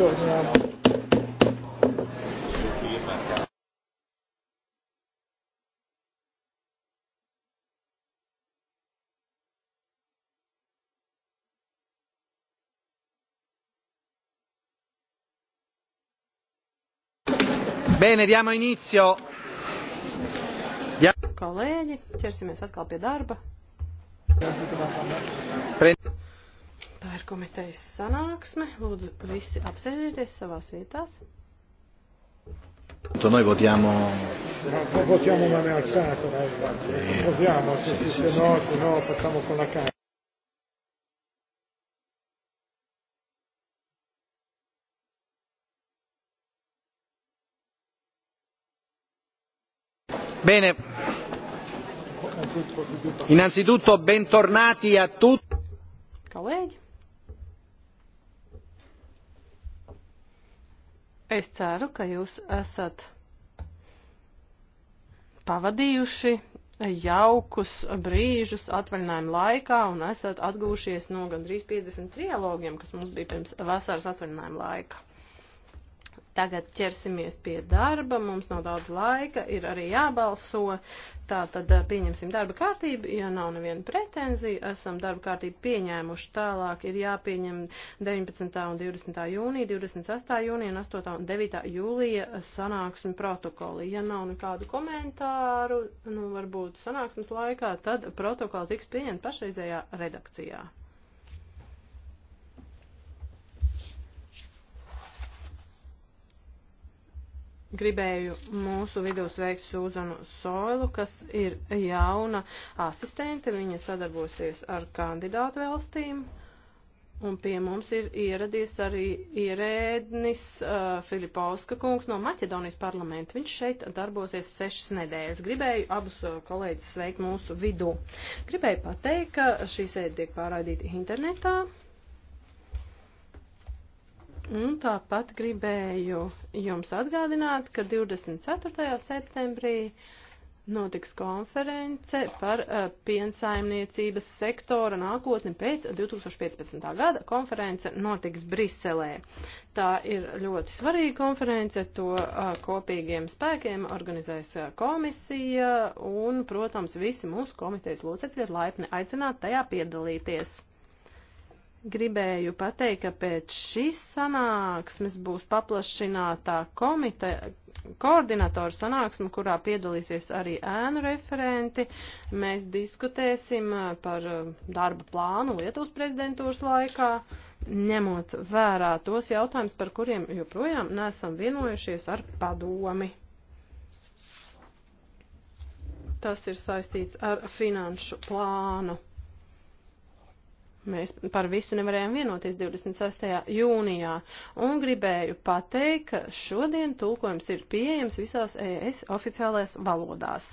torniamo. Bene, diamo inizio. Diamo... Kolēģi, ķersimies atkal pie darba. Pre... Tā ir komitejas sanāksme. Lūdzu, visi apsēdieties savās vietās. Noi votiamo. Votiamo mano alzata, dai. Votiamo, se, se, se no, se no facciamo con la carta. Bene, innanzitutto bentornati a tutti. Colleghi. Es ceru, ka jūs esat pavadījuši jaukus brīžus atvaļinājuma laikā un esat atgūšies no gandrīz 50 trialogiem, kas mums bija pirms vasaras atvaļinājuma laika. Tagad ķersimies pie darba, mums nav daudz laika, ir arī jābalso, tā tad pieņemsim darba kārtību, ja nav neviena pretenzija, esam darba kārtību pieņēmuši tālāk, ir jāpieņem 19. un 20. jūnija, 28. jūnija un 8. un 9. jūlija sanāksmi protokoli. Ja nav nekādu komentāru, nu varbūt sanāksmes laikā, tad protokoli tiks pieņemt pašreizējā redakcijā. gribēju mūsu vidū sveikt Sūzanu Soilu, kas ir jauna asistente. Viņa sadarbosies ar kandidātu valstīm. Un pie mums ir ieradies arī ierēdnis uh, Filipauska kungs no Maķedonijas parlamenta. Viņš šeit darbosies sešas nedēļas. Gribēju abus uh, kolēģis sveikt mūsu vidū. Gribēju pateikt, ka šī sēde tiek pārādīta internetā. Uh, Un tāpat gribēju jums atgādināt, ka 24. septembrī notiks konference par uh, piensaimniecības sektora nākotni pēc 2015. gada. Konference notiks Briselē. Tā ir ļoti svarīga konference, to uh, kopīgiem spēkiem organizēs uh, komisija un, protams, visi mūsu komitejas locekļi ir laipni aicināti tajā piedalīties gribēju pateikt, ka pēc šīs sanāksmes būs paplašinātā komite, koordinatoru sanāksme, kurā piedalīsies arī ēnu referenti. Mēs diskutēsim uh, par uh, darba plānu Lietuvas prezidentūras laikā, ņemot vērā tos jautājumus, par kuriem joprojām nesam vienojušies ar padomi. Tas ir saistīts ar finanšu plānu. Mēs par visu nevarējām vienoties 26. jūnijā un gribēju pateikt, ka šodien tulkojums ir pieejams visās ES oficiālajās valodās.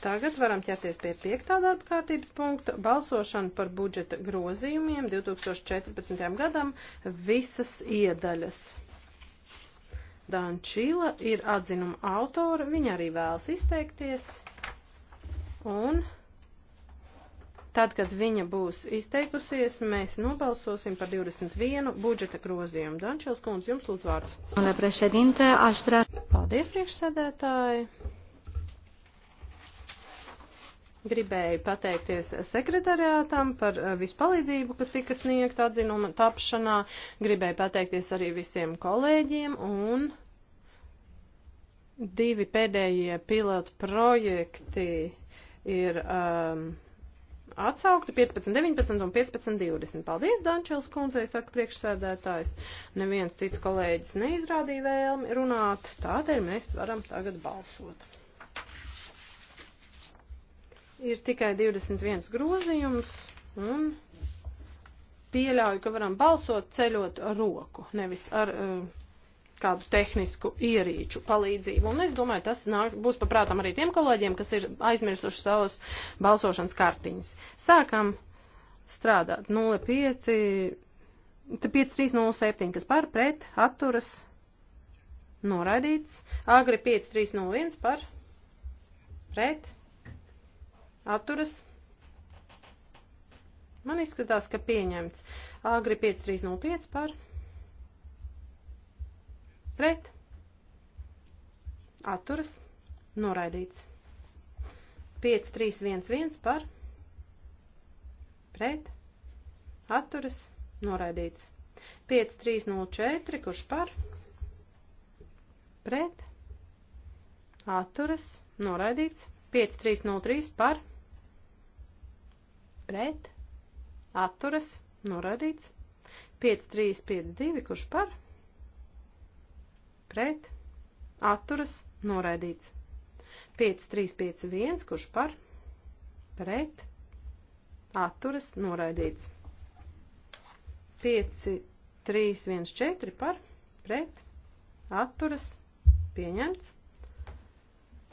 Tagad varam ķerties pie piektā darba kārtības punkta - balsošana par budžeta grozījumiem 2014. gadam visas iedaļas. Dančīla ir atzinuma autora, viņa arī vēlas izteikties. Un Tad, kad viņa būs izteikusies, mēs nobalsosim par 21 budžeta grozījumu. Dančels kundz, jums lūdzu vārds. Paldies, priekšsēdētāji. Gribēju pateikties sekretariātam par eh, vispalīdzību, kas tika sniegta atzinuma tapšanā. Gribēju pateikties arī visiem kolēģiem un divi pēdējie pilotu projekti ir. Um, atsaukti 15, 19 un 15, 20. Paldies, Dančils kundzei, saka priekšsēdētājs. Neviens cits kolēģis neizrādīja vēlmi runāt, tādēļ mēs varam tagad balsot. Ir tikai 21 grozījums un pieļauju, ka varam balsot ceļot roku, nevis ar. Uh, kādu tehnisku ierīču palīdzību. Un es domāju, tas nāk, būs paprātam arī tiem kolēģiem, kas ir aizmirsuši savas balsošanas kartiņas. Sākam strādāt 05, 5307, kas par pret atturas noraidīts. Agri 5301 par pret atturas. Man izskatās, ka pieņemts. Agri 5305 par pret pret, atturas, noraidīts. 5, 3, 1, 1 par, pret, atturas, noraidīts. 5, 3, 0, 4, kurš par, pret, atturas, noraidīts. 5, 3, 0, 3 par, pret, atturas, noraidīts. 5, 3, 5, 2, kurš par, pret pret, atturas, noraidīts. 5351, kurš par, pret, atturas, noraidīts. 5314 par, pret, atturas, pieņemts.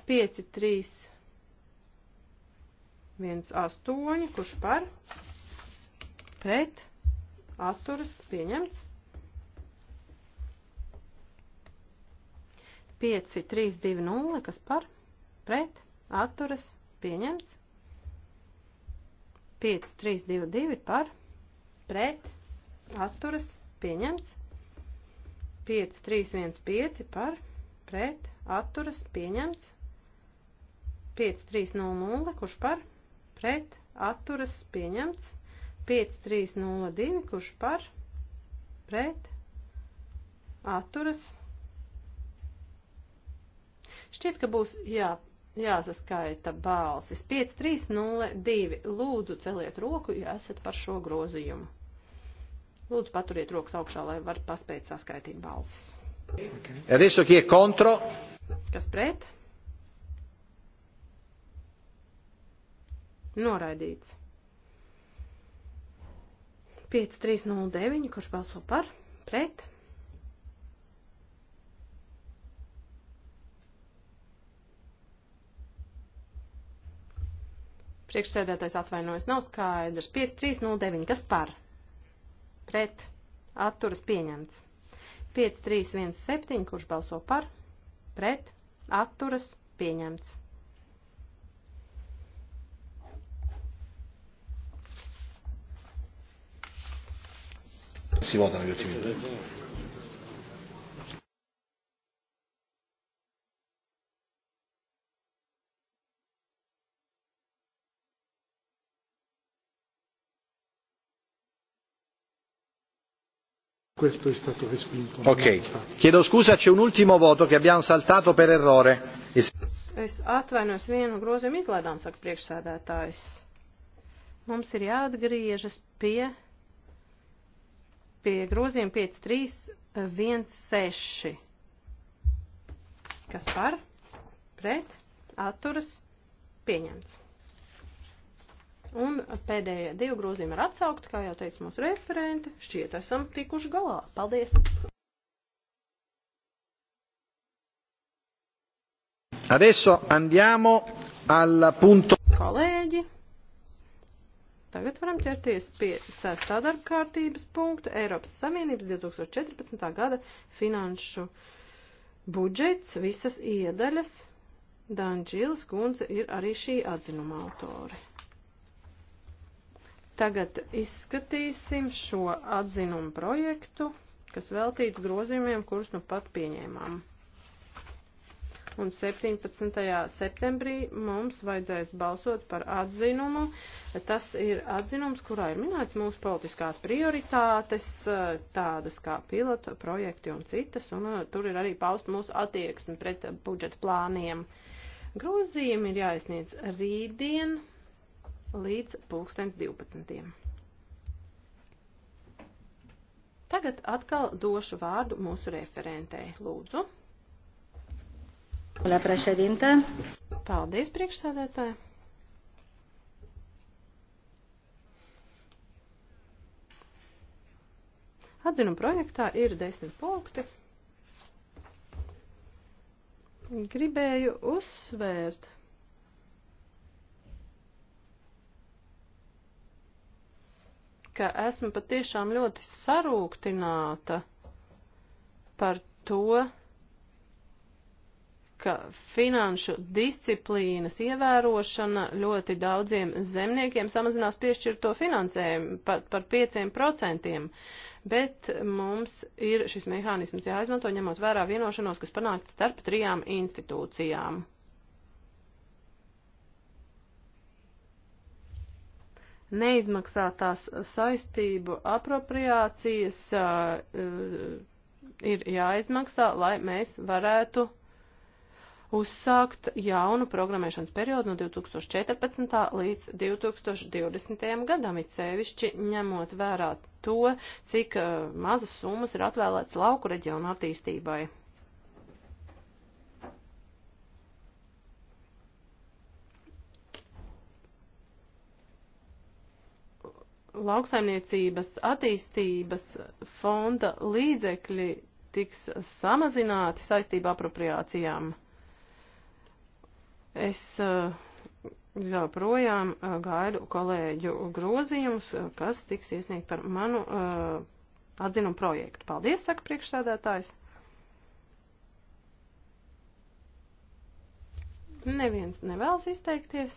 5318, kurš par, pret, atturas, pieņemts. 5, 3, 2, 0, kas par, pret, atturas, pieņemts. 5, 3, 2, 2 par, pret, atturas, pieņemts. 5, 3, 1, 5 par, pret, atturas, pieņemts. 5, 3, 0, 0, kurš par, pret, atturas, pieņemts. 5, 3, 0, 2, kurš par, pret, atturas, pieņemts Šķiet, ka būs jā, jāsaskaita balsis. 5302. Lūdzu, celiet roku, ja esat par šo grozījumu. Lūdzu, paturiet rokas augšā, lai var paspēt saskaitīt balsis. Okay. E adesso chi è contro? Kas pret? Noraidīts. 5309, kurš balso par, pret, Priekšsēdētājs atvainojas, nav skaidrs. 5309, kas par? Pret. Atturas pieņemts. 5317, kurš balso par? Pret. Atturas pieņemts. Si vota negli ultimi. Questo è stato respinto. Ok, chiedo scusa, c'è un ultimo voto che abbiamo saltato per errore. Es atvainos vienu grozījumu izlaidām, saka priekšsēdētājs. Mums ir jāatgriežas pie, pie grozījuma 5316. Kas par? Pret? Atturas? Pieņemts. Un pēdējie divi grozījumi ir atsaukti, kā jau teica mūsu referente. Šķiet, esam tikuši galā. Paldies! Adesso andiamo al punto. Kolēģi, tagad varam ķerties pie sestā darba kārtības punkta Eiropas Savienības 2014. gada finanšu budžets, visas iedaļas. Dančīlas kundze ir arī šī atzinuma autore. Tagad izskatīsim šo atzinumu projektu, kas veltīts grozījumiem, kurus nu pat pieņēmām. Un 17. septembrī mums vajadzēs balsot par atzinumu. Tas ir atzinums, kurā ir minēts mūsu politiskās prioritātes, tādas kā pilota projekti un citas, un uh, tur ir arī paust mūsu attieksmi pret budžeta plāniem. Grozījumi ir jāizniedz rītdien, līdz pulkstens 12. Tagad atkal došu vārdu mūsu referentei. Lūdzu. La prešedinte. Paldies, priekšsādētāji. Atzinu projektā ir desmit punkti. Gribēju uzsvērt, ka esmu patiešām ļoti sarūktināta par to, ka finanšu disciplīnas ievērošana ļoti daudziem zemniekiem samazinās piešķirto finansējumu pat par 5%, bet mums ir šis mehānisms jāizmanto ņemot vērā vienošanos, kas panākta starp trijām institūcijām. neizmaksātās saistību apropriācijas uh, ir jāizmaksā, lai mēs varētu uzsākt jaunu programmēšanas periodu no 2014. līdz 2020. gadam, it sevišķi ņemot vērā to, cik uh, mazas summas ir atvēlētas lauku reģionu attīstībai. lauksaimniecības attīstības fonda līdzekļi tiks samazināti saistībā apropriācijām. Es eh, joprojām eh, gaidu kolēģu grozījumus, eh, kas tiks iesniegt par manu atzinumu projektu. Paldies, saka priekšsēdētājs. Neviens nevēlas izteikties.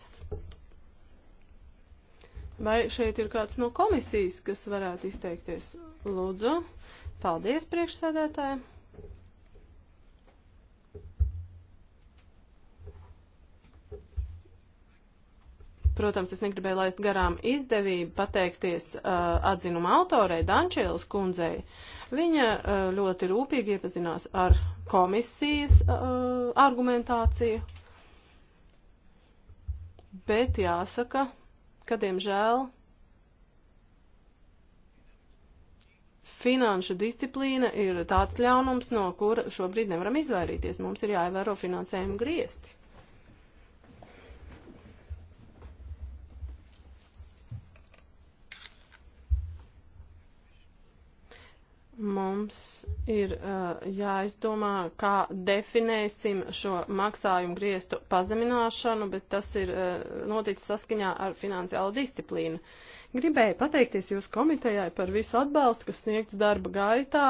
Vai šeit ir kāds no komisijas, kas varētu izteikties? Lūdzu, paldies priekšsēdētājiem. protams, es negribēju laist garām izdevību pateikties uh, atzinuma autorei Dančēlas kundzei. Viņa uh, ļoti rūpīgi iepazinās ar komisijas uh, argumentāciju, bet jāsaka, ka, diemžēl, finanšu disciplīna ir tāds ļaunums, no kura šobrīd nevaram izvairīties. Mums ir jāievēro finansējuma griesti. Mums ir uh, jāizdomā, kā definēsim šo maksājumu griestu pazemināšanu, bet tas ir uh, noticis saskaņā ar finansiālu disciplīnu. Gribēju pateikties jūs komitejai par visu atbalstu, kas sniegts darba gaitā,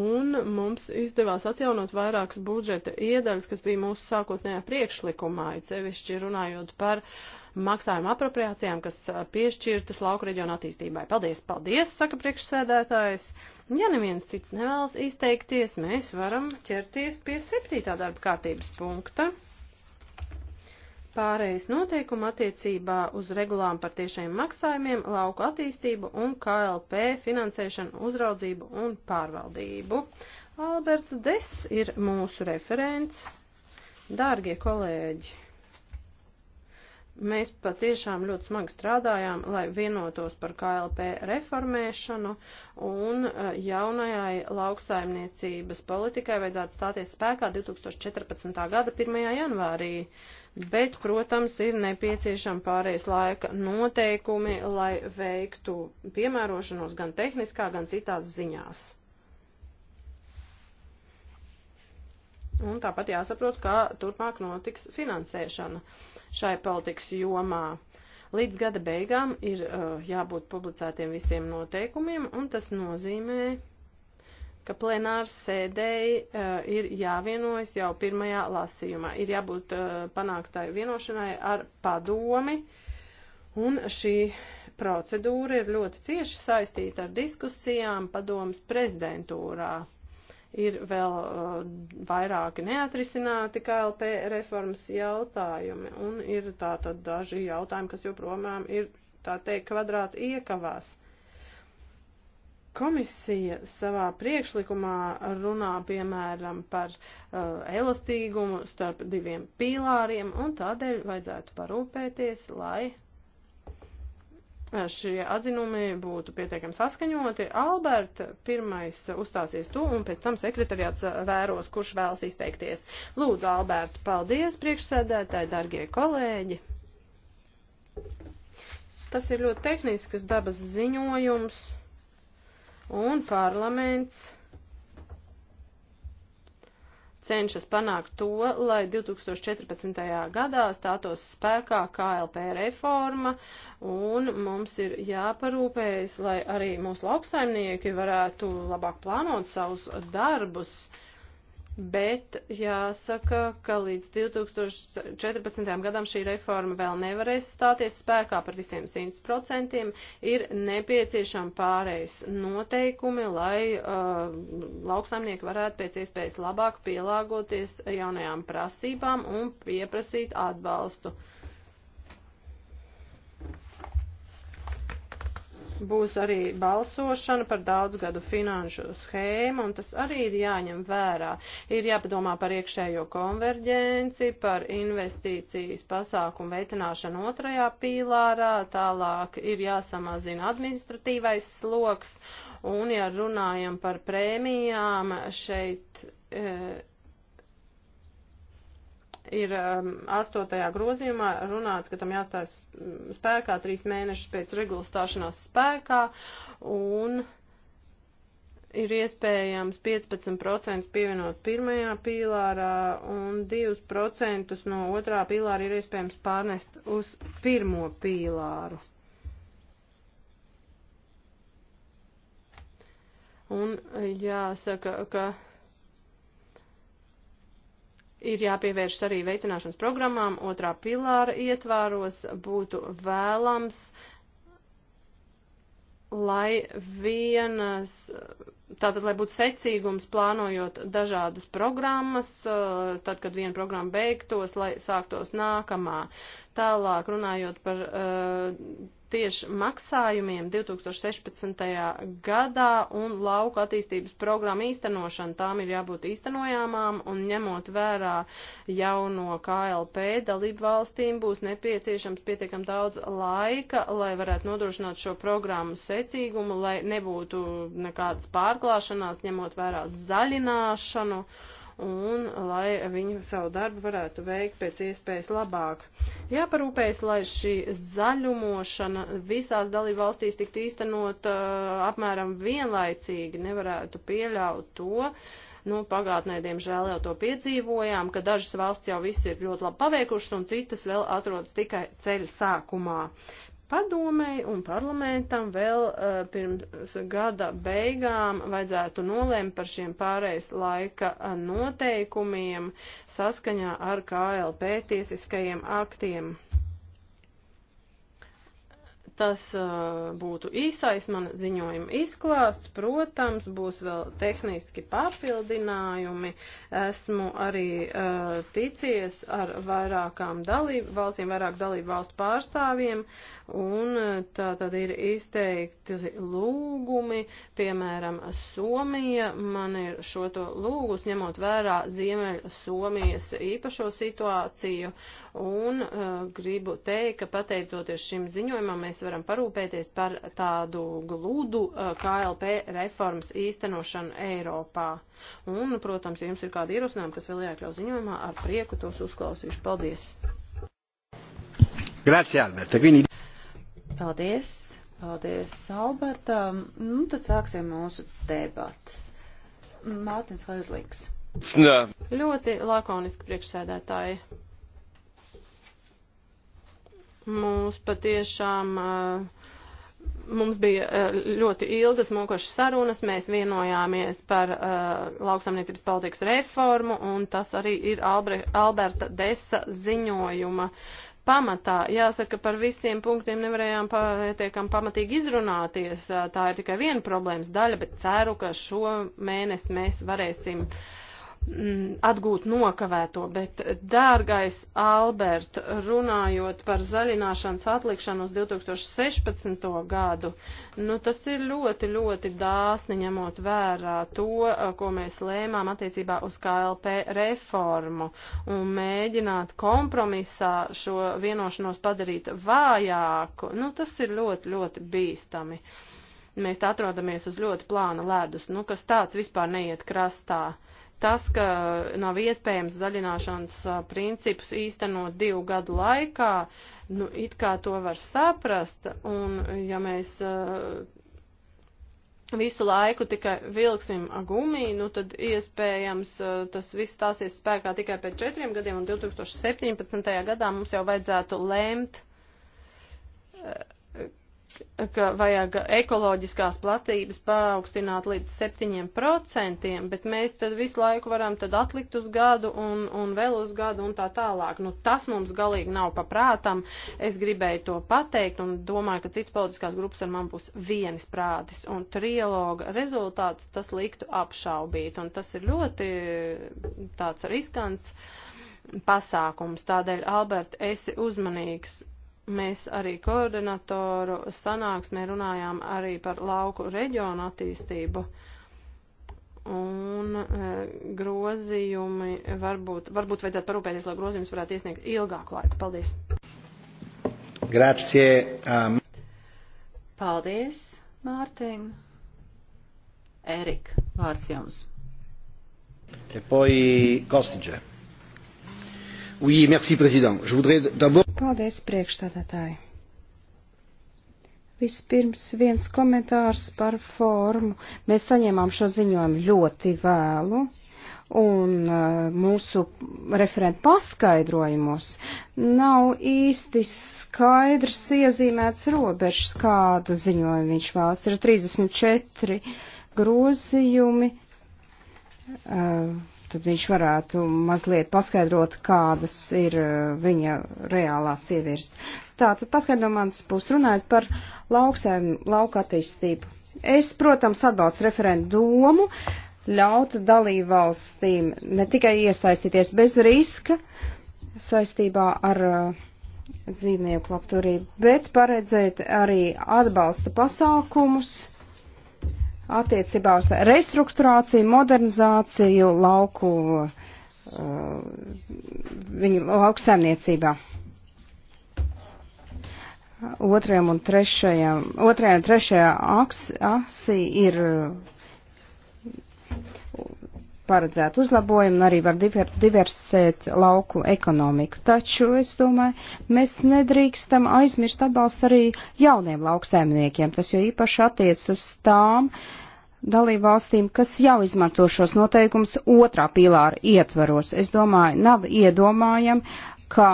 un mums izdevās atjaunot vairākas budžeta iedaļas, kas bija mūsu sākotnējā priekšlikumā, it sevišķi runājot par uh, maksājuma apropriācijām, kas piešķirtas lauku reģionu attīstībai. Paldies, paldies, saka priekšsēdētājs. Ja neviens cits nevēlas izteikties, mēs varam ķerties pie septītā darba kārtības punkta. Pārējais noteikuma attiecībā uz regulām par tiešiem maksājumiem, lauku attīstību un KLP finansēšanu, uzraudzību un pārvaldību. Alberts Des ir mūsu referents. Dārgie kolēģi, Mēs patiešām ļoti smagi strādājām, lai vienotos par KLP reformēšanu un e, jaunajai lauksaimniecības politikai vajadzētu stāties spēkā 2014. gada 1. janvārī. Bet, protams, ir nepieciešama pārējais laika noteikumi, lai veiktu piemērošanos gan tehniskā, gan citās ziņās. Un tāpat jāsaprot, kā turpmāk notiks finansēšana. Uh, šai politikas jomā. Līdz gada beigām ir uh, jābūt publicētiem visiem noteikumiem, un tas nozīmē, ka plenārs sēdēji uh, ir jāvienojas jau pirmajā lasījumā. Ir jābūt uh, panāktai vienošanai ar padomi, un šī procedūra ir ļoti cieši saistīta ar diskusijām padomas prezidentūrā ir vēl uh, vairāki neatrisināti KLP reformas jautājumi, un ir tātad daži jautājumi, kas joprojām ir, tā teikt, kvadrāti iekavās. Komisija savā priekšlikumā runā, piemēram, par uh, elastīgumu starp diviem pīlāriem, un tādēļ vajadzētu parūpēties, lai šie atzinumi būtu pietiekami saskaņoti. Alberta pirmais uzstāsies tu un pēc tam sekretariāts vēros, kurš vēlas izteikties. Lūdzu, Alberta, paldies priekšsēdētāji, dargie kolēģi. Tas ir ļoti tehnisks dabas ziņojums un parlaments cenšas panākt to, lai 2014. gadā stātos spēkā KLP reforma, un mums ir jāparūpējas, lai arī mūsu lauksaimnieki varētu labāk plānot savus darbus. Uh, Bet jāsaka, ka līdz 2014. gadam šī reforma vēl nevarēs stāties spēkā par visiem 100%. Ir nepieciešama pārējais noteikumi, lai uh, lauksaimnieki varētu pēc iespējas labāk pielāgoties jaunajām prasībām un pieprasīt atbalstu. Uh, Būs arī balsošana par daudzgadu finanšu schēmu, un tas arī ir jāņem vērā. Ir jāpadomā par iekšējo konverģenci, par investīcijas pasākumu veicināšanu otrajā pīlārā, tālāk ir jāsamazina administratīvais sloks, un ja runājam par prēmijām, šeit. E, ir um, astotajā grozījumā runāts, ka tam jāstājas mm, spēkā trīs mēnešus pēc regulas stāšanās spēkā un ir iespējams 15% pievienot pirmajā pīlārā un 2% no otrā pīlāra ir iespējams pārnest uz pirmo pīlāru. Un jāsaka, ka ir jāpievērš arī veicināšanas programmām, otrā pilāra ietvāros būtu vēlams, lai vienas, tātad, lai būtu secīgums plānojot dažādas programmas, eh, tad, kad viena programma beigtos, lai sāktos nākamā. Tālāk runājot par uh, tieši maksājumiem 2016. gadā un lauku attīstības programmu īstenošanu. Tām ir jābūt īstenojāmām un ņemot vērā jauno KLP dalību valstīm būs nepieciešams pietiekam daudz laika, lai varētu nodrošināt šo programmu secīgumu, lai nebūtu nekādas pārklāšanās, ņemot vērā zaļināšanu. Uh, un lai viņi savu darbu varētu veikt pēc iespējas labāk. Jāparūpējas, lai šī zaļumošana visās dalību valstīs tiktu īstenot uh, apmēram vienlaicīgi, nevarētu pieļaut to, Nu, pagātnē, diemžēl, jau to piedzīvojām, ka dažas valsts jau visu ir ļoti labi paveikušas un citas vēl atrodas tikai ceļa sākumā padomēji un parlamentam vēl uh, pirms gada beigām vajadzētu nolēmt par šiem pārējais laika eh, noteikumiem saskaņā ar KLP tiesiskajiem aktiem. Tas uh, būtu īsais man ziņojuma izklāsts, protams, būs vēl tehniski papildinājumi. Esmu arī uh, ticies ar vairākām dalību valstīm, vairāk dalību valstu pārstāvjiem, un uh, tā tad ir izteikti lūgumi, piemēram, Somija man ir šo to lūgus, ņemot vērā Ziemeļ Somijas īpašo situāciju, un uh, gribu teikt, ka pateicoties šim ziņojumam mēs varam parūpēties par tādu glūdu uh, KLP reformas īstenošanu Eiropā. Un, protams, ja jums ir kādi ierosinājumi, kas vēl jāiekļaut ziņojumā, ar prieku tos uzklausīšu. Paldies! Grazie, Alberta. Quindi... Paldies! Paldies, Alberta! Nu, tad sāksim mūsu debatas. Mārtiņš Haizlīgs. Ļoti lakoniski priekšsēdētāji. Mums patiešām. Uh, mums bija eh, ļoti ilgas mokošas sarunas, mēs vienojāmies par uh, eh, lauksamniecības politikas reformu, un tas arī ir Albre, Alberta Desa ziņojuma. Pamatā, jāsaka, par visiem punktiem nevarējām pietiekam pamatīgi izrunāties. Tā ir tikai viena problēmas daļa, bet ceru, ka šo mēnesi mēs varēsim uh, Mm, atgūt nokavēto, bet, dārgais Albert, runājot par zaļināšanas atlikšanu uz 2016. gadu, nu tas ir ļoti, ļoti dāsni ņemot vērā to, eh, ko mēs lēmām attiecībā uz KLP reformu un mēģināt kompromisā šo vienošanos padarīt vājāku, nu tas ir ļoti, ļoti bīstami. Mēs atrodamies uz ļoti plāna ledus, nu kas tāds vispār neiet krastā. Uh, tas, ka nav iespējams zaļināšanas principus īstenot divu gadu laikā, nu, it kā to var saprast, un ja mēs visu laiku tikai vilksim gumiju, nu tad iespējams tas viss stāsies spēkā tikai pēc četriem gadiem, un 2017. gadā mums jau vajadzētu lemt, ka vajag ekoloģiskās platības paaugstināt līdz 7%, bet mēs tad visu laiku varam tad atlikt uz gadu un, un vēl uz gadu un tā tālāk. Nu, tas mums galīgi nav paprātam. Es gribēju to pateikt un domāju, ka cits politiskās grupas ar man būs vienis prātis. Un trialoga rezultāts tas liktu apšaubīt. Un tas ir ļoti tāds riskants pasākums. Tādēļ, Albert, esi uzmanīgs Mēs arī koordinatoru sanāksmē runājām arī par lauku reģionu attīstību. Un e, grozījumi varbūt, varbūt vajadzētu parūpēties, lai grozījums varētu iesniegt ilgāku laiku. Paldies! Grazie! Um. Paldies, Mārtiņ! Erika, vārds jums! E poi Kostinger. Oui, merci, président. Je voudrais d'abord. Paldies, priekšstādātāji. Vispirms viens komentārs par formu. Mēs saņēmām šo ziņojumu ļoti vēlu, un uh, mūsu referenta paskaidrojumos nav īsti skaidrs iezīmēts robežs, kādu ziņojumu viņš vēlas. Ir 34 grozījumi. Uh, tad viņš varētu mazliet paskaidrot, kādas ir eh, viņa reālās ievirs. Tā, tad paskaidro manas puses runājot par lauksēm, lauka attīstību. Es, protams, atbalstu referendumu, ļaut dalībvalstīm ne tikai iesaistīties bez riska saistībā ar uh, dzīvnieku labturību, bet paredzēt arī atbalsta pasākumus attiecībā uz restruktūrāciju, modernizāciju lauku, uh, viņu lauksaimniecībā. Otrajam un trešajam, otrajam un trešajā aks, aksī ir paredzēt uzlabojumu un arī var diversificēt lauku ekonomiku. Taču, es domāju, mēs nedrīkstam aizmirst atbalstu arī jauniem lauksēmniekiem. Tas jau īpaši attiec uz tām dalību valstīm, kas jau izmanto šos noteikumus otrā pīlāra ietvaros. Es domāju, nav iedomājam, ka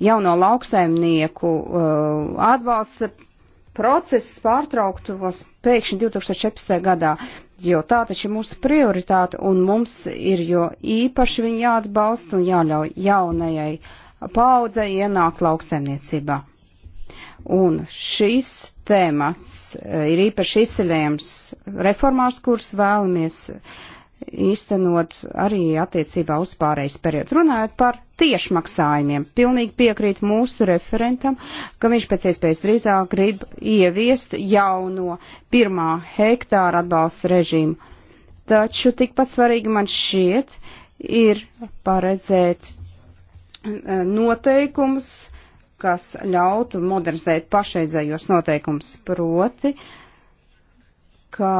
jauno lauksēmnieku uh, atbalsta process pārtrauktos pēkšņi 2014. gadā jo tā taču ir mūsu prioritāte un mums ir jo īpaši viņi jāatbalsta un jāļauj jaunajai paudze ienākt lauksaimniecībā. Un šīs tēmats e, ir īpaši izceļējams reformās, kuras vēlamies uh, īstenot arī attiecībā uz pārējais periodu. Runājot par tiešmaksājumiem, pilnīgi piekrīt mūsu referentam, ka viņš pēc iespējas drīzāk grib ieviest jauno pirmā hektāra atbalsta režīmu. Taču tikpat svarīgi man šķiet ir paredzēt eh, noteikums, kas ļautu modernizēt pašreizējos noteikums proti, uh, ka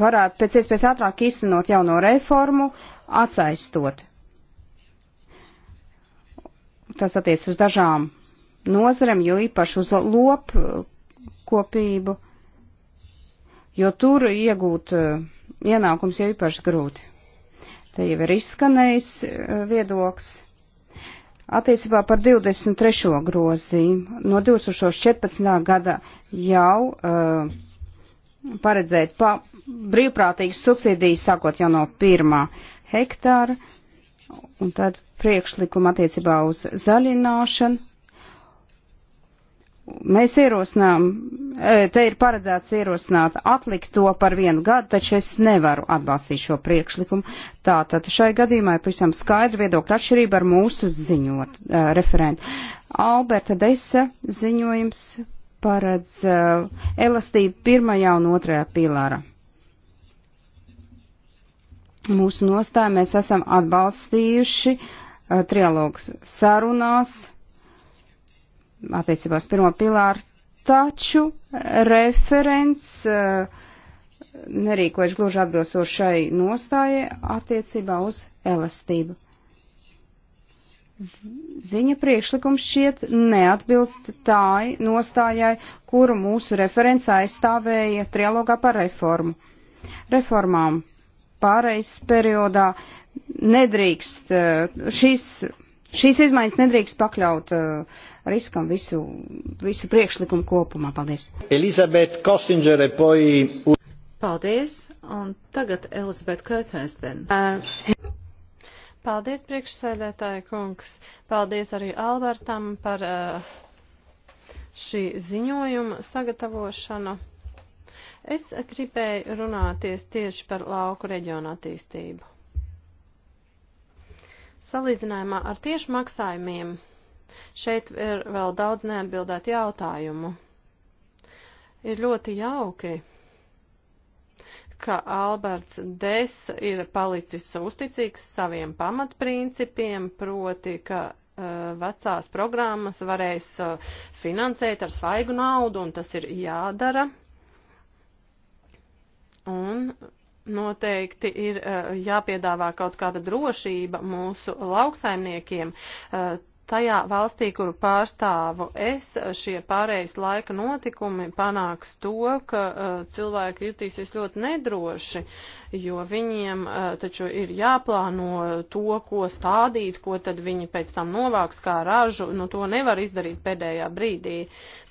varētu pēc iespējas ātrāk īstenot jauno reformu, atsaistot. Tas attiec uz dažām nozarēm, jo īpaši uz lopkopību, eh, jo tur iegūt eh, ienākums jau īpaši grūti. Te jau ir izskanējis eh, viedoklis. Attiecībā par 23. grozīm no 2014. gada jau uh, paredzēt pa brīvprātīgas subsīdijas sākot jau no pirmā hektāra, un tad priekšlikuma attiecībā uz zaļināšanu. Mēs ierosinām, e, te ir paredzēts ierosināt atlikt to par vienu gadu, taču es nevaru atbalstīt šo priekšlikumu. Tātad šai gadījumā ir pavisam skaidra viedokļa atšķirība ar mūsu ziņot uh, referentu. Alberta Desa ziņojums paredz eh, elastību pirmajā un otrajā pilārā. Mūsu nostāja mēs esam atbalstījuši eh, trialogu sarunās attiecībās pirmo pilāru, taču referents eh, nerīkojuši gluži atbilstošai nostājai attiecībā uz elastību. Viņa priekšlikums šiet neatbilst tāi nostājai, kuru mūsu referents aizstāvēja trialogā par reformu. Reformām pārejas periodā nedrīkst, eh, šīs, šīs izmaiņas nedrīkst pakļaut eh, riskam visu, visu priekšlikumu kopumā. Paldies. Elizabeth Kostinger, e poi... Paldies, un tagad Elizabeth Köthensden. Uh. Paldies, priekšsēdētāja kungs. Paldies arī Albertam par eh, šī ziņojuma sagatavošanu. Es gribēju runāties tieši par lauku reģionu attīstību. Salīdzinājumā ar tieši maksājumiem šeit ir vēl daudz neatbildētu jautājumu. Ir ļoti jauki, ka Alberts Des ir palicis uzticīgs saviem pamatprincipiem, proti, ka uh, vecās programmas varēs uh, finansēt ar svaigu naudu, un tas ir jādara. Un Noteikti ir uh, jāpiedāvā kaut kāda drošība mūsu lauksaimniekiem tajā valstī, kuru pārstāvu es, šie pārējais laika notikumi panāks to, ka uh, cilvēki jutīsies ļoti nedroši, jo viņiem uh, taču ir jāplāno to, ko stādīt, ko tad viņi pēc tam novāks kā ražu, nu to nevar izdarīt pēdējā brīdī.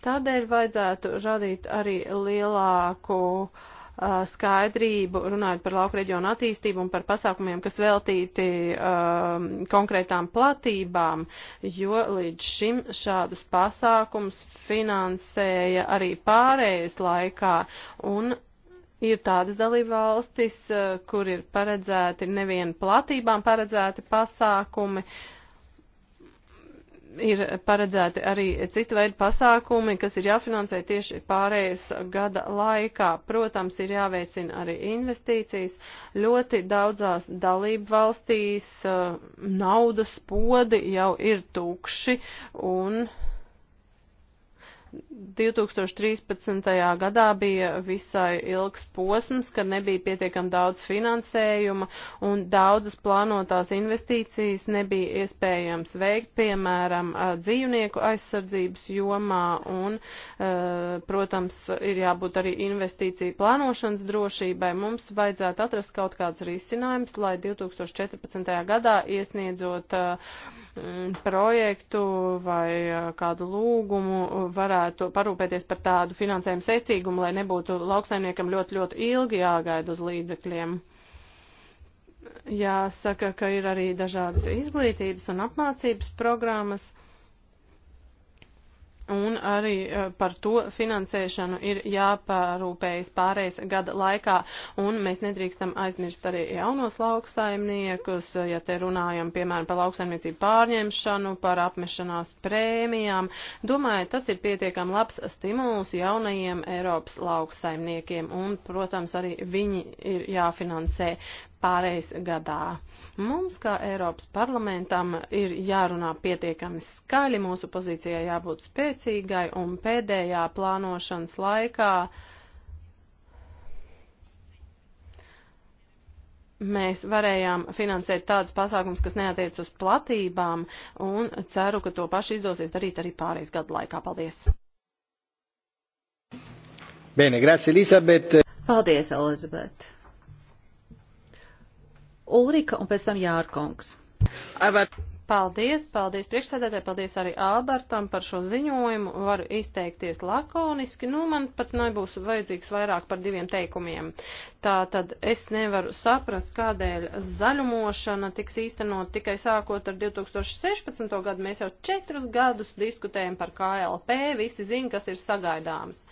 Tādēļ vajadzētu radīt arī lielāku uh, Uh, skaidrību, runājot par lauku reģionu attīstību un par pasākumiem, kas veltīti um, konkrētām platībām, jo līdz šim šādus pasākums finansēja arī pārējais laikā un Ir tādas dalībvalstis, uh, kur ir paredzēti nevien platībām paredzēti pasākumi, uh, ir paredzēti arī citu veidu pasākumi, kas ir jāfinansē tieši pārējais gada laikā. Protams, ir jāveicina arī investīcijas. Ļoti daudzās dalību valstīs eh, naudas podi jau ir tukši un 2013. gadā bija visai ilgs posms, kad nebija pietiekami daudz finansējuma un daudzas plānotās investīcijas nebija iespējams veikt, piemēram, dzīvnieku aizsardzības jomā un, protams, ir jābūt arī investīciju plānošanas drošībai. Mums vajadzētu atrast kaut kāds risinājums, lai 2014. gadā iesniedzot Mm, projektu vai kādu lūgumu varētu parūpēties par tādu finansējumu secīgumu, lai nebūtu lauksaimniekam ļoti, ļoti ilgi jāgaida uz līdzekļiem. Jāsaka, ka ir arī dažādas izglītības un apmācības programmas. Uh, Un arī eh, par to finansēšanu ir jāparūpējas pārējais gada laikā, un mēs nedrīkstam aizmirst arī jaunos lauksaimniekus, ja te runājam, piemēram, par lauksaimniecību pārņemšanu, par apmešanās prēmijām. Domāju, tas ir pietiekam labs stimuls jaunajiem Eiropas lauksaimniekiem, un, protams, arī viņi ir jāfinansē pārējais gadā. Mums, kā Eiropas parlamentam, ir jārunā pietiekami skaļi, mūsu pozīcijai jābūt spēcīgai un pēdējā plānošanas laikā mēs varējām finansēt tādas pasākums, kas neatiec uz platībām, un ceru, ka to pašu izdosies darīt arī pārējais gadu laikā. Paldies! Bene, grazie, Elizabete. Paldies, Elizabete. Ulrika un pēc tam Jārkungs. Paldies, paldies priekšsēdētāji, paldies arī Ābertam par šo ziņojumu. Varu izteikties lakoniski, nu man pat nebūs vajadzīgs vairāk par diviem teikumiem. Tā tad es nevaru saprast, kādēļ zaļumošana tiks īstenot tikai sākot ar 2016. gadu. Mēs jau četrus gadus diskutējam par KLP, visi zina, kas ir sagaidāms.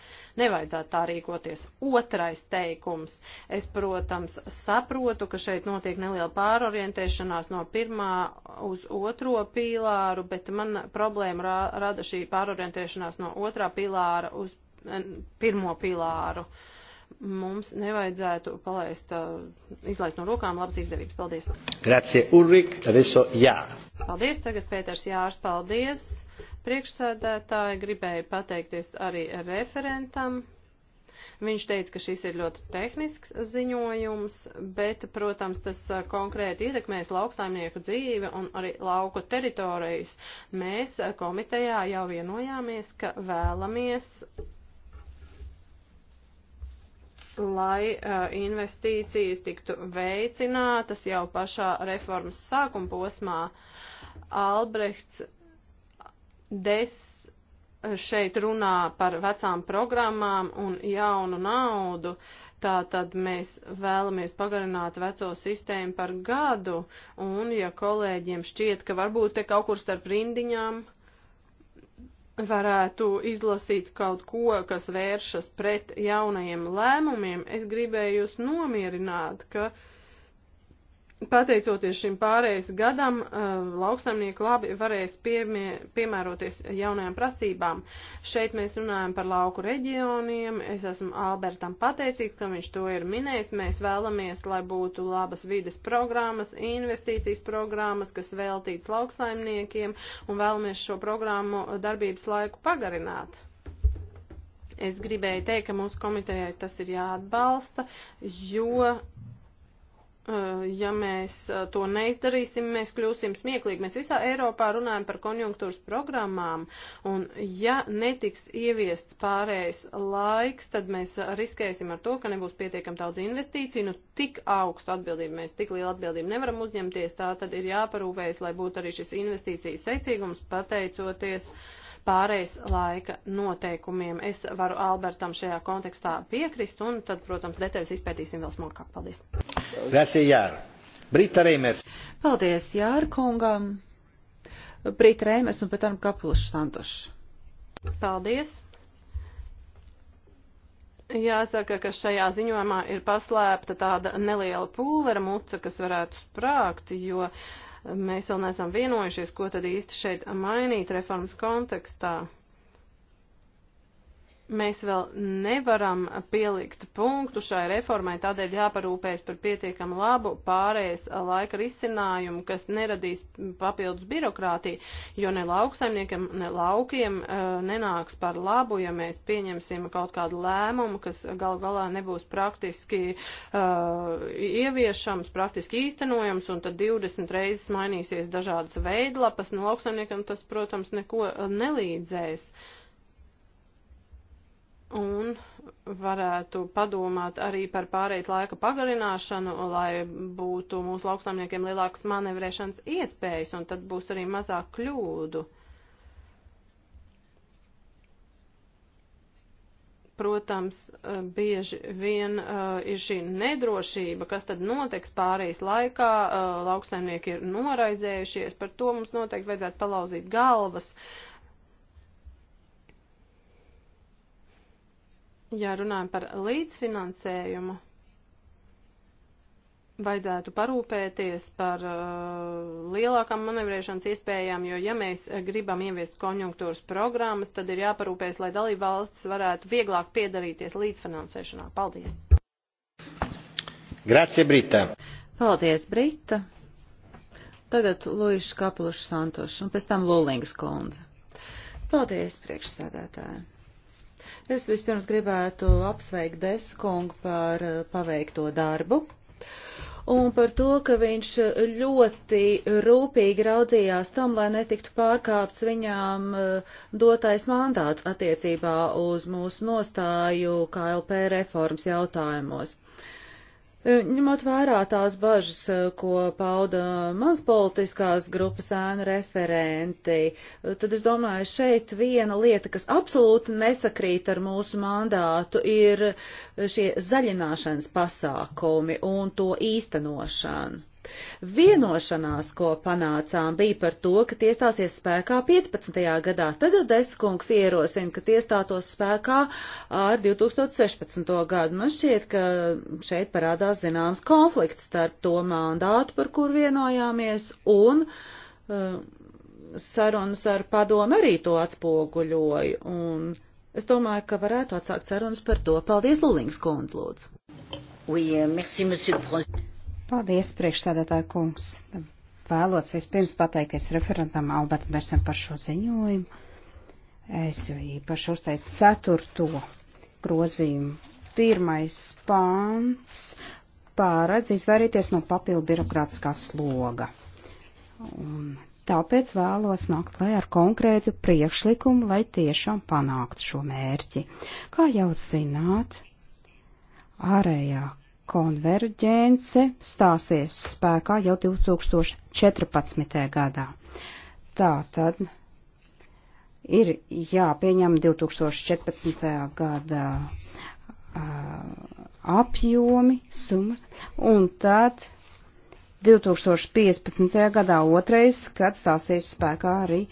Nevajadzētu tā rīkoties. Otrais teikums. Es, protams, saprotu, ka šeit notiek neliela pārorientēšanās no pirmā uz otro pīlāru, bet man problēma rada šī pārorientēšanās no otrā pīlāra uz pirmo pīlāru. Uh, mums nevajadzētu palaist, uh, izlaist no rokām labas izdevības. Paldies. Grazie, Ulrik. Adesso, jā. Paldies, tagad Pēters Jārs, paldies. Priekšsēdētāji gribēja pateikties arī referentam. Viņš teica, ka šis ir ļoti tehnisks ziņojums, bet, protams, tas uh, konkrēti ietekmēs lauksaimnieku dzīvi un arī lauku teritorijas. Mēs uh, komitejā jau vienojāmies, ka vēlamies lai uh, investīcijas tiktu veicinātas jau pašā reformas sākuma posmā. Albrechts des šeit runā par vecām programmām un jaunu naudu. Tātad mēs vēlamies pagarināt veco sistēmu par gadu, un ja kolēģiem šķiet, ka varbūt te kaut kur starp rindiņām uh, varētu izlasīt kaut ko, kas vēršas pret jaunajiem lēmumiem, es gribēju jūs nomierināt, ka uh, Pateicoties šim pārējais gadam, eh, lauksaimnieki labi varēs piemie, piemēroties jaunajām prasībām. Šeit mēs runājam par lauku reģioniem. Es esmu Albertam pateicīgs, ka viņš to ir minējis. Mēs vēlamies, lai būtu labas vides programmas, investīcijas programmas, kas veltīts lauksaimniekiem, un vēlamies šo programmu darbības laiku pagarināt. Es gribēju teikt, ka mūsu komitejai tas ir jāatbalsta, jo Eh, ja mēs eh, to neizdarīsim, mēs kļūsim smieklīgi. Mēs visā Eiropā runājam par konjunktūras programmām, un ja netiks ieviests pārējais laiks, tad mēs eh, riskēsim ar to, ka nebūs pietiekam daudz investīciju. Nu, tik augstu atbildību mēs, tik lielu atbildību nevaram uzņemties, tā tad ir jāparūpējas, lai būtu arī šis investīcijas secīgums, pateicoties uh, pārejas laika noteikumiem. Es varu Albertam šajā kontekstā piekrist, un tad, protams, detaļas izpētīsim vēl smalkāk. Paldies. Grazie, Jāra. Brita Reimers. Paldies, Jāra kungam. Brita Reimers un pēc tam Kapulušs Santošs. Paldies. Jāsaka, ka šajā ziņojumā ir paslēpta tāda neliela pulvera muca, kas varētu sprākt, jo uh, Mēs vēl neesam vienojušies, ko tad īsti šeit mainīt reformas kontekstā mēs vēl nevaram pielikt punktu šai reformai, tādēļ jāparūpējas par pietiekam labu pārējais laika risinājumu, kas neradīs papildus birokrātiju, jo ne lauksaimniekiem, ne laukiem eh, nenāks par labu, ja mēs pieņemsim kaut kādu lēmumu, kas gal galā nebūs praktiski uh, ieviešams, praktiski īstenojams, un tad 20 reizes mainīsies dažādas veidlapas, nu lauksaimniekam tas, protams, neko eh, nelīdzēs. Uh, un varētu padomāt arī par pārejas laika pagarināšanu, lai būtu mūsu lauksaimniekiem lielākas manevrēšanas iespējas, un tad būs arī mazāk kļūdu. Protams, eh, bieži vien uh, ir šī nedrošība, kas tad notiks pārejas laikā, uh, lauksaimnieki ir noraizējušies, par to mums noteikti vajadzētu palauzīt galvas. Uh, ja runājam par līdzfinansējumu, vajadzētu parūpēties par uh, lielākām manevrēšanas iespējām, jo ja mēs gribam ieviest konjunktūras programmas, tad ir jāparūpēs, lai dalība valsts varētu vieglāk piedarīties līdzfinansēšanā. Paldies! Grazie, Brita! Paldies, Brita! Tagad Luīša Kapluša Santoša un pēc tam Lulingas kundze. Paldies, priekšsēdētāji! Es vispirms gribētu apsveikt Deskungu par eh, paveikto darbu un par to, ka viņš eh, ļoti rūpīgi raudzījās tam, lai netiktu pārkāpts viņām eh, dotais mandāts attiecībā uz mūsu nostāju KLP reformas jautājumos. Uh, E, ņemot vērā tās bažas, e, ko pauda mazpolitiskās grupas ēnu referenti, e, tad es domāju, šeit viena lieta, kas absolūti nesakrīt ar mūsu mandātu, ir šie zaļināšanas pasākumi un to īstenošanu. Vienošanās, ko panācām, bija par to, ka tie stāsies spēkā 15. gadā. Tagad es kungs ierosinu, ka tie stātos spēkā ar 2016. gadu. Man šķiet, ka šeit parādās zināms konflikts starp to mandātu, par kur vienojāmies, un uh, sarunas ar padomu arī to atspoguļoja. Un es domāju, ka varētu atsākt sarunas par to. Paldies, Lulings kundz, lūdzu. Oui, merci, monsieur. Paldies, priekšstādātāja kungs. Vēlos vispirms pateikties referentam Albertam Versam par šo ziņojumu. Es jau īpaši uzteicu ceturto grozījumu. Pirmais pāns pārēdz izvairīties no papildu birokrātiskā sloga. Un tāpēc vēlos nākt klajā ar konkrētu priekšlikumu, lai tiešām panāktu šo mērķi. Kā jau zināt, ārējā konverģence stāsies spēkā jau 2014. gadā. Tā tad ir jāpieņem 2014. gada apjomi, summa, un tad 2015. gadā otrais, kad stāsies spēkā arī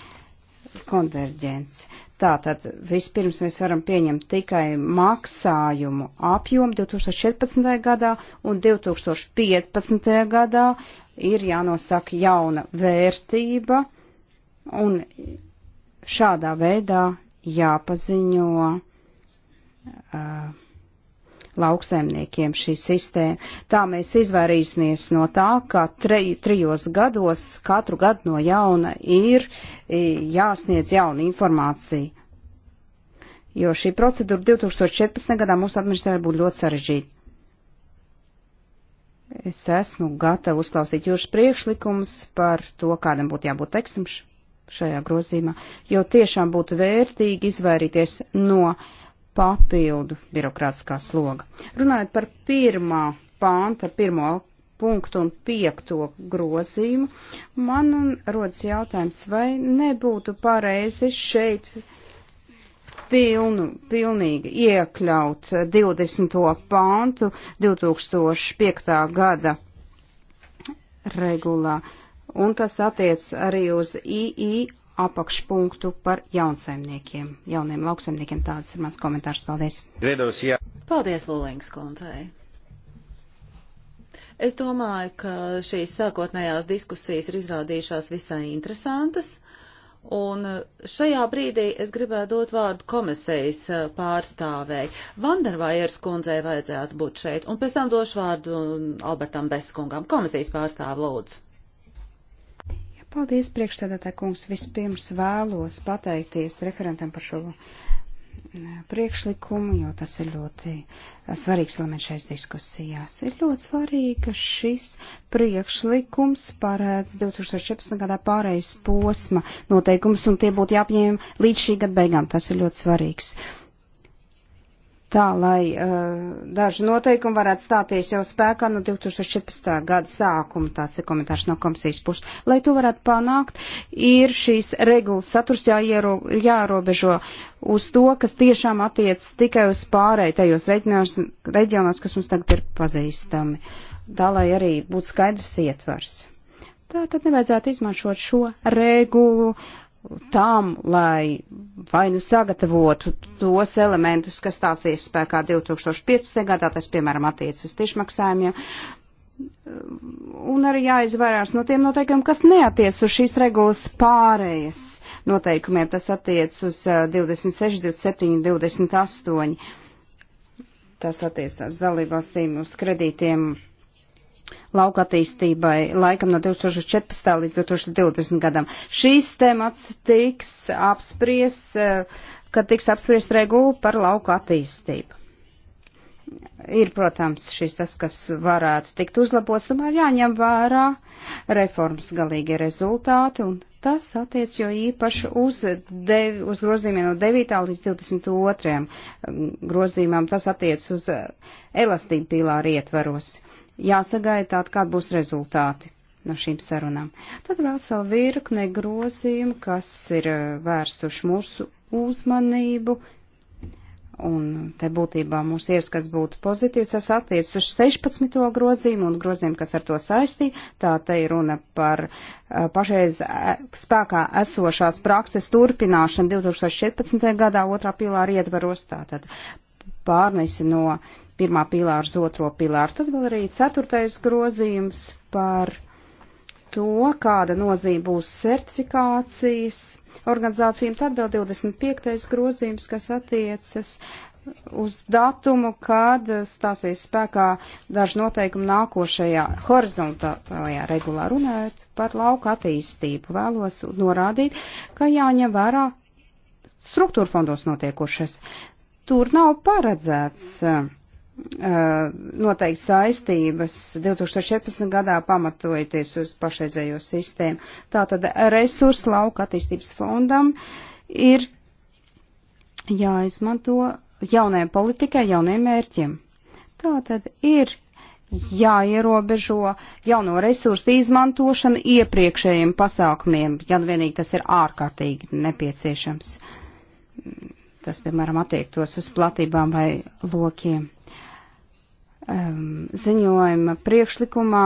konverģence. Tātad vispirms mēs varam pieņemt tikai maksājumu apjomu 2014. gadā un 2015. gadā ir jānosaka jauna vērtība un šādā veidā jāpaziņo. Uh, lauksaimniekiem šī sistēma. Tā mēs izvairīsimies no tā, ka tre, trijos gados katru gadu no jauna ir jāsniedz jauna informācija. Jo šī procedūra 2014. gadā mūsu administrācija būtu ļoti sarežģīta. Es esmu gatava uzklausīt jūsu priekšlikumus par to, kādam būtu jābūt tekstam šajā grozījumā, jo tiešām būtu vērtīgi izvairīties no uh, papildu birokrātiskā sloga. Runājot par pirmā pānta, pirmo punktu un piekto grozījumu, man rodas jautājums, vai nebūtu pareizi šeit pilnu, pilnīgi iekļaut 20. pāntu 2005. gada regulā. Un tas attiec arī uz II apakšpunktu par jaunsaimniekiem, jauniem lauksaimniekiem. Tāds ir mans komentārs. Paldies. Gredos, jā. Paldies, Lulīngas kundzei. Es domāju, ka šīs sākotnējās diskusijas ir izrādījušās visai interesantas. Un šajā brīdī es gribētu dot vārdu komisijas pārstāvēji. Vandervajers kundzei vajadzētu būt šeit, un pēc tam došu vārdu Albertam Beskungam. Komisijas pārstāvu lūdzu. Paldies, priekšstādātā kungs. Vispirms vēlos pateikties referentam par šo mm, priekšlikumu, jo tas ir ļoti eh, svarīgs elements šais diskusijās. Ir ļoti svarīgi, ka šis priekšlikums parēdz 2014. gadā pārējais posma noteikums, un tie būtu jāpieņem līdz šī gada beigām. Tas ir ļoti svarīgs tā, lai uh, daži noteikumi varētu stāties jau spēkā no 2014. gada sākuma, tāds ir komentārs no komisijas puses. Lai to varētu panākt, ir šīs regulas saturs jāiero, jāierobežo uz to, kas tiešām attiec tikai uz pārēj tajos reģionos, reģionos, kas mums tagad ir pazīstami, tā, lai arī būtu skaidrs ietvars. Tā tad nevajadzētu izmantot šo regulu, uh, tām, lai vai nu sagatavotu tos elementus, kas stāsies spēkā 2015. gadā, tas, piemēram, attiecas uz tiešmaksājumiem, un arī jāizvairās no tiem noteikumiem, kas neatiec uz šīs regulas pārējas noteikumiem. Tas attiec uz 26, 27, 28. Tas attiecās dalībvalstīm uz kredītiem lauka attīstībai laikam no 2014. līdz 2020. gadam. Šīs temats tiks apspries, eh, kad tiks apspries regula par lauka attīstību. Ir, protams, šis tas, kas varētu tikt uzlabots, tomēr jāņem vērā reformas galīgie rezultāti, un tas attiec jo īpaši uz, dev, uz grozījumiem no 9. līdz 22. Mm, grozījumam, tas attiec uz eh, elastību pīlāri ietvaros jāsagaida tāda, kāda būs rezultāti no šīm sarunām. Tad vēl virkne grozījumu, kas ir eh, vērsuši mūsu uzmanību, un te būtībā mūsu ieskats būtu pozitīvs, tas attiec uz 16. grozījumu un grozījumu, kas ar to saistī. Tā te ir runa par eh, pašreiz eh, spēkā esošās prakses turpināšanu 2014. gadā otrā pilāra ietvaros, tātad pārnesi no pirmā pilāra uz otro pilāru. Tad vēl arī ceturtais grozījums par to, kāda nozīme būs certifikācijas organizācijām. Tad vēl 25. grozījums, kas attiecas uz datumu, kad stāsies spēkā daži noteikumi nākošajā horizontālajā regulā runājot par lauka attīstību. Vēlos norādīt, ka jāņem vērā struktūra fondos notiekošais. Tur nav paredzēts uh, Uh, noteikti saistības 2014. gadā pamatojoties uz pašreizējo sistēmu. Tātad resursu lauka attīstības fondam ir jāizmanto jaunai politikai, jauniem mērķiem. Tātad ir jāierobežo jauno resursu izmantošanu iepriekšējiem pasākumiem, ja nu vienīgi tas ir ārkārtīgi nepieciešams. Tas, piemēram, attiektos uz platībām vai lokiem um, ziņojuma priekšlikumā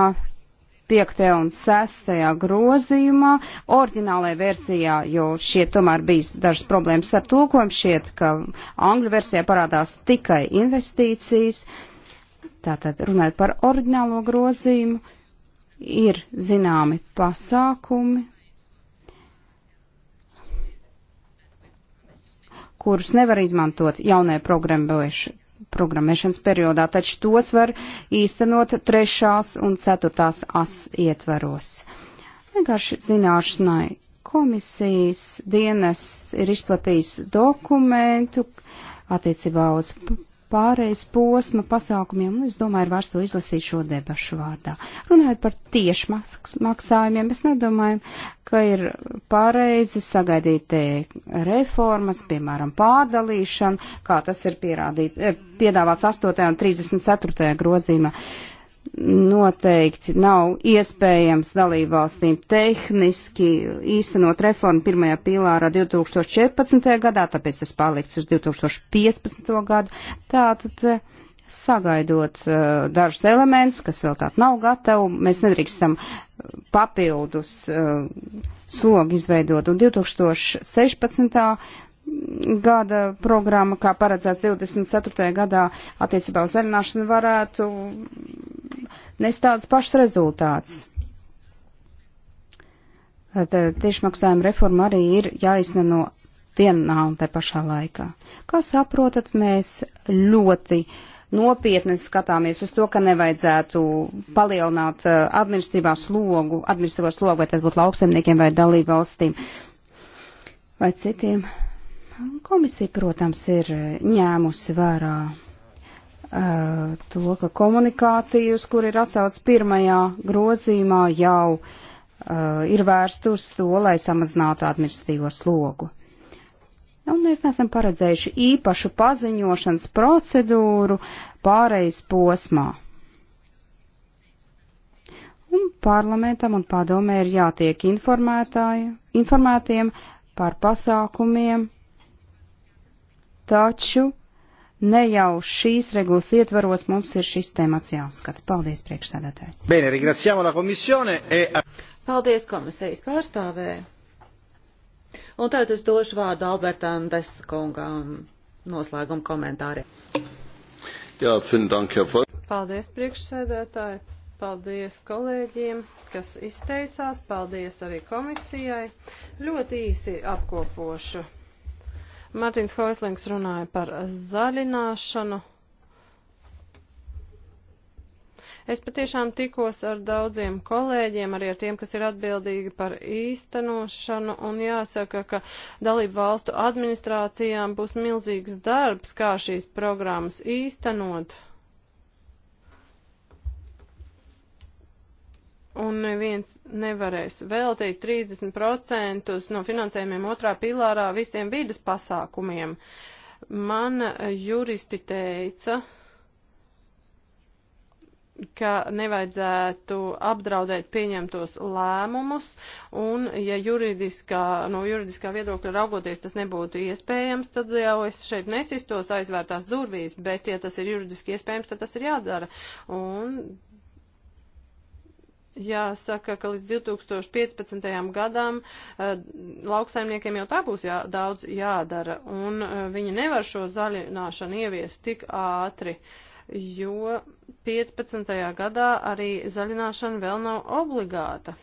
5. un 6. grozījumā, oriģinālajā versijā, jo šie tomēr bija dažas problēmas ar tulkojumu, šiet, ka angļu versijā parādās tikai investīcijas, tātad runājot par oriģinālo grozījumu, ir zināmi pasākumi, kurus nevar izmantot jaunajā programmēšanas periodā, taču tos var īstenot trešās un ceturtās as ietvaros. Vienkārši zināšanai komisijas dienas ir izplatījis dokumentu attiecībā uz pārejas posma pasākumiem, un es domāju, ir vairs to izlasīt šo debašu vārdā. Runājot par tieši maks maksājumiem, mēs nedomājam, ka ir pareizi sagaidīt eh, reformas, piemēram, pārdalīšanu, kā tas ir pierādīt, eh, piedāvāts 8. un 34. grozīmā. Uh, noteikti nav iespējams dalībvalstīm tehniski īstenot reformu pirmajā pīlārā 2014. gadā, tāpēc tas paliks uz 2015. gadu. Tātad eh, sagaidot uh, dažus elementus, kas vēl tātad nav gatavi, mēs nedrīkstam eh, papildus uh, slogu izveidot. Un 2016 gada programma, kā paredzēts 24. gadā attiecībā uz zaļināšanu, varētu nest tāds pašs rezultāts. Tiešmaksājuma reforma arī ir jāizsneno vienā un te pašā laikā. Kā saprotat, mēs ļoti nopietni skatāmies uz to, ka nevajadzētu palielināt eh, administratīvā slogu, administratīvā slogu, vai tas būtu lauksaimniekiem vai dalību valstīm vai citiem. Uh, Komisija, protams, ir ņēmusi vērā uh, to, ka komunikācija, uz kur ir atsauc pirmajā grozījumā, jau uh, ir vērsta uz to, lai samazinātu administratīvo slogu. Un mēs neesam paredzējuši īpašu paziņošanas procedūru pārejas posmā. Un parlamentam un padomē ir jātiek informētājiem par pasākumiem, taču ne jau šīs regulas ietvaros mums ir šis temats jāskata. Paldies, priekšsēdētāji. Bene, ringraziamo la komisione e... Paldies komisijas pārstāvē. Un tagad es došu vārdu Albertam Deskungam noslēguma komentāri. Jā, fin dank, jā, fal... Paldies, priekšsēdētāji. Paldies kolēģiem, kas izteicās. Paldies arī komisijai. Ļoti īsi apkopošu. Mārtiņš Hoislings runāja par zaļināšanu. Es patiešām tikos ar daudziem kolēģiem, arī ar tiem, kas ir atbildīgi par īstenošanu, un jāsaka, ka dalību valstu administrācijām būs milzīgs darbs, kā šīs programmas īstenot. un neviens nevarēs veltīt 30% no finansējumiem otrā pilārā visiem vīdes pasākumiem. Man juristi teica, ka nevajadzētu apdraudēt pieņemtos lēmumus, un ja juridiskā, no juridiskā viedokļa raugoties tas nebūtu iespējams, tad jau es šeit nesistos aizvērtās durvīs, bet ja tas ir juridiski iespējams, tad tas ir jādara. Un Jāsaka, ka līdz 2015. gadam eh, lauksaimniekiem jau tā būs jā, daudz jādara, un eh, viņi nevar šo zaļināšanu ieviest tik ātri, jo 15. gadā arī zaļināšana vēl nav obligāta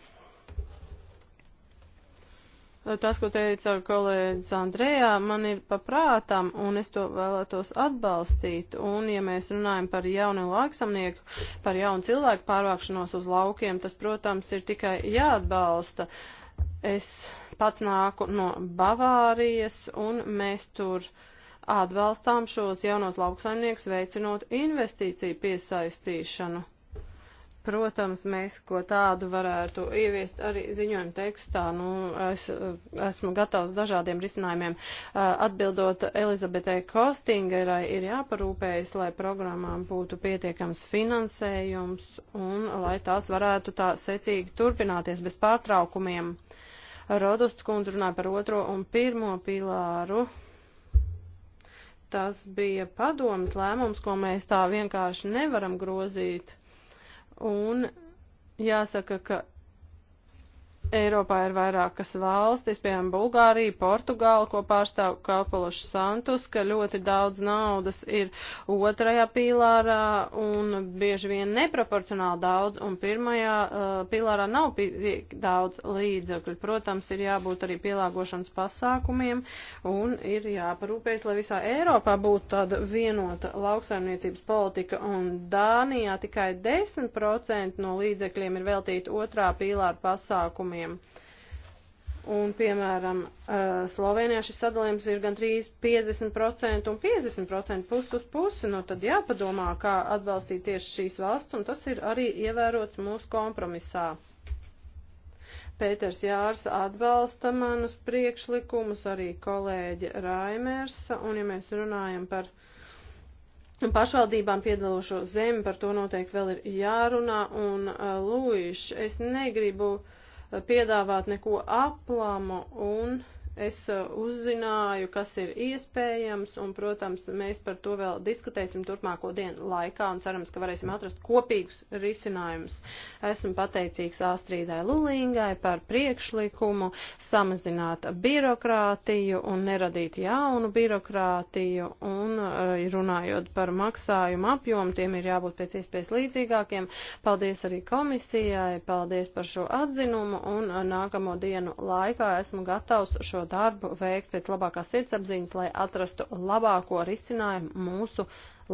tas, ko teica kolēģis Andrejā, man ir paprātām, un es to vēlētos atbalstīt. Un, ja mēs runājam par jaunu lauksamnieku, par jaunu cilvēku pārvākšanos uz laukiem, tas, protams, ir tikai jāatbalsta. Es pats nāku no Bavārijas, un mēs tur atbalstām šos jaunos lauksaimniekus, veicinot investīciju piesaistīšanu. Protams, mēs ko tādu varētu ieviest arī ziņojuma tekstā. Nu, es eh, esmu gatavs dažādiem risinājumiem. Eh, atbildot Elizabetei Kostingerai, ir jāparūpējas, lai programmām būtu pietiekams finansējums un lai tās varētu tā secīgi turpināties bez pārtraukumiem. Rodusts kundze runāja par otro un pirmo pilāru. Tas bija padomas lēmums, ko mēs tā vienkārši nevaram grozīt Un jāsaka, ka Eiropā ir vairākas valstis, piemēram, Bulgārija, Portugāla, ko pārstāv Kalpološs Santus, ka ļoti daudz naudas ir otrajā pīlārā un bieži vien neproporcionāli daudz, un pirmajā uh, pīlārā nav pī daudz līdzekļu. Protams, ir jābūt arī pielāgošanas pasākumiem un ir jāparūpējas, lai visā Eiropā būtu tāda vienota lauksaimniecības politika, un Dānijā tikai 10% no līdzekļiem ir veltīti otrā pīlāra pasākumiem sadalījumiem. Un, piemēram, eh, Slovenijā šis sadalījums ir gan 3, 50% un 50% pusi uz pusi, nu tad jāpadomā, kā atbalstīt tieši šīs valsts, un tas ir arī ievērots mūsu kompromisā. Pēters Jārs atbalsta manus priekšlikumus, arī kolēģi Raimērsa, un ja mēs runājam par pašvaldībām piedalošo zemi, par to noteikti vēl ir jārunā, un eh, Lūjiš, es negribu. Uh, piedāvāt neko aplamu un Es uh, uzzināju, kas ir iespējams, un, protams, mēs par to vēl diskutēsim turpmāko dienu laikā un cerams, ka varēsim atrast kopīgus risinājumus. Esmu pateicīgs Āstrīdai Lulīngai par priekšlikumu samazināt birokrātiju un neradīt jaunu birokrātiju, un uh, runājot par maksājumu apjomu, tiem ir jābūt pēc iespējas līdzīgākiem. Paldies arī komisijai, paldies par šo atzinumu, un uh, nākamo dienu laikā esmu gatavs šo darbu veikt pēc labākās sirdsapziņas, lai atrastu labāko risinājumu mūsu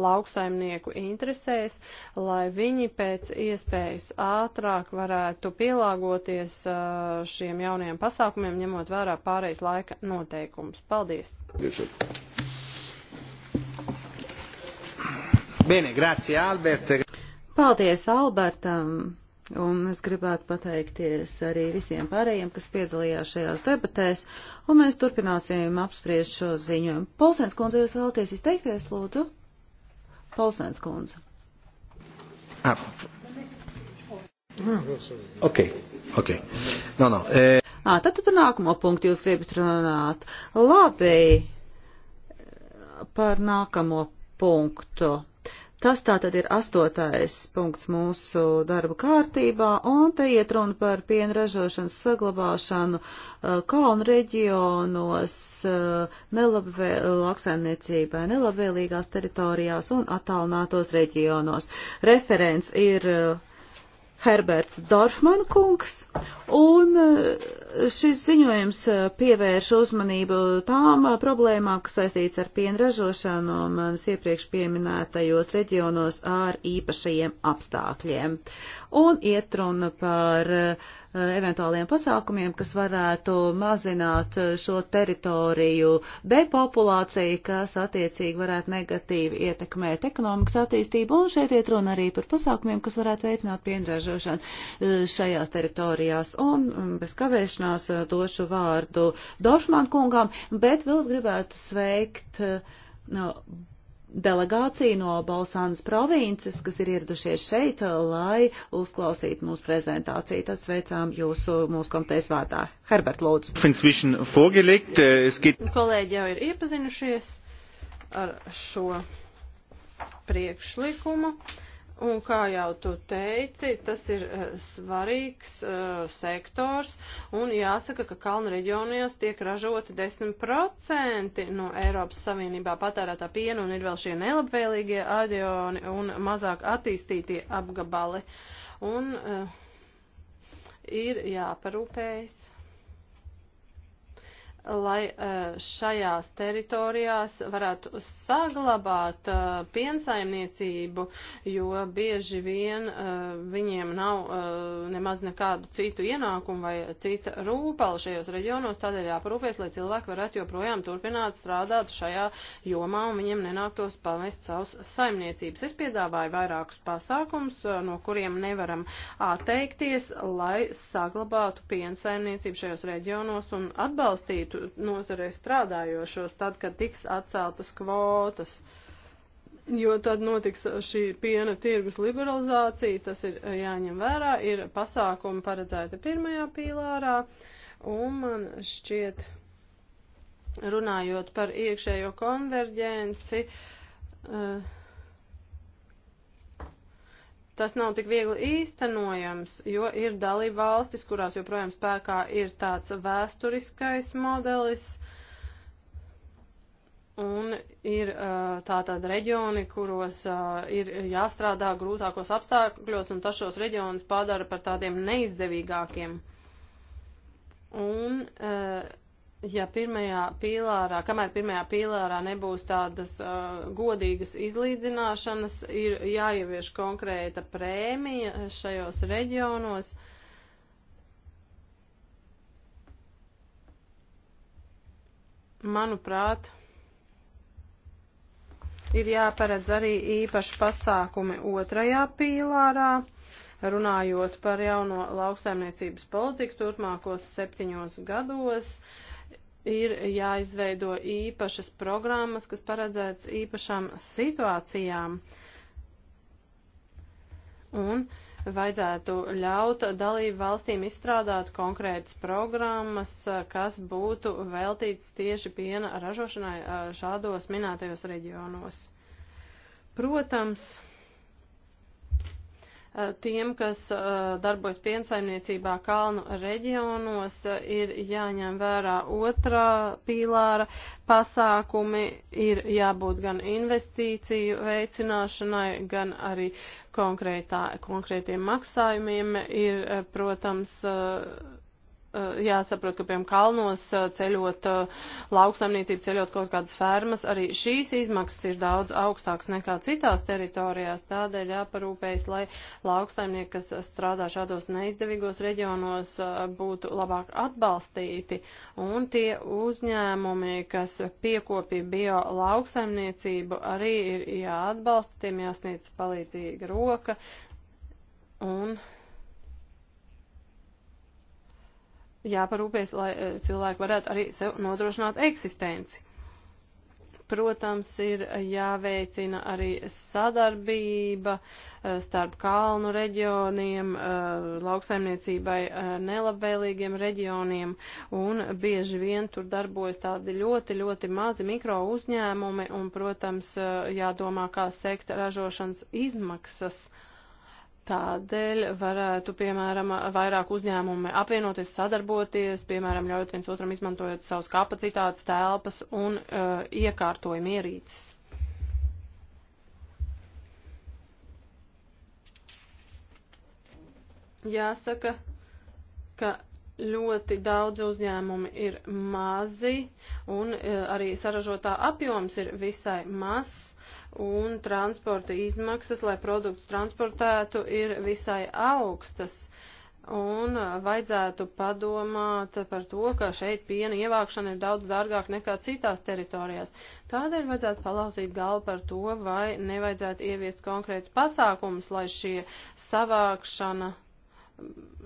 lauksaimnieku interesēs, lai viņi pēc iespējas ātrāk varētu pielāgoties šiem jaunajiem pasākumiem, ņemot vērā pārejas laika noteikumus. Paldies! Bene, grazie, Albert. Paldies Albertam! Un es gribētu pateikties arī visiem pārējiem, kas piedalījās šajās debatēs, un mēs turpināsim apspriest šo ziņojumu. Polsēns kundze, jūs vēlaties izteikties, lūdzu? Polsēns kundze. Ah. Ok, ok. No, no. E... Eh. À, tad par nākamo punktu jūs gribat runāt. Labi, par nākamo punktu. Tas tātad ir astotais punkts mūsu darba kārtībā, un te iet runa par piena ražošanas saglabāšanu eh, kalnu reģionos, eh, nelabvē, lauksaimniecībai, nelabvēlīgās teritorijās un attālinātos reģionos. Referents ir eh, Herberts Dorfman kungs, un Šis ziņojums eh, pievērš uzmanību tām eh, problēmām, kas saistīts ar pienražošanu manas iepriekš pieminētajos reģionos ar īpašajiem apstākļiem. Un iet runa par eh, eventuāliem pasākumiem, kas varētu mazināt šo teritoriju depopulāciju, kas attiecīgi varētu negatīvi ietekmēt ekonomikas attīstību. Un šeit iet runa arī par pasākumiem, kas varētu veicināt pienražošanu šajās teritorijās. Un mm, bez kavēšanās uzstāšanās eh, došu vārdu Dorfman kungam, bet vēl es gribētu sveikt eh, no, delegāciju no Balsānas provinces, kas ir ieradušies šeit, eh, lai uzklausītu mūsu prezentāciju. Tad sveicām jūsu mūsu komitejas vārdā. Herbert Lūdzu. Äh, Kolēģi jau ir iepazinušies ar šo priekšlikumu. Uh, Un kā jau tu teici, tas ir uh, svarīgs uh, sektors, un jāsaka, ka kalnu reģionos tiek ražoti 10% no Eiropas Savienībā patērētā piena, un ir vēl šie nelabvēlīgie adioni un mazāk attīstītie apgabali. Un uh, ir jāparūpējas lai e, šajās teritorijās varētu saglabāt e, piensaimniecību, jo bieži vien e, viņiem nav nemaz nekādu citu ienākumu vai cita rūpala šajos reģionos, tādēļ jāparūpēs, lai cilvēki varētu joprojām turpināt strādāt šajā jomā un viņiem nenāktos pamest savus saimniecības. Es piedāvāju vairākus pasākums, no kuriem nevaram atteikties, lai saglabātu piensaimniecību šajos reģionos un atbalstītu citu nozarē strādājošos, tad, kad tiks atceltas kvotas. Jo tad notiks šī piena tirgus liberalizācija, tas ir jāņem vērā, ir pasākumi paredzēti pirmajā pīlārā, un man šķiet, runājot par iekšējo konverģenci, uh, tas nav tik viegli īstenojams, jo ir dalība valstis, kurās joprojām spēkā ir tāds vēsturiskais modelis, un ir tā tāda reģioni, kuros ir jāstrādā grūtākos apstākļos, un tas šos reģionus padara par tādiem neizdevīgākiem. Un, uh, ja pirmajā pīlārā, kamēr pirmajā pīlārā nebūs tādas uh, godīgas izlīdzināšanas, ir jāievieš konkrēta prēmija šajos reģionos. Manuprāt, ir jāparedz arī īpaši pasākumi otrajā pīlārā, runājot par jauno lauksaimniecības politiku turpmākos septiņos gados. Uh, ir jāizveido īpašas programmas, kas paredzēts īpašām situācijām. Un vajadzētu ļaut dalību valstīm izstrādāt konkrētas programmas, kas būtu veltītas tieši piena ražošanai šādos minētajos reģionos. Protams, Eh, tiem, kas eh, darbojas piensaimniecībā kalnu reģionos, ir jāņem vērā otrā pīlāra pasākumi, ir jābūt gan investīciju veicināšanai, gan arī konkrētā, konkrētiem maksājumiem, ir, eh, protams, Eh, jāsaprot, ka, piemēram, kalnos eh, ceļot eh, lauksaimniecību, ceļot kaut kādas fermas, arī šīs izmaksas ir daudz augstākas nekā citās teritorijās. Tādēļ jāparūpējas, lai lauksaimnieki, kas strādā šādos neizdevīgos reģionos, būtu labāk atbalstīti. Un tie uzņēmumi, kas piekopja bio lauksaimniecību, arī ir jāatbalsta, tiem jāsniedz palīdzīga roka. Un jāparūpēs, lai eh, cilvēki varētu arī sev nodrošināt eksistenci. Protams, ir jāveicina arī sadarbība eh, starp kalnu reģioniem, eh, lauksaimniecībai nelabvēlīgiem reģioniem, un bieži vien tur darbojas tādi ļoti, ļoti mazi mikro uzņēmumi, un, protams, jādomā, kā sekt ražošanas izmaksas. Uh, Tādēļ varētu, piemēram, vairāk uzņēmumi apvienoties, sadarboties, piemēram, ļaujot viens otram izmantojot savus kapacitātes, telpas un uh, iekārtojumu ierīces. Jāsaka, ka ļoti daudz uzņēmumi ir mazi un uh, arī saražotā apjoms ir visai mazs un transporta izmaksas, lai produktus transportētu, ir visai augstas. Un vajadzētu padomāt par to, ka šeit piena ievākšana ir daudz dārgāk nekā citās teritorijās. Tādēļ vajadzētu palauzīt galvu par to, vai nevajadzētu ieviest konkrētus pasākumus, lai šie savākšana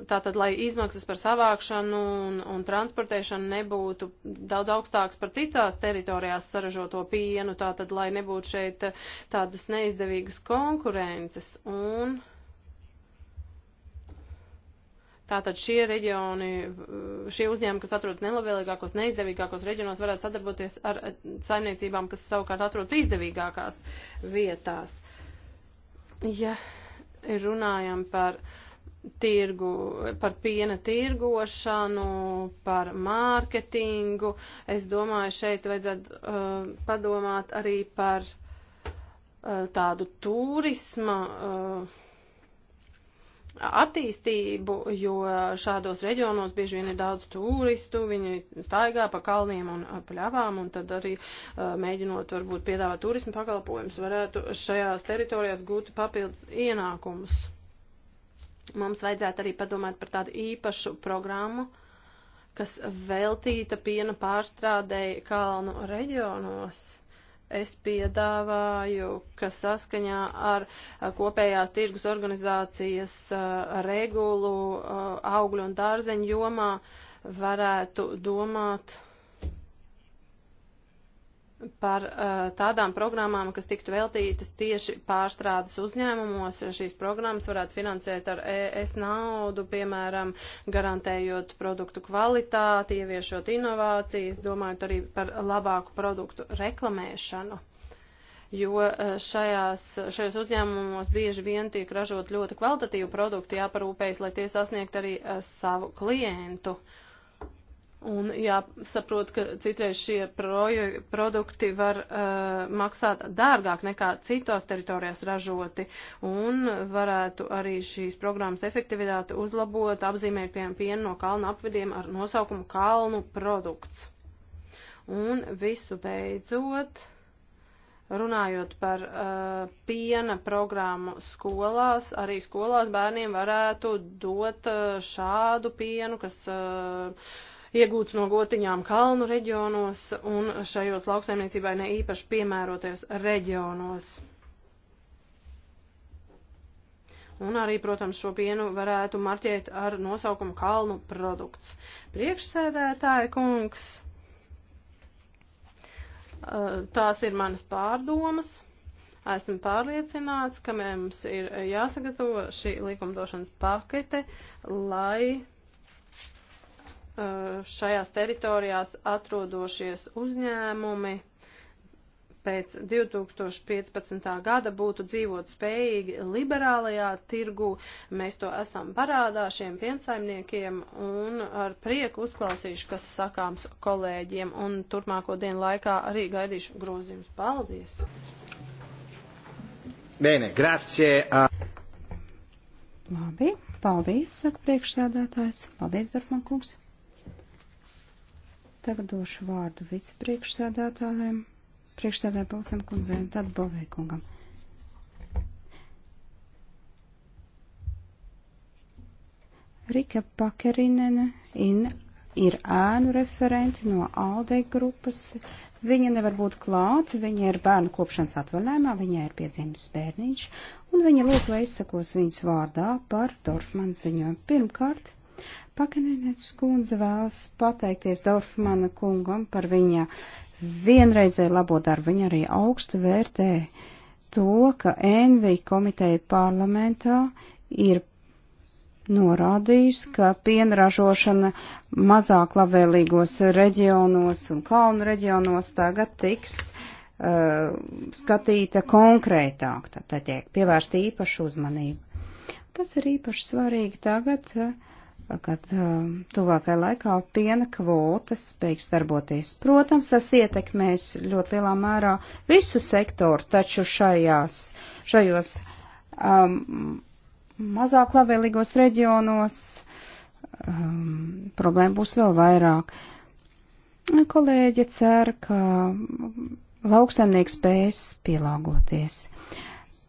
Tātad, lai izmaksas par savākšanu un, un transportēšanu nebūtu daudz augstāks par citās teritorijās saražoto pienu, tātad, lai nebūtu šeit eh, tādas neizdevīgas konkurences. Un tātad šie reģioni, eh, šie uzņēmumi, kas atrodas nelabvēlīgākos, neizdevīgākos reģionos, varētu sadarboties ar eh, saimniecībām, kas savukārt atrodas izdevīgākās vietās. Ja runājam par. Uh, tirgu, par piena tirgošanu, par mārketingu. Es domāju, šeit vajadzētu uh, padomāt arī par uh, tādu turisma uh, attīstību, jo šādos reģionos bieži vien ir daudz turistu, viņi staigā pa kalniem un uh, pļavām, un tad arī uh, mēģinot varbūt piedāvāt turismu pakalpojumus, varētu šajās teritorijās gūt papildus ienākumus. Mums vajadzētu arī padomāt par tādu īpašu programmu, kas veltīta piena pārstrādēji kalnu reģionos. Es piedāvāju, ka saskaņā ar kopējās tirgus organizācijas regulu augļu un dārzeņu jomā varētu domāt par uh, tādām programmām, kas tiktu veltītas tieši pārstrādes uzņēmumos. Šīs programmas varētu finansēt ar ES naudu, piemēram, garantējot produktu kvalitāti, ieviešot inovācijas, domājot arī par labāku produktu reklamēšanu jo eh, šajās, šajos uzņēmumos bieži vien tiek ražot ļoti kvalitatīvu produktu, jāparūpējas, lai tie sasniegt arī eh, savu klientu. Uh, Un jāsaprot, ka citreiz šie proju, produkti var uh, maksāt dārgāk nekā citos teritorijās ražoti, un varētu arī šīs programmas efektivitāti uzlabot, apzīmēt piemēram pienu no kalnu apvidiem ar nosaukumu kalnu produkts. Un visu beidzot, runājot par uh, piena programmu skolās, arī skolās bērniem varētu dot uh, šādu pienu, kas. Uh, iegūts no gotiņām kalnu reģionos un šajos lauksaimniecībai ne īpaši piemērotajos reģionos. Un arī, protams, šo pienu varētu marķēt ar nosaukumu kalnu produkts. Priekšsēdētāja kungs, eh, tās ir manas pārdomas esmu pārliecināts, ka mums ir jāsagatavo šī likumdošanas pakete, lai Uh, šajās teritorijās atrodošies uzņēmumi pēc 2015. gada būtu dzīvot spējīgi liberālajā tirgu. Mēs to esam parādā šiem piensaimniekiem un ar prieku uzklausīšu, kas sakāms kolēģiem un turpmāko dienu laikā arī gaidīšu grozījumus. Paldies! Bene, grazie! A... Labi, paldies, saka priekšsēdētājs. Paldies, Darfman kungs! Tagad došu vārdu vicepriekšsēdētājiem, priekšsēdētāju Balsam kundzei, tad Bovēkungam. Rika Pakerinene in, ir ēnu referenti no ALDE grupas. Viņa nevar būt klāt, viņa ir bērnu kopšanas atvaļinājumā, viņai ir piedzimis bērniņš, un viņa lūk, lai izsakos viņas vārdā par Dorfmanu ziņojumu. Pirmkārt, Pakanienes kundze vēlas pateikties Dorfmana kungam par viņa vienreizē labo darbu. Viņa arī augstu vērtē to, ka NV komiteja parlamentā ir norādījis, ka pienražošana mazāk labvēlīgos reģionos un kalnu reģionos tagad tiks uh, skatīta konkrētāk, tad tiek pievērsta īpaša uzmanība. Tas ir īpaši svarīgi tagad, uh, kad um, tuvākai laikā piena kvotas beigs darboties. Protams, tas ietekmēs ļoti lielā mērā visu sektoru, taču šajās, šajos um, mazāk labvēlīgos reģionos um, problēma būs vēl vairāk. Kolēģi cer, ka lauksaimnieks spēs pielāgoties.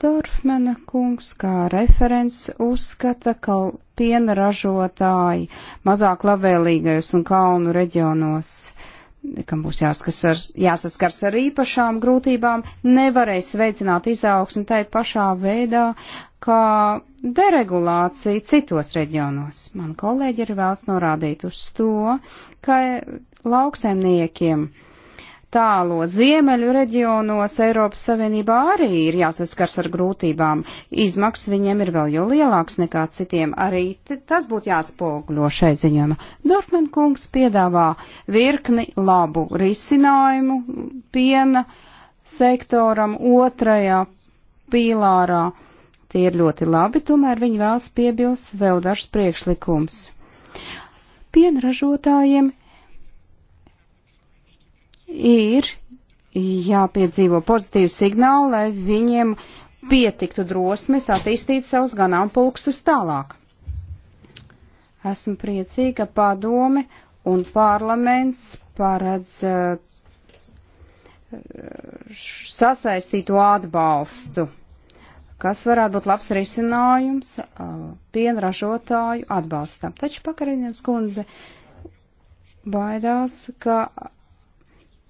Dorfmana kungs kā referents uzskata, ka piena ražotāji mazāk labvēlīgajos un kalnu reģionos, kam būs ar, jāsaskars ar īpašām grūtībām, nevarēs veicināt izaugsmi tai pašā veidā, kā deregulācija citos reģionos. Man kolēģi ir vēlas norādīt uz to, ka lauksaimniekiem tālo ziemeļu reģionos Eiropas Savienībā arī ir jāsaskars ar grūtībām. Izmaksas viņiem ir vēl jo lielāks nekā citiem. Arī tas būtu jāspogļo šai ziņojumā. Dorfman kungs piedāvā virkni labu risinājumu piena sektoram otrajā pīlārā. Tie ir ļoti labi, tomēr viņi vēlas piebilst vēl dažs priekšlikums. Pienražotājiem ir jāpiedzīvo pozitīvu signālu, lai viņiem pietiktu drosmes attīstīt savus ganāmpulkstus tālāk. Esmu priecīga, ka padome un parlaments paredz uh, sasaistīto atbalstu, kas varētu būt labs risinājums uh, pienražotāju atbalstam. Taču pakarinies kundze baidās, ka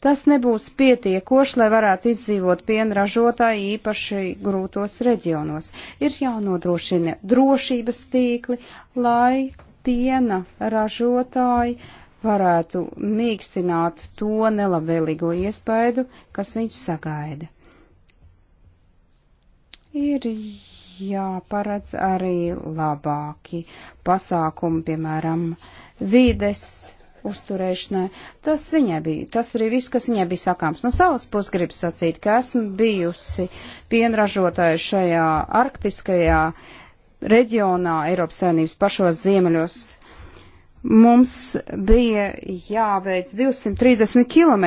Tas nebūs pietiekoši, lai varētu izdzīvot pienražotāji īpaši grūtos reģionos. Ir jānodrošina drošības tīkli, lai piena ražotāji varētu mīkstināt to nelabvēlīgo iespaidu, kas viņš sagaida. Ir jāparedz arī labāki pasākumi, piemēram, vides uzturēšanai. Tas viņai bija, tas arī viss, kas viņai bija sakāms. No savas puses gribu sacīt, ka esmu bijusi pienražotāja šajā arktiskajā reģionā Eiropas Savienības pašos ziemeļos. Mums bija jāveic 230 km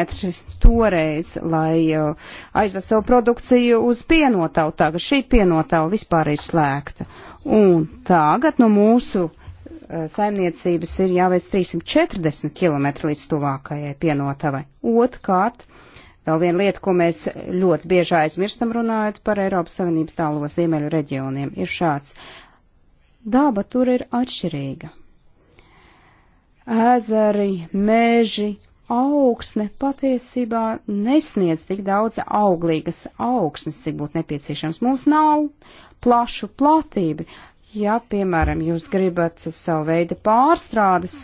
toreiz, lai uh, aizvest savu produkciju uz pienotavu. Tagad šī pienotava vispār ir slēgta. Un tagad no mūsu Eh, saimniecības ir jāveic 340 km līdz tuvākajai pienotavai. Otkārt, vēl viena lieta, ko mēs ļoti bieži aizmirstam runājot par Eiropas Savienības tālo ziemeļu reģioniem, ir šāds. Daba tur ir atšķirīga. Ezeri, meži, augsne patiesībā nesniedz tik daudz auglīgas augsnes, cik būtu nepieciešams. Mums nav plašu platību, Ja, piemēram, jūs gribat savu veidu pārstrādes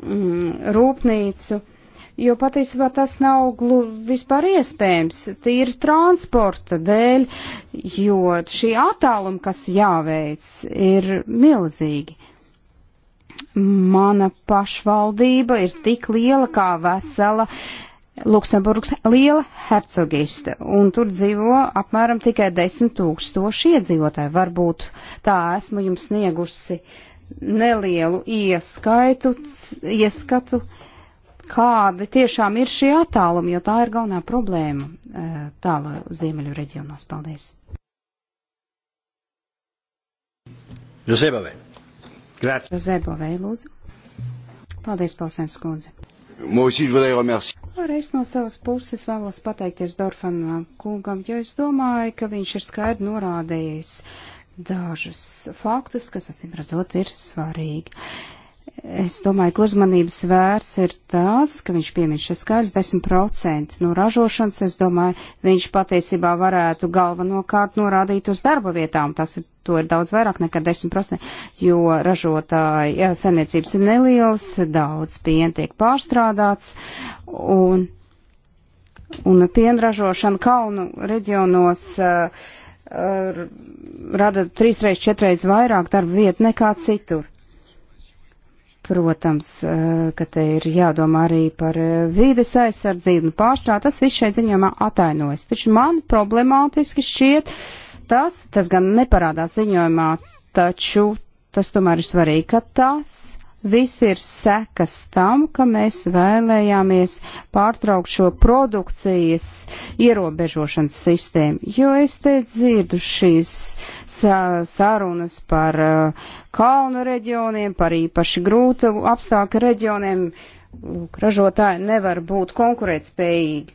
mm, rūpnīcu, jo patiesībā tas nav glu, vispār iespējams, tīri transporta dēļ, jo šī attāluma, kas jāveic, ir milzīgi. Mana pašvaldība ir tik liela kā vesela uh, Luksemburgas liela hercogista, un tur dzīvo apmēram tikai desmit tūkstoši iedzīvotāji. Varbūt tā esmu jums sniegusi nelielu ieskaitu, ieskatu, kādi tiešām ir šie attālumi, jo tā ir galvenā problēma e, tālā ziemeļu reģionos. Paldies! Josebovei, lūdzu. Paldies, Palsēns kundze. Arī es no savas puses vēlos pateikties Dorfanam kungam, jo es domāju, ka viņš ir skaidri norādījis dažus faktus, kas acīm redzot ir svarīgi. Es domāju, ka uzmanības vērts ir tās, ka viņš piemin šis skaits 10% no ražošanas. Es domāju, viņš patiesībā varētu galvenokārt norādīt uz darba vietām. Tas ir, to ir daudz vairāk nekā 10%, jo ražotāji saimniecības ir nelielas, daudz piena tiek pārstrādāts un, un pienražošana kalnu reģionos. Uh, rada trīsreiz, četreiz vairāk darba vietu nekā citur. Protams, eh, ka te ir jādomā arī par eh, vīdes aizsardzību un nu, pārstrādi. Tas viss šai ziņojumā atainojas. Taču man problemātiski šķiet tas, tas gan neparādās ziņojumā, taču tas tomēr ir svarīgi, ka tas viss ir sekas tam, ka mēs vēlējāmies pārtraukt šo produkcijas ierobežošanas sistēmu, jo es te dzirdu šīs sarunas par uh, kalnu reģioniem, par īpaši grūtu apstākļu reģioniem, ražotāji nevar būt konkurētspējīgi.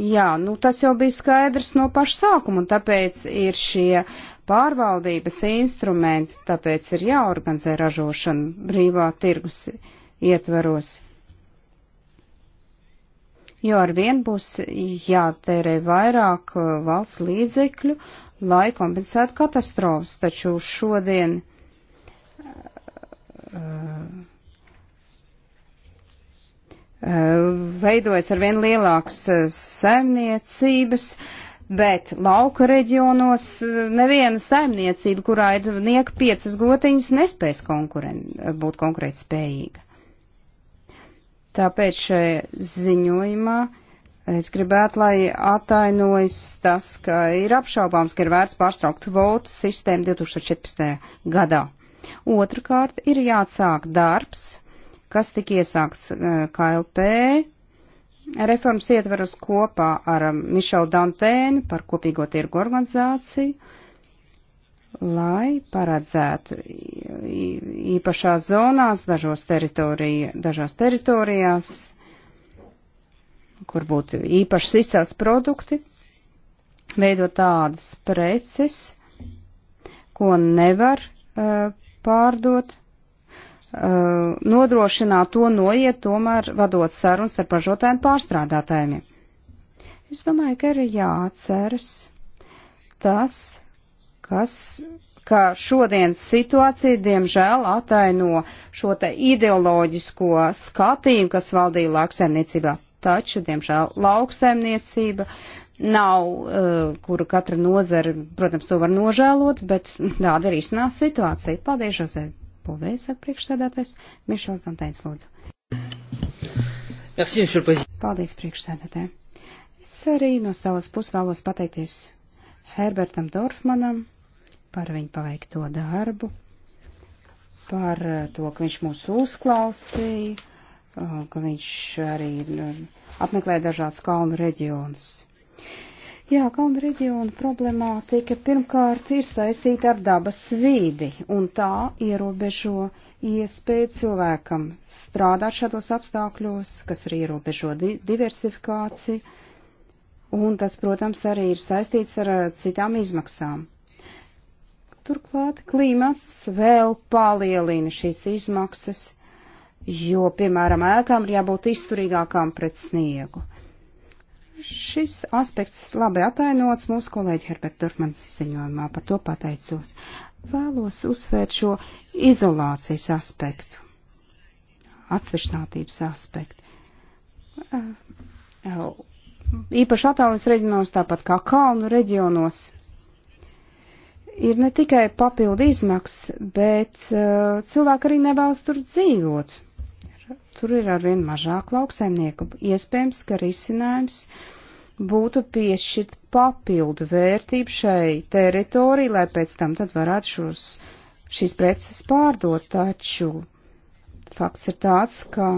Jā, nu tas jau bija skaidrs no paša sākuma, un tāpēc ir šie uh, pārvaldības instrumenti, tāpēc ir jāorganizē ražošana brīvā tirgus ietvaros. Jo ar vien būs jātērē vairāk uh, valsts līdzekļu, lai kompensētu katastrofas, taču šodien uh, uh, veidojas ar vien lielākas saimniecības, uh, Bet lauka reģionos eh, neviena saimniecība, kurā ir nieka piecas gotiņas, nespēs konkurent, būt konkrēti spējīga. Tāpēc šajā ziņojumā es gribētu, lai atainojas tas, ka ir apšaubāms, ka ir vērts pārstraukt votu sistēmu 2014. gadā. Otrakārt ir jāatsāk darbs, kas tika iesākts eh, KLP reformas ietveros kopā ar um, Mišelu Dantēnu par kopīgo tirgu organizāciju, lai paredzētu īpašās zonās, dažos teritorija, dažās teritorijās, kur būtu īpašas izcels produkti, veidot tādas preces, ko nevar uh, pārdot Uh, nodrošināt to noiet, tomēr vadot sarunas ar pažotājiem pārstrādātājiem. Es domāju, ka ir jāatceras tas, kas, ka šodienas situācija, diemžēl, ataino šo te ideoloģisko skatījumu, kas valdīja lauksaimniecībā. Taču, diemžēl, lauksaimniecība nav, uh, kuru katra nozara, protams, to var nožēlot, bet tāda ir iznās situācija. Paldies, Žozē! Povēsa priekšsēdētājs Mišels Dantēns lūdzu. Merci, Paldies, priekšsēdētē. Es arī no savas puses vēlos pateikties Herbertam Dorfmanam par viņu paveikto darbu, par eh, to, ka viņš mūs uzklausīja, eh, ka viņš arī eh, apmeklēja dažādas kalnu reģionus. Jā, kalnu reģiona problemātika pirmkārt ir saistīta ar dabas vīdi, un tā ierobežo iespēju cilvēkam strādāt šādos apstākļos, kas arī ierobežo di diversifikāciju, un tas, protams, arī ir saistīts ar citām izmaksām. Turklāt klimats vēl palielina šīs izmaksas, jo, piemēram, ēkām ir jābūt izturīgākām pret sniegu. Šis aspekts labi atainots mūsu kolēģi Herberta Turkmanas ziņojumā, par to pateicos. Vēlos uzsvērt šo izolācijas aspektu, atsevišķinātības aspektu. Eh, eh, īpaši attālins reģionos, tāpat kā kalnu reģionos, ir ne tikai papildu izmaksas, bet eh, cilvēki arī nevēlas tur dzīvot tur ir arvien mazāk lauksaimnieku. Iespējams, ka risinājums būtu piešķirt papildu vērtību šai teritorijai, lai pēc tam tad varētu šos, šīs preces pārdot, taču fakts ir tāds, ka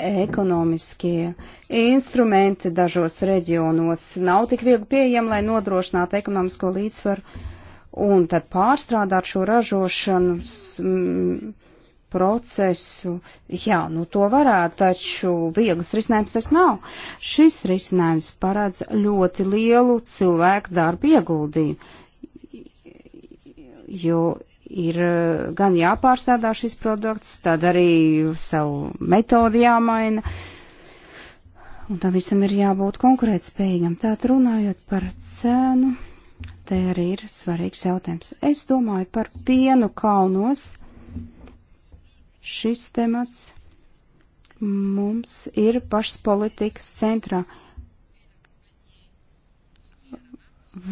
ekonomiskie instrumenti dažos reģionos nav tik viegli pieejami, lai nodrošinātu ekonomisko līdzsvaru un tad pārstrādāt šo ražošanu. Mm, procesu. Jā, nu to varētu, taču vieglas risinājums tas nav. Šis risinājums parāds ļoti lielu cilvēku darbu ieguldījumu, jo ir eh, gan jāpārstrādā šis produkts, tad arī savu metodu jāmaina. Un tam visam ir jābūt konkurētspējīgam. Tāt runājot par cēnu, te arī ir svarīgs jautājums. Es domāju par pienu kalnos Šis temats mums ir pašas politikas centrā.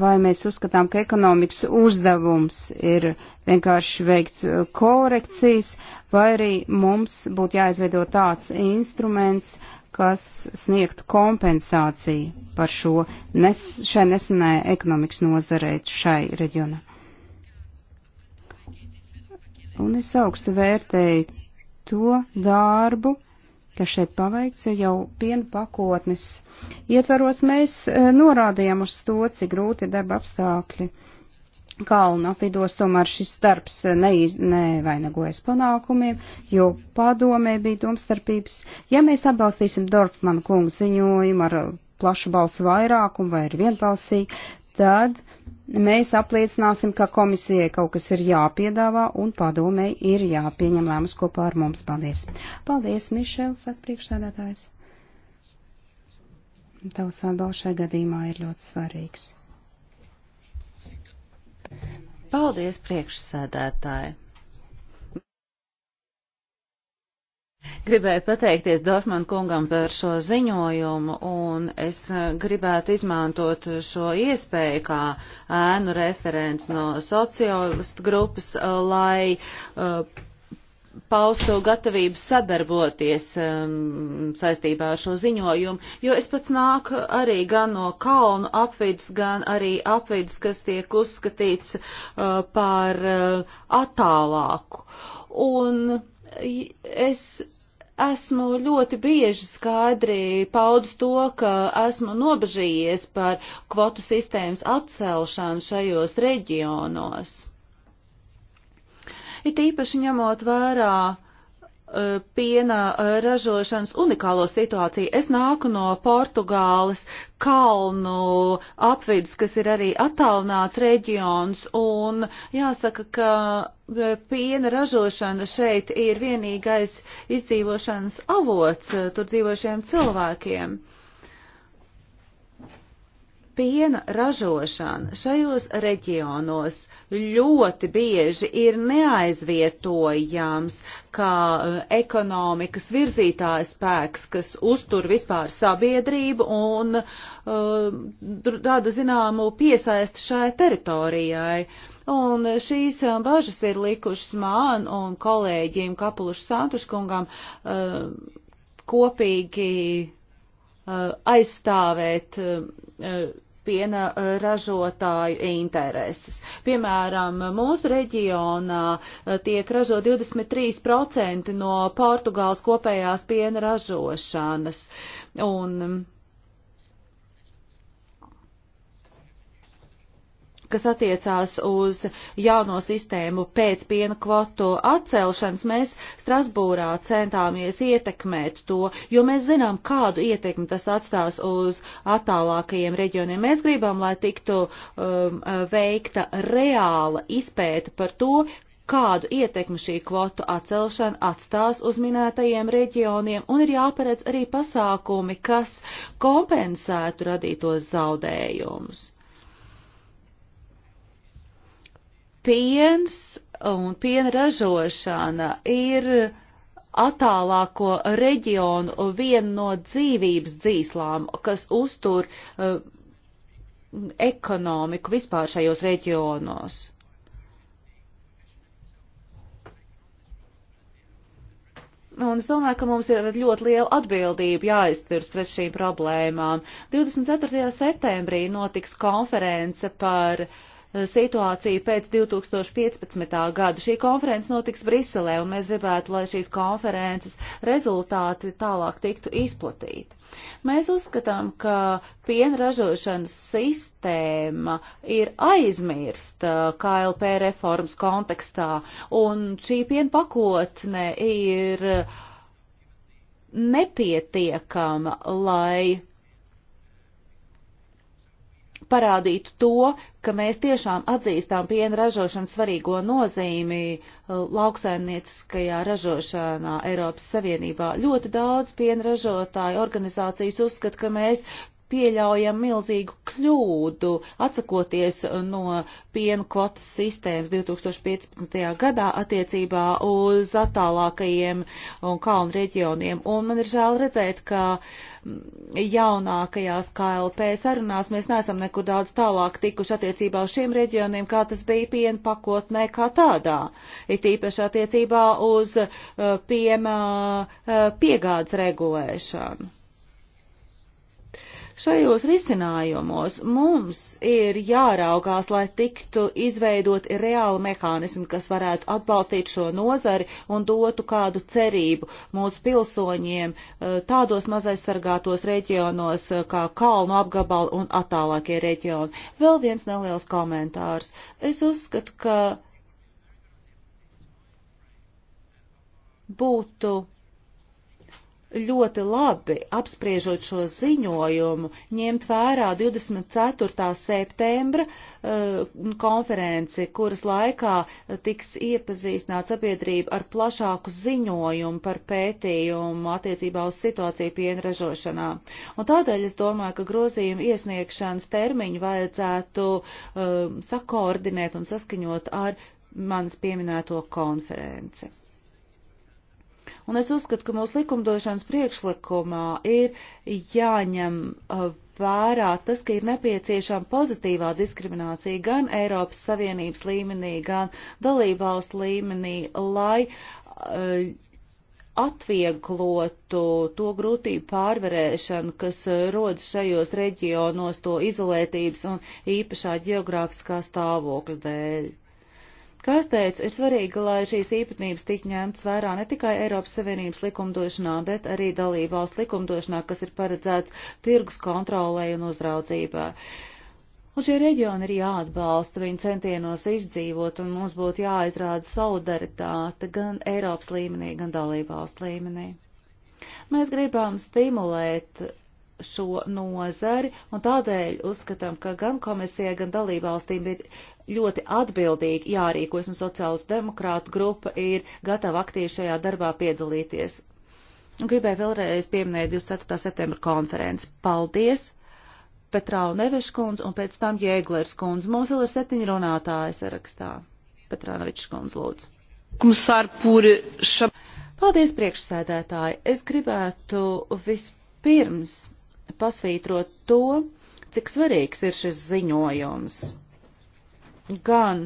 Vai mēs uzskatām, ka ekonomikas uzdevums ir vienkārši veikt uh, korekcijas, vai arī mums būtu jāizveido tāds instruments, kas sniegtu kompensāciju par šo nes, šai nesenai ekonomikas nozarei šai reģionā. Un es augstu vērtēju to darbu, kas šeit paveikts, jo jau piena pakotnes ietvaros mēs e, norādījām uz to, cik grūti ir darba apstākļi. Kalnu apvidos tomēr šis darbs e, neiz, nevainagojas panākumiem, jo padomē bija domstarpības. Ja mēs atbalstīsim Dorfmanu kungu ziņojumu ar plašu balsu vairākumu vai ir vienbalsīgi, tad mēs apliecināsim, ka komisijai kaut kas ir jāpiedāvā un padomei ir jāpieņem lēmums kopā ar mums. Paldies. Paldies, Mišel, saka priekšsēdētājs. Tavs atbalsts šajā gadījumā ir ļoti svarīgs. Paldies, priekšsēdētāji. Gribēju pateikties Dorfman kungam par šo ziņojumu, un es eh, gribētu izmantot šo iespēju kā ēnu referents no sociālistu grupas, eh, lai uh, paustu gatavību sadarboties um, saistībā ar šo ziņojumu, jo es pats nāku arī gan no kalnu apvidus, gan arī apvidus, kas tiek uzskatīts uh, par uh, attālāku. Un es esmu ļoti bieži skaidri paudis to, ka esmu nobežījies par kvotu sistēmas atcelšanu šajos reģionos. It īpaši ņemot vērā Eh, piena eh, ražošanas unikālo situāciju. Es nāku no Portugāles kalnu apvids, kas ir arī attālināts reģions, un jāsaka, ka eh, piena ražošana šeit ir vienīgais izdzīvošanas avots tur dzīvošiem cilvēkiem. Uh, piena ražošana šajos reģionos ļoti bieži ir neaizvietojams kā eh, ekonomikas virzītājs spēks, kas uztur vispār sabiedrību un eh, rada uh, zināmu piesaisti šai teritorijai. Un šīs eh, bažas ir likušas man un kolēģiem Kapulušu Santuškungam uh, kopīgi aizstāvēt piena uh, ražotāju intereses. Piemēram, mūsu reģionā uh, tiek ražo 23% no Portugāles kopējās piena ražošanas. Un, um, kas attiecās uz jauno sistēmu pēc piena kvotu atcelšanas, mēs Strasbūrā centāmies ietekmēt to, jo mēs zinām, kādu ietekmi tas atstās uz attālākajiem reģioniem. Mēs gribam, lai tiktu um, veikta reāla izpēta par to, kādu ietekmi šī kvotu atcelšana atstās uz minētajiem reģioniem, un ir jāparedz arī pasākumi, kas kompensētu radītos zaudējumus. piens un piena ražošana ir attālāko reģionu viena no dzīvības dzīslām, kas uztur uh, ekonomiku vispār šajos reģionos. Un es domāju, ka mums ir ļoti liela atbildība jāizturs pret šīm problēmām. 24. septembrī notiks konference par uh, situāciju pēc 2015. gada. Šī konferences notiks Briselē, un mēs gribētu, lai šīs konferences rezultāti tālāk tiktu izplatīti. Mēs uzskatām, ka pienražošanas sistēma ir aizmirsta uh, KLP reformas kontekstā, un šī pienpakotne ir nepietiekama, lai parādītu to, ka mēs tiešām atzīstām piena ražošanas svarīgo nozīmi uh, lauksaimnieciskajā ražošanā Eiropas Savienībā. Ļoti daudz piena ražotāju organizācijas uzskata, ka mēs pieļaujam milzīgu kļūdu, atsakoties no piena kvotas sistēmas 2015. gadā attiecībā uz attālākajiem un kalnu reģioniem. Un man ir žēl redzēt, ka mm, jaunākajās KLP sarunās mēs neesam nekur daudz tālāk tikuši attiecībā uz šiem reģioniem, kā tas bija piena pakotnē kā tādā. Ir tīpaši attiecībā uz eh, piena eh, piegādes regulēšanu. Šajos risinājumos mums ir jāraugās, lai tiktu izveidot reāli mehānismi, kas varētu atbalstīt šo nozari un dotu kādu cerību mūsu pilsoņiem eh, tādos mazaizsargātos reģionos eh, kā kalnu apgabali un attālākie reģioni. Vēl viens neliels komentārs. Es uzskatu, ka būtu ļoti labi, apspriežot šo ziņojumu, ņemt vērā 24. septembra uh, konferenci, kuras laikā tiks iepazīstināts sabiedrība ar plašāku ziņojumu par pētījumu attiecībā uz situāciju pienražošanā. Un tādēļ es domāju, ka grozījumu iesniegšanas termiņu vajadzētu uh, sakoordinēt un saskaņot ar manas pieminēto konferenci. Un es uzskatu, ka mūsu likumdošanas priekšlikumā ir jāņem uh, vērā tas, ka ir nepieciešama pozitīvā diskriminācija gan Eiropas Savienības līmenī, gan dalībvalstu līmenī, lai uh, atvieglotu to grūtību pārvarēšanu, kas uh, rodas šajos reģionos to izolētības un īpašā geogrāfiskā stāvokļa dēļ. Kā es teicu, ir svarīgi, lai šīs īpatnības tik ņemtas vērā ne tikai Eiropas Savienības likumdošanā, bet arī dalību valsts likumdošanā, kas ir paredzēts tirgus kontrolē un uzraudzībā. Un šie reģioni ir jāatbalsta viņu centienos izdzīvot, un mums būtu jāizrāda solidaritāte gan Eiropas līmenī, gan dalību valsts līmenī. Mēs gribam stimulēt šo nozari, un tādēļ uzskatām, ka gan komisijai, gan dalībvalstīm ir ļoti atbildīgi jārīkojas, un sociālas demokrātu grupa ir gatava aktīvi šajā darbā piedalīties. Gribēju vēlreiz pieminēt 24. septembra konferenci. Paldies! Petrau Neveškundz un pēc tam Jēglers kundz. Mums vēl ir septiņi runātāji sarakstā. Petrā Neveškundz lūdzu. Komisār Pūri Šab. Paldies priekšsēdētāji. Es gribētu vispirms pasvītrot to, cik svarīgs ir šis ziņojums. Gan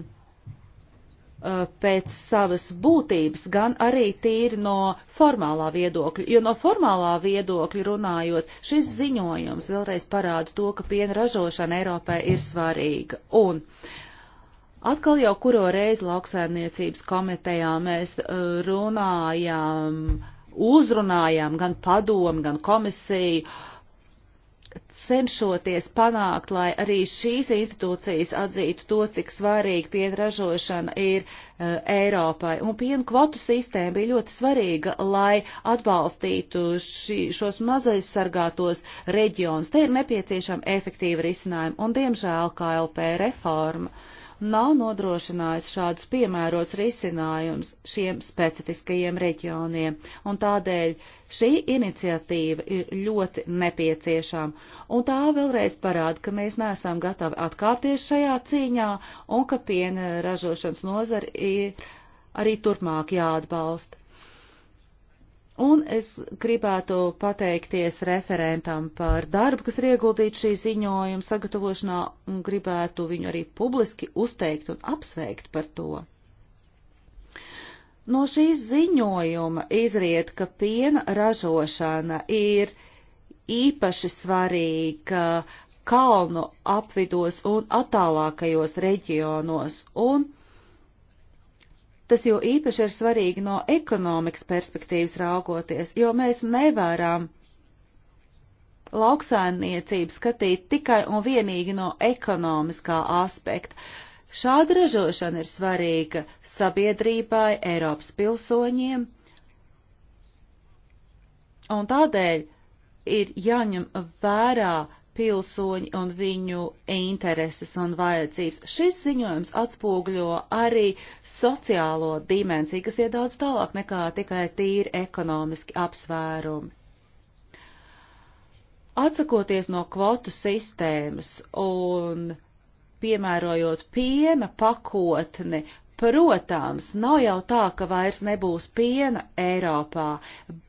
uh, pēc savas būtības, gan arī tīri no formālā viedokļa, jo no formālā viedokļa runājot, šis ziņojums vēlreiz parāda to, ka piena ražošana Eiropai ir svarīga. Un Atkal jau kuro reizi lauksaimniecības komitejā mēs uh, runājām, uzrunājām gan padomu, gan komisiju cenšoties panākt, lai arī šīs institūcijas atzītu to, cik svarīga pienražošana ir uh, Eiropai. Un pienu kvotu sistēma bija ļoti svarīga, lai atbalstītu šī, šos mazaizsargātos reģionus. Te ir nepieciešama efektīva risinājuma un, diemžēl, KLP reforma. Uh, nav nodrošinājis šādus piemērots risinājums šiem specifiskajiem reģioniem, un tādēļ šī iniciatīva ir ļoti nepieciešama, un tā vēlreiz parāda, ka mēs neesam gatavi atkāpties šajā cīņā, un ka piena ražošanas nozara ir arī turpmāk jāatbalsta. Un es gribētu pateikties referentam par darbu, kas ir ieguldīts šī ziņojuma sagatavošanā, un gribētu viņu arī publiski uzteikt un apsveikt par to. No šīs ziņojuma izriet, ka piena ražošana ir īpaši svarīga kalnu apvidos un attālākajos reģionos, un Tas jau īpaši ir svarīgi no ekonomikas perspektīvas raugoties, jo mēs nevaram lauksaimniecību skatīt tikai un vienīgi no ekonomiskā aspekta. Šāda ražošana ir svarīga sabiedrībai, Eiropas pilsoņiem, un tādēļ ir jāņem vērā pilsoņi un viņu intereses un vajadzības. Šis ziņojums atspoguļo arī sociālo dimensiju, kas iet daudz tālāk nekā tikai tīri ekonomiski apsvērumi. Atsakoties no kvotu sistēmas un piemērojot piena pakotni Protams, nav jau tā, ka vairs nebūs piena Eiropā,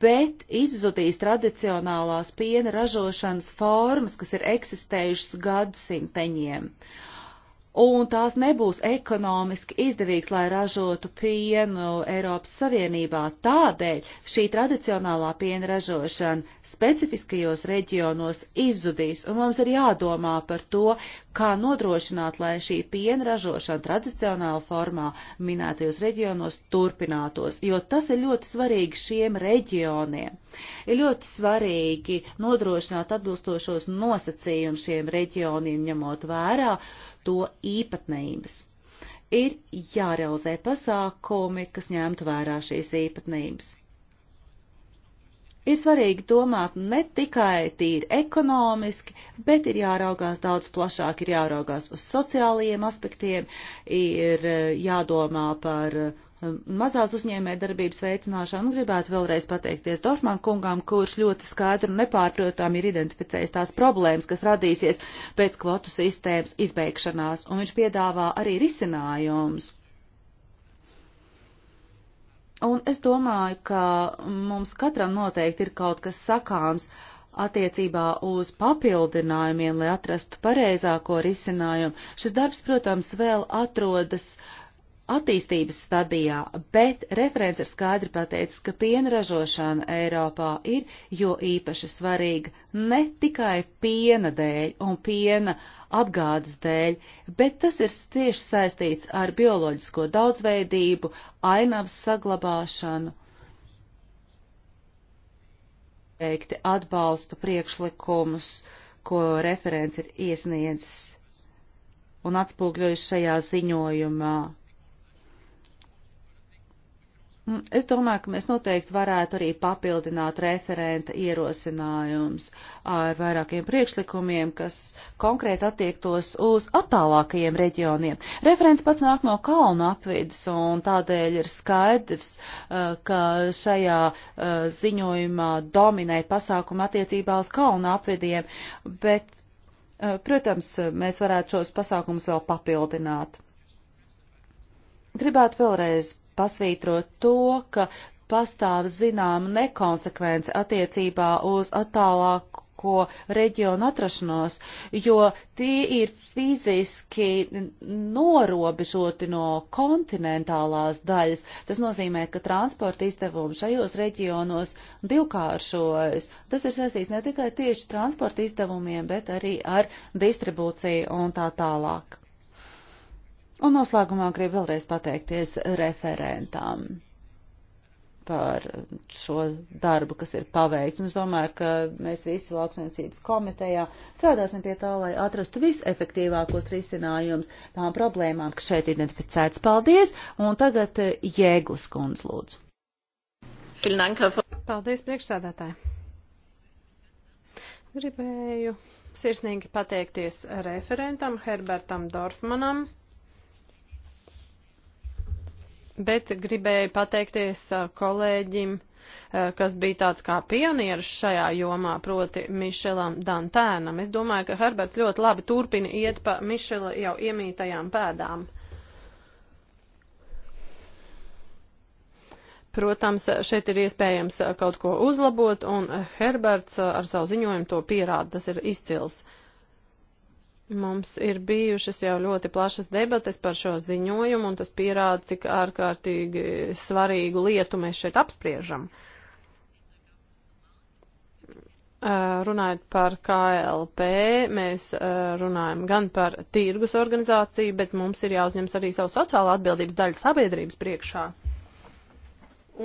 bet izzudīs tradicionālās piena ražošanas formas, kas ir eksistējušas gadsimteņiem. Uh, un tās nebūs ekonomiski izdevīgas, lai ražotu pienu Eiropas Savienībā. Tādēļ šī tradicionālā piena ražošana specifiskajos reģionos izzudīs, un mums ir jādomā par to, kā nodrošināt, lai šī piena ražošana tradicionāla formā minētajos reģionos turpinātos, jo tas ir ļoti svarīgi šiem reģioniem. Ir ļoti svarīgi nodrošināt atbilstošos nosacījumus šiem reģioniem, ņemot vērā to īpatnības. Ir jārealizē pasākumi, kas ņemtu vērā šīs īpatnības. Ir svarīgi domāt ne tikai tīri ekonomiski, bet ir jāraugās daudz plašāk, ir jāraugās uz sociālajiem aspektiem, ir jādomā par Um, mazās uzņēmē darbības veicināšanu. Un gribētu vēlreiz pateikties Dorfman kungām, kurš ļoti skaidri un nepārprotām ir identificējis tās problēmas, kas radīsies pēc kvotu sistēmas izbeigšanās, un viņš piedāvā arī risinājumus. Un es domāju, ka mums katram noteikti ir kaut kas sakāms attiecībā uz papildinājumiem, lai atrastu pareizāko risinājumu. Šis darbs, protams, vēl atrodas uh, attīstības stadijā, bet referents ir skaidri pateicis, ka piena ražošana Eiropā ir jo īpaši svarīga ne tikai piena dēļ un piena apgādes dēļ, bet tas ir tieši saistīts ar bioloģisko daudzveidību, ainavas saglabāšanu. Teikti atbalstu priekšlikumus, ko referents ir iesniedzis un atspūgļojis šajā ziņojumā Mm, es domāju, ka mēs noteikti varētu arī papildināt referenta ierosinājums ar vairākiem priekšlikumiem, kas konkrēti attiektos uz attālākajiem reģioniem. Referents pats nāk no kalnu apvidas, un tādēļ ir skaidrs, uh, ka šajā uh, ziņojumā dominē pasākuma attiecībā uz kalnu apvidiem, bet, uh, protams, mēs varētu šos pasākumus vēl papildināt. Gribētu vēlreiz pasvītrot to, ka pastāv zināma nekonsekvence attiecībā uz attālāko reģionu atrašanos, jo tie ir fiziski norobežoti no kontinentālās daļas. Tas nozīmē, ka transporta izdevumi šajos reģionos divkāršojas. Tas ir saistīts ne tikai tieši transporta izdevumiem, bet arī ar distribūciju un tā tālāk. Un noslēgumā gribu vēlreiz pateikties referentām par šo darbu, kas ir paveikts. Un es domāju, ka mēs visi lauksainicības komitejā strādāsim pie tā, lai atrastu visefektīvākos risinājumus tām problēmām, kas šeit identificētas. Paldies! Un tagad eh, Jēglas kundz lūdzu. Paldies, priekšsādātāji! Gribēju sirsnīgi pateikties referentam Herbertam Dorfmanam bet gribēju pateikties kolēģim, kas bija tāds kā pionieris šajā jomā, proti Mišelam Dantēnam. Es domāju, ka Herberts ļoti labi turpina iet pa Mišela jau iemītajām pēdām. Protams, šeit ir iespējams kaut ko uzlabot, un Herberts ar savu ziņojumu to pierāda, tas ir izcils. Uh, Mums ir bijušas jau ļoti plašas debates par šo ziņojumu, un tas pierāda, cik ārkārtīgi svarīgu lietu mēs šeit apspriežam. Runājot par KLP, mēs runājam gan par tirgus organizāciju, bet mums ir jāuzņems arī savu sociālo atbildības daļu sabiedrības priekšā.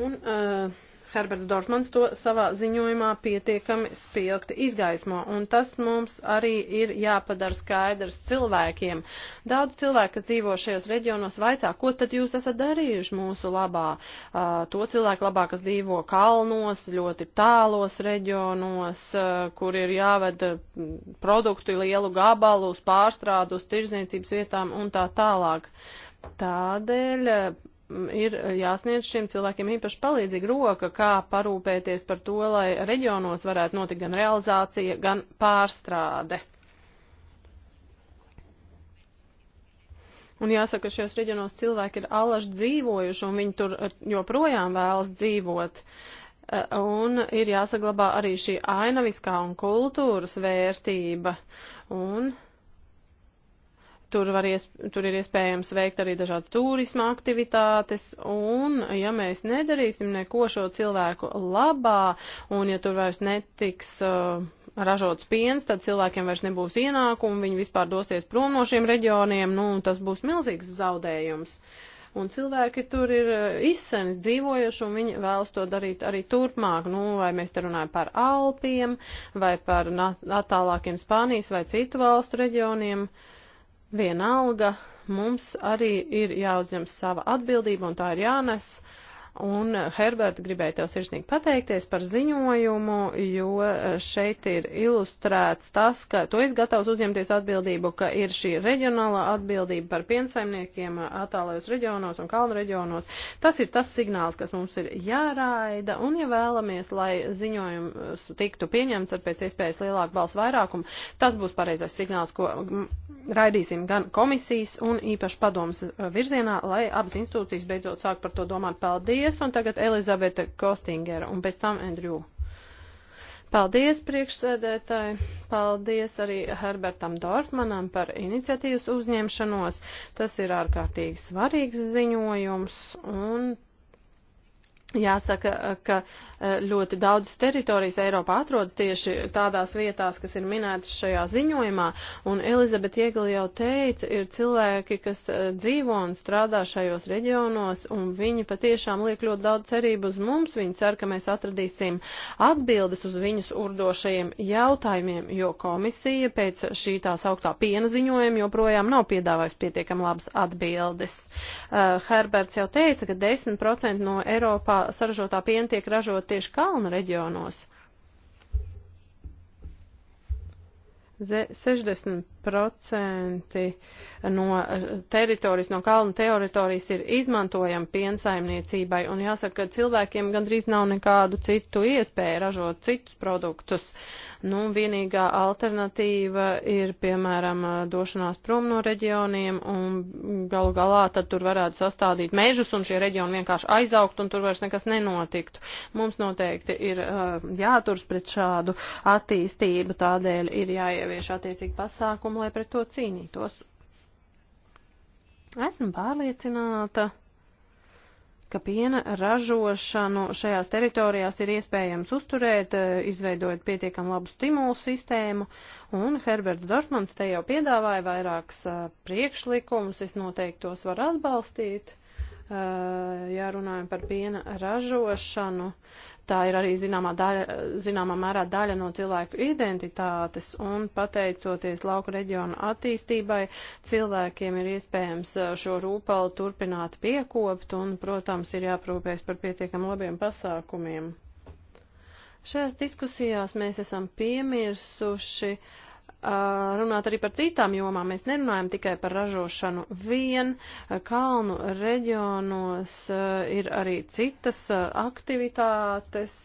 Un, uh, Herberts Dorfmans to savā ziņojumā pietiekami spilgti izgaismo, un tas mums arī ir jāpadara skaidrs cilvēkiem. Daudz cilvēku, kas dzīvo šajos reģionos, vaicā, ko tad jūs esat darījuši mūsu labā, uh, to cilvēku labā, kas dzīvo kalnos, ļoti tālos reģionos, uh, kur ir jāved produktu lielu gabalu uz pārstrādu, uz tirzniecības vietām un tā tālāk. Tādēļ Mm, ir eh, jāsniedz šiem cilvēkiem īpaši palīdzīga roka, kā parūpēties par to, lai reģionos varētu notikt gan realizācija, gan pārstrāde. Un jāsaka, ka šajos reģionos cilvēki ir alaši dzīvojuši, un viņi tur eh, joprojām vēlas dzīvot. Eh, un ir jāsaglabā arī šī ainaviskā un kultūras vērtība. Un Tur, ies, tur ir iespējams veikt arī dažādas turisma aktivitātes, un ja mēs nedarīsim neko šo cilvēku labā, un ja tur vairs netiks uh, ražots piens, tad cilvēkiem vairs nebūs ienākumu, viņi vispār dosies prom no šiem reģioniem, nu, tas būs milzīgs zaudējums. Un cilvēki tur ir uh, izsenis dzīvojuši, un viņi vēlas to darīt arī turpmāk. Nu, vai mēs te runājam par Alpiem, vai par attālākiem Spānijas vai citu valstu reģioniem. Uh, Vienalga, mums arī ir jāuzņem sava atbildība un tā ir jānes. Uh, Un, eh, Herberta, gribēju tev sirsnīgi pateikties par ziņojumu, jo eh, šeit ir ilustrēts tas, ka tu esi gatavs uzņemties atbildību, ka ir šī reģionālā atbildība par piensaimniekiem eh, attālajos reģionos un kalnu reģionos. Tas ir tas signāls, kas mums ir jāraida, un ja vēlamies, lai ziņojums tiktu pieņemts ar pēc iespējas lielāku balsu vairākumu, tas būs pareizais signāls, ko mm, raidīsim gan komisijas un īpaši padomas virzienā, lai abas institūcijas beidzot sāk par to domāt. Paldies! Paldies, un tagad Elizabete Kostingera, un pēc tam Andrew. Paldies, priekšsēdētāji! Paldies arī Herbertam Dortmanam par iniciatīvas uzņemšanos. Tas ir ārkārtīgi svarīgs ziņojums, un Jāsaka, ka e, ļoti daudzas teritorijas Eiropā atrodas tieši tādās vietās, kas ir minētas šajā ziņojumā, un Elizabete Iegli jau teica, ir cilvēki, kas e, dzīvo un strādā šajos reģionos, un viņi patiešām liek ļoti daudz cerību uz mums, viņi cer, ka mēs atradīsim atbildes uz viņus urdošajiem jautājumiem, jo komisija pēc šī tās augtā piena ziņojuma joprojām nav piedāvājusi pietiekam labas atbildes. Uh, Herberts jau teica, ka 10% no Eiropā saražotā piena tiek ražot tieši kalnu reģionos. 60% no eh, teritorijas, no kalnu teritorijas ir izmantojama piensaimniecībai, un jāsaka, ka cilvēkiem gandrīz nav nekādu citu iespēju ražot citus produktus. Nu, vienīgā alternatīva ir, piemēram, eh, došanās prom no reģioniem, un galu galā tad tur varētu sastādīt mežus, un šie reģioni vienkārši aizaugt, un tur vairs nekas nenotiktu. Mums noteikti ir eh, jāturs pret šādu attīstību, tādēļ ir jāievērt jāievieš attiecīgi pasākumi, lai pret to cīnītos. Esmu pārliecināta, ka piena ražošanu šajās teritorijās ir iespējams uzturēt, izveidojot pietiekam labu stimulu sistēmu, un Herberts Dorfmans te jau piedāvāja vairākas priekšlikumus, es noteikti tos varu atbalstīt. Uh, Eh, ja runājam par piena ražošanu, tā ir arī zināmā, daļa, zināmā mērā daļa no cilvēku identitātes, un pateicoties lauku reģionu attīstībai, cilvēkiem ir iespējams eh, šo rūpalu turpināt piekopt, un, protams, ir jāprūpēs par pietiekam labiem pasākumiem. Šajās diskusijās mēs esam piemirsuši uh, runāt arī par citām jomām. Mēs nerunājam tikai par ražošanu vien. Kalnu reģionos ir arī citas aktivitātes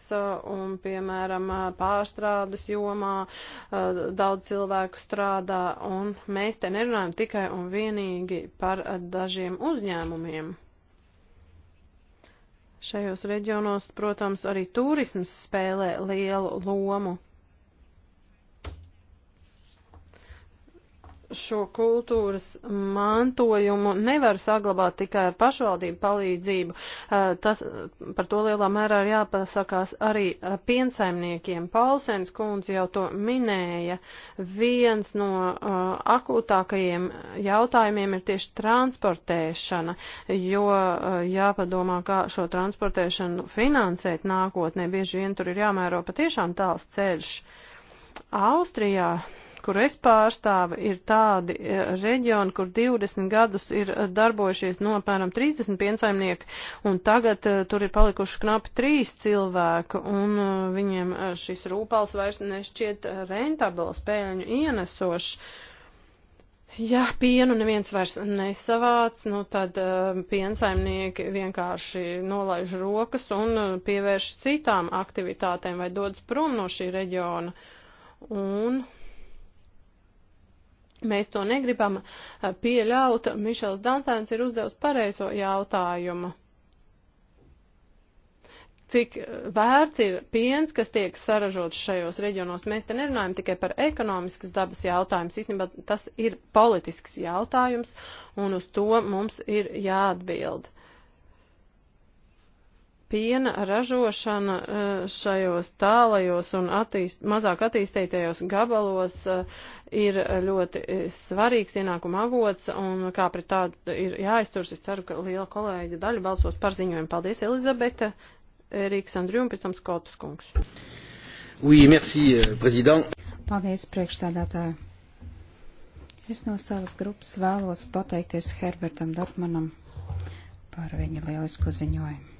un, piemēram, pārstrādes jomā daudz cilvēku strādā un mēs te nerunājam tikai un vienīgi par dažiem uzņēmumiem. Šajos reģionos, protams, arī turisms spēlē lielu lomu. šo kultūras mantojumu nevar saglabāt tikai ar pašvaldību palīdzību. Eh, tas, par to lielā mērā ir jāpasakās arī eh, piensaimniekiem. Paulsens kundze jau to minēja. Viens no eh, akūtākajiem jautājumiem ir tieši transportēšana, jo jāpadomā, kā šo transportēšanu finansēt nākotnē. Bieži vien tur ir jāmēro patiešām tāls ceļš. Austrijā kur es pārstāvu, ir tādi e, reģioni, kur 20 gadus ir e, darbojušies no nu, apmēram 30 piensaimnieki, un tagad e, tur ir palikuši knapi 3 cilvēku, un viņiem šis rūpals vairs nešķiet rentabls, pēļņu ienesošs. Ja pienu neviens vairs nesavāc, nu tad uh, piensaimnieki vienkārši nolaiž rokas un uh, pievērš citām aktivitātēm vai dodas prom no šī reģiona. Un Mēs to negribam eh, pieļaut. Mišels Dantēns ir uzdevis pareizo jautājumu. Cik eh, vērts ir piens, kas tiek saražots šajos reģionos? Mēs te nerunājam tikai par ekonomiskas dabas jautājumus. Īstenībā tas ir politisks jautājums, un uz to mums ir jāatbild. Uh, piena ražošana eh, šajos tālajos un attīst, mazāk attīstītajos gabalos eh, ir ļoti eh, svarīgs ienākuma avots, un kā pret tādu ir jāizturas, es ceru, ka liela kolēģa daļa balsos par ziņojumu. Paldies, Elizabete, Rīgas Andriju un pēc tam Skotas kungs. Oui, merci, euh, prezident. Paldies, priekšstādātāji. Es no savas grupas vēlos pateikties Herbertam Dortmanam par viņa lielisko ziņojumu.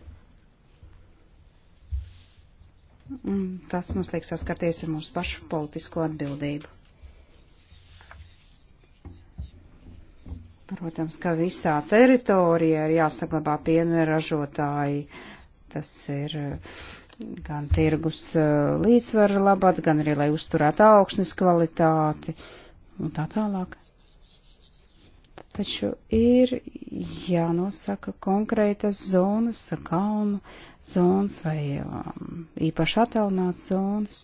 Un tas mums liek saskarties ar mūsu pašu politisko atbildību. Protams, ka visā teritorijā ir jāsaglabā piena ražotāji. Tas ir eh, gan tirgus eh, līdzsvara labad, gan arī, lai uzturētu augsnes kvalitāti un tā tālāk taču ir jānosaka konkrētas zonas, kalnu zonas vai um, īpaši attālināts zonas.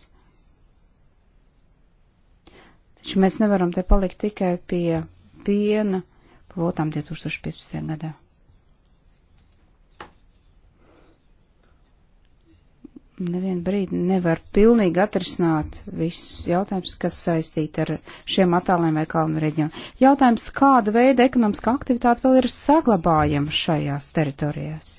Taču mēs nevaram te palikt tikai pie piena kvotām 2015. gadā. nevienu brīdi nevar pilnīgi atrisināt visus jautājumus, kas saistīti ar šiem attāliem vai kalnu reģionu. Jautājums, kāda veida ekonomiskā aktivitāte vēl ir saglabājama šajās teritorijās?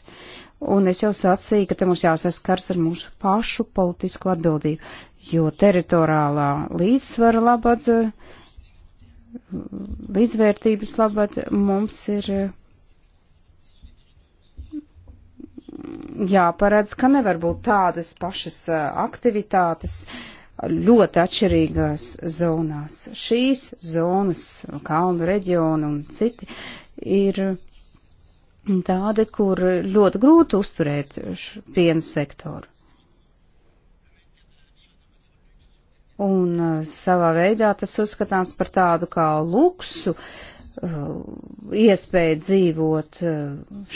Un es jau sacīju, ka te mums jāsaskars ar mūsu pašu politisko atbildību, jo teritoriālā līdzsvara labad, līdzvērtības labad mums ir jāparedz, ka nevar būt tādas pašas aktivitātes ļoti atšķirīgās zonās. Šīs zonas, kalnu reģioni un citi, ir tādi, kur ļoti grūti uzturēt piena sektoru. Un savā veidā tas uzskatāms par tādu kā luksu Uh, iespēja dzīvot uh,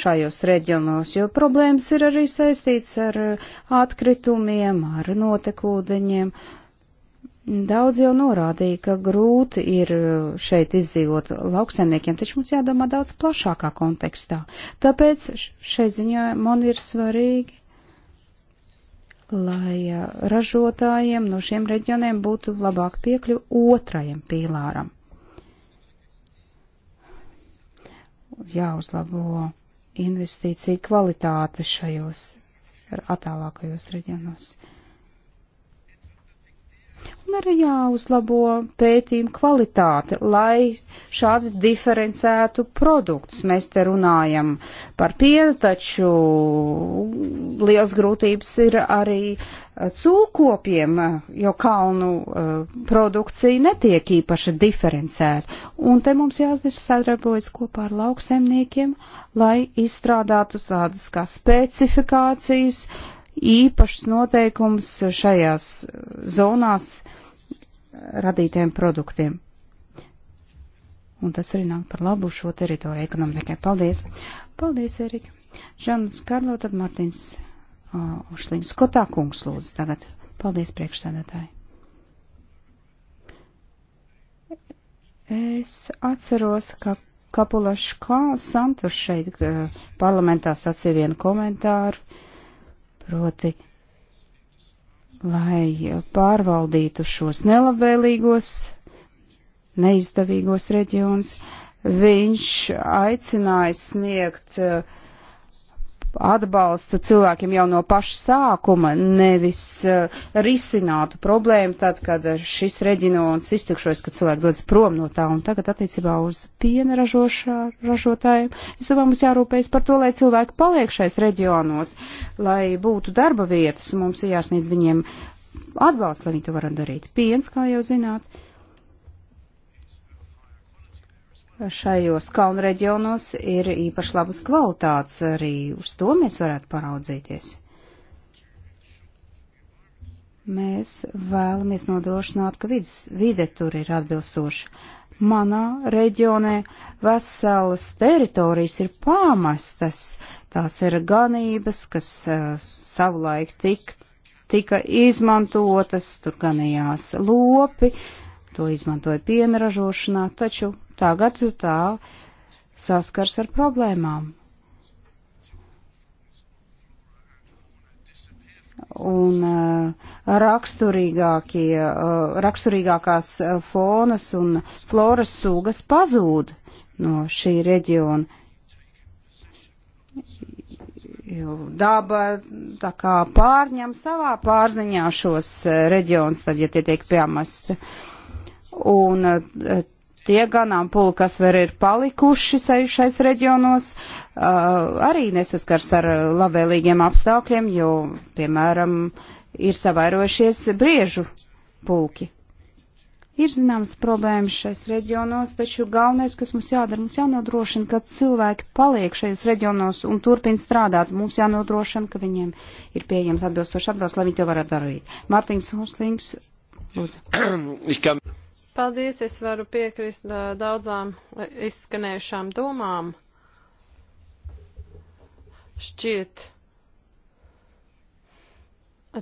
šajos reģionos, jo problēmas ir arī saistīts ar uh, atkritumiem, ar notekūdeņiem. Daudz jau norādīja, ka grūti ir šeit izdzīvot lauksaimniekiem, taču mums jādomā daudz plašākā kontekstā. Tāpēc šai ziņā man ir svarīgi, lai ražotājiem no šiem reģioniem būtu labāk piekļuva otrajam pīlāram. jāuzlabo investīcija kvalitāte šajos attālākajos reģionos. Un arī jāuzlabo pētījuma kvalitāte, lai šādi diferencētu produktus. Mēs te runājam par pienu, taču liels grūtības ir arī eh, cūkopiem, eh, jo kalnu eh, produkcija netiek īpaši diferencēta. Un te mums jāsdis sadarbojas kopā ar lauksemniekiem, lai izstrādātu tādas kā specifikācijas, īpašs noteikums šajās zonās radītiem produktiem. Un tas arī nāk par labu šo teritoriju ekonomikai. Paldies! Paldies, Erika! Žanis Karlo, tad Martins uh, Ušlīns. Skotā kungs lūdzu tagad. Paldies, priekšsēdētāji! Es atceros, ka Kapulašs Santos šeit uh, parlamentā sacīja vienu komentāru, proti lai pārvaldītu šos nelabvēlīgos, neizdevīgos reģionus. Viņš aicināja sniegt uh, atbalstu cilvēkiem jau no paša sākuma, nevis uh, risinātu problēmu tad, kad šis reģions iztukšojas, kad cilvēki dodas prom no tā. Un tagad attiecībā uz piena ražotājiem, es domāju, mums jārūpējas par to, lai cilvēki paliek šais reģionos, lai būtu darba vietas, un mums ir jāsniedz viņiem atbalsts, lai viņi to varētu darīt. Piens, kā jau zināt, šajos kalnu reģionos ir īpaši labas kvalitātes, arī uz to mēs varētu paraudzīties. Mēs vēlamies nodrošināt, ka vidas, vide tur ir atbilstoša. Manā reģionē veselas teritorijas ir pamestas, tās ir ganības, kas uh, savulaik tik, tika izmantotas, tur ganījās lopi, to izmantoja pienražošanā, taču tagad tā saskars ar problēmām. Un uh, raksturīgākie, uh, raksturīgākās eh, fonas un floras sugas pazūd no šī reģiona. Jo daba tā kā pārņem savā pārziņā šos reģionus, tad, ja tie tiek piemesti. Un Tie ganāmpuli, kas vēl ir palikuši sejušais reģionos, uh, arī nesaskars ar labvēlīgiem apstākļiem, jo, piemēram, ir savairojušies briežu pulki. Ir zināmas problēmas šais reģionos, taču galvenais, kas mums jādara, mums jānodrošina, ka cilvēki paliek šajos reģionos un turpina strādāt. Mums jānodrošina, ka viņiem ir pieejams atbilstoši atbalsts, lai viņi to varētu darīt. Mārtiņš Huslings, lūdzu. Paldies, es varu piekrist daudzām izskanējušām domām. Šķiet,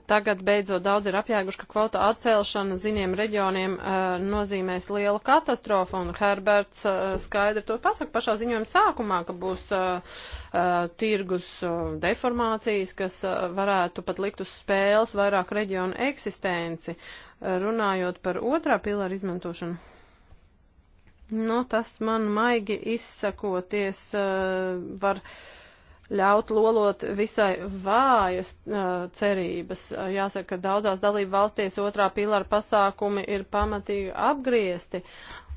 Tagad beidzot daudz ir apjēguši, ka kvota atcelšana ziniem reģioniem uh, nozīmēs lielu katastrofu, un Herberts uh, skaidri to pasaka pašā ziņojuma sākumā, ka būs uh, uh, tirgus uh, deformācijas, kas uh, varētu pat likt uz spēles vairāk reģionu eksistenci, uh, runājot par otrā pilāra izmantošanu. Nu, tas man maigi izsakoties uh, var. Uh, ļaut lolot visai vājas uh, cerības. Jāsaka, ka daudzās dalību valstīs otrā pilāra pasākumi ir pamatīgi apgriesti.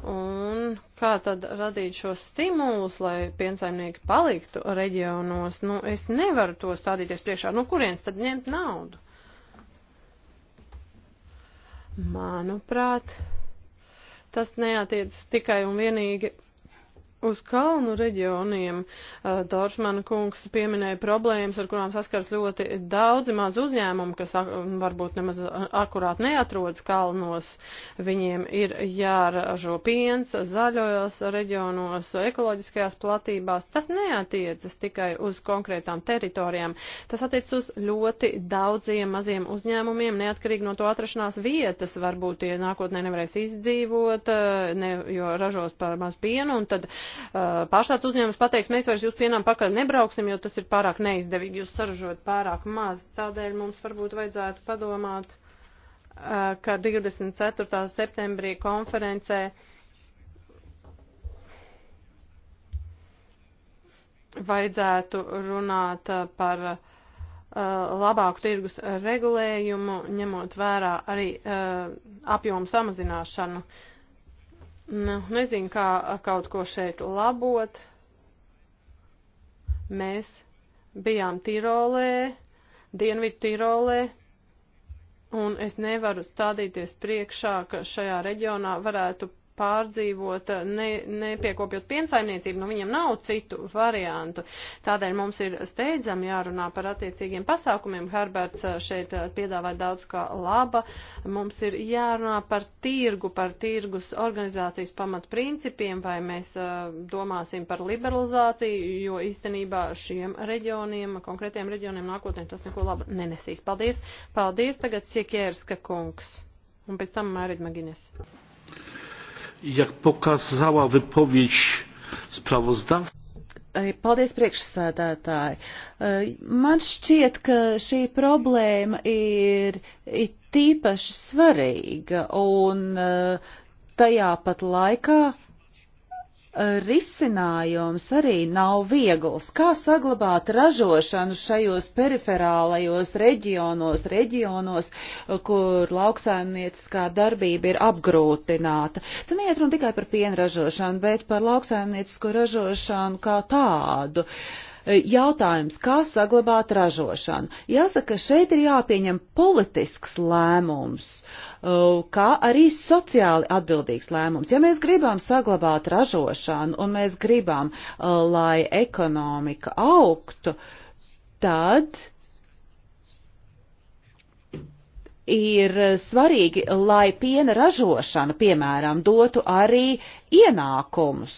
Un kā tad radīt šos stimulus, lai piensaimnieki paliktu reģionos? Nu, es nevaru to stādīties priekšā. Nu, kurienes tad ņemt naudu? Manuprāt, tas neatiec tikai un vienīgi Uz kalnu reģioniem Doršmana kungs pieminēja problēmas, ar kurām saskars ļoti daudzi maz uzņēmumi, kas varbūt nemaz akurāt neatrodas kalnos. Viņiem ir jāražo piens zaļojos reģionos, ekoloģiskajās platībās. Tas neatiecas tikai uz konkrētām teritorijām. Tas attiec uz ļoti daudziem maziem uzņēmumiem, neatkarīgi no to atrašanās vietas. Varbūt tie nākotnē nevarēs izdzīvot, ne, jo ražos par maz pienu. Un tad pašāds uzņēmums pateiks, mēs vairs jūs pienām pakaļ nebrauksim, jo tas ir pārāk neizdevīgi, jūs saražot pārāk maz. Tādēļ mums varbūt vajadzētu padomāt, ka 24. septembrī konferencē vajadzētu runāt par uh, labāku tirgus regulējumu, ņemot vērā arī uh, apjomu samazināšanu. Uh, Nu, nezinu, kā kaut ko šeit labot. Mēs bijām Tirolē, Dienvidu Tirolē, un es nevaru stādīties priekšā, ka šajā reģionā varētu pārdzīvot, eh, ne, nepiekopjot piensaimniecību, nu viņam nav citu variantu. Tādēļ mums ir steidzami jārunā par attiecīgiem pasākumiem. Herberts eh, šeit eh, piedāvā daudz kā laba. Mums ir jārunā par tirgu, par tirgus organizācijas pamatprincipiem, vai mēs domāsim par liberalizāciju, jo īstenībā šiem reģioniem, konkrētiem reģioniem nākotnē tas neko labu nenesīs. Paldies! Paldies tagad Siekierska kungs! Un pēc tam Mērķa Maginis. Jak pokazała wypowiedź sprawozdawcy. Paldies, priekšsēdētāji. Man šķiet, ka šī problēma ir, ir tīpaši svarīga un tajā pat laikā risinājums arī nav viegls. Kā saglabāt ražošanu šajos periferālajos reģionos, reģionos, kur lauksaimnieciskā darbība ir apgrūtināta? Te neiet runa tikai par pienražošanu, bet par lauksaimniecisko ražošanu kā tādu. Uh, E, jautājums, kā saglabāt ražošanu. Jāsaka, šeit ir jāpieņem politisks lēmums, e, kā arī sociāli atbildīgs lēmums. Ja mēs gribam saglabāt ražošanu un mēs gribam, e, lai ekonomika augtu, tad ir eh, svarīgi, lai piena ražošana, piemēram, dotu arī ienākumus,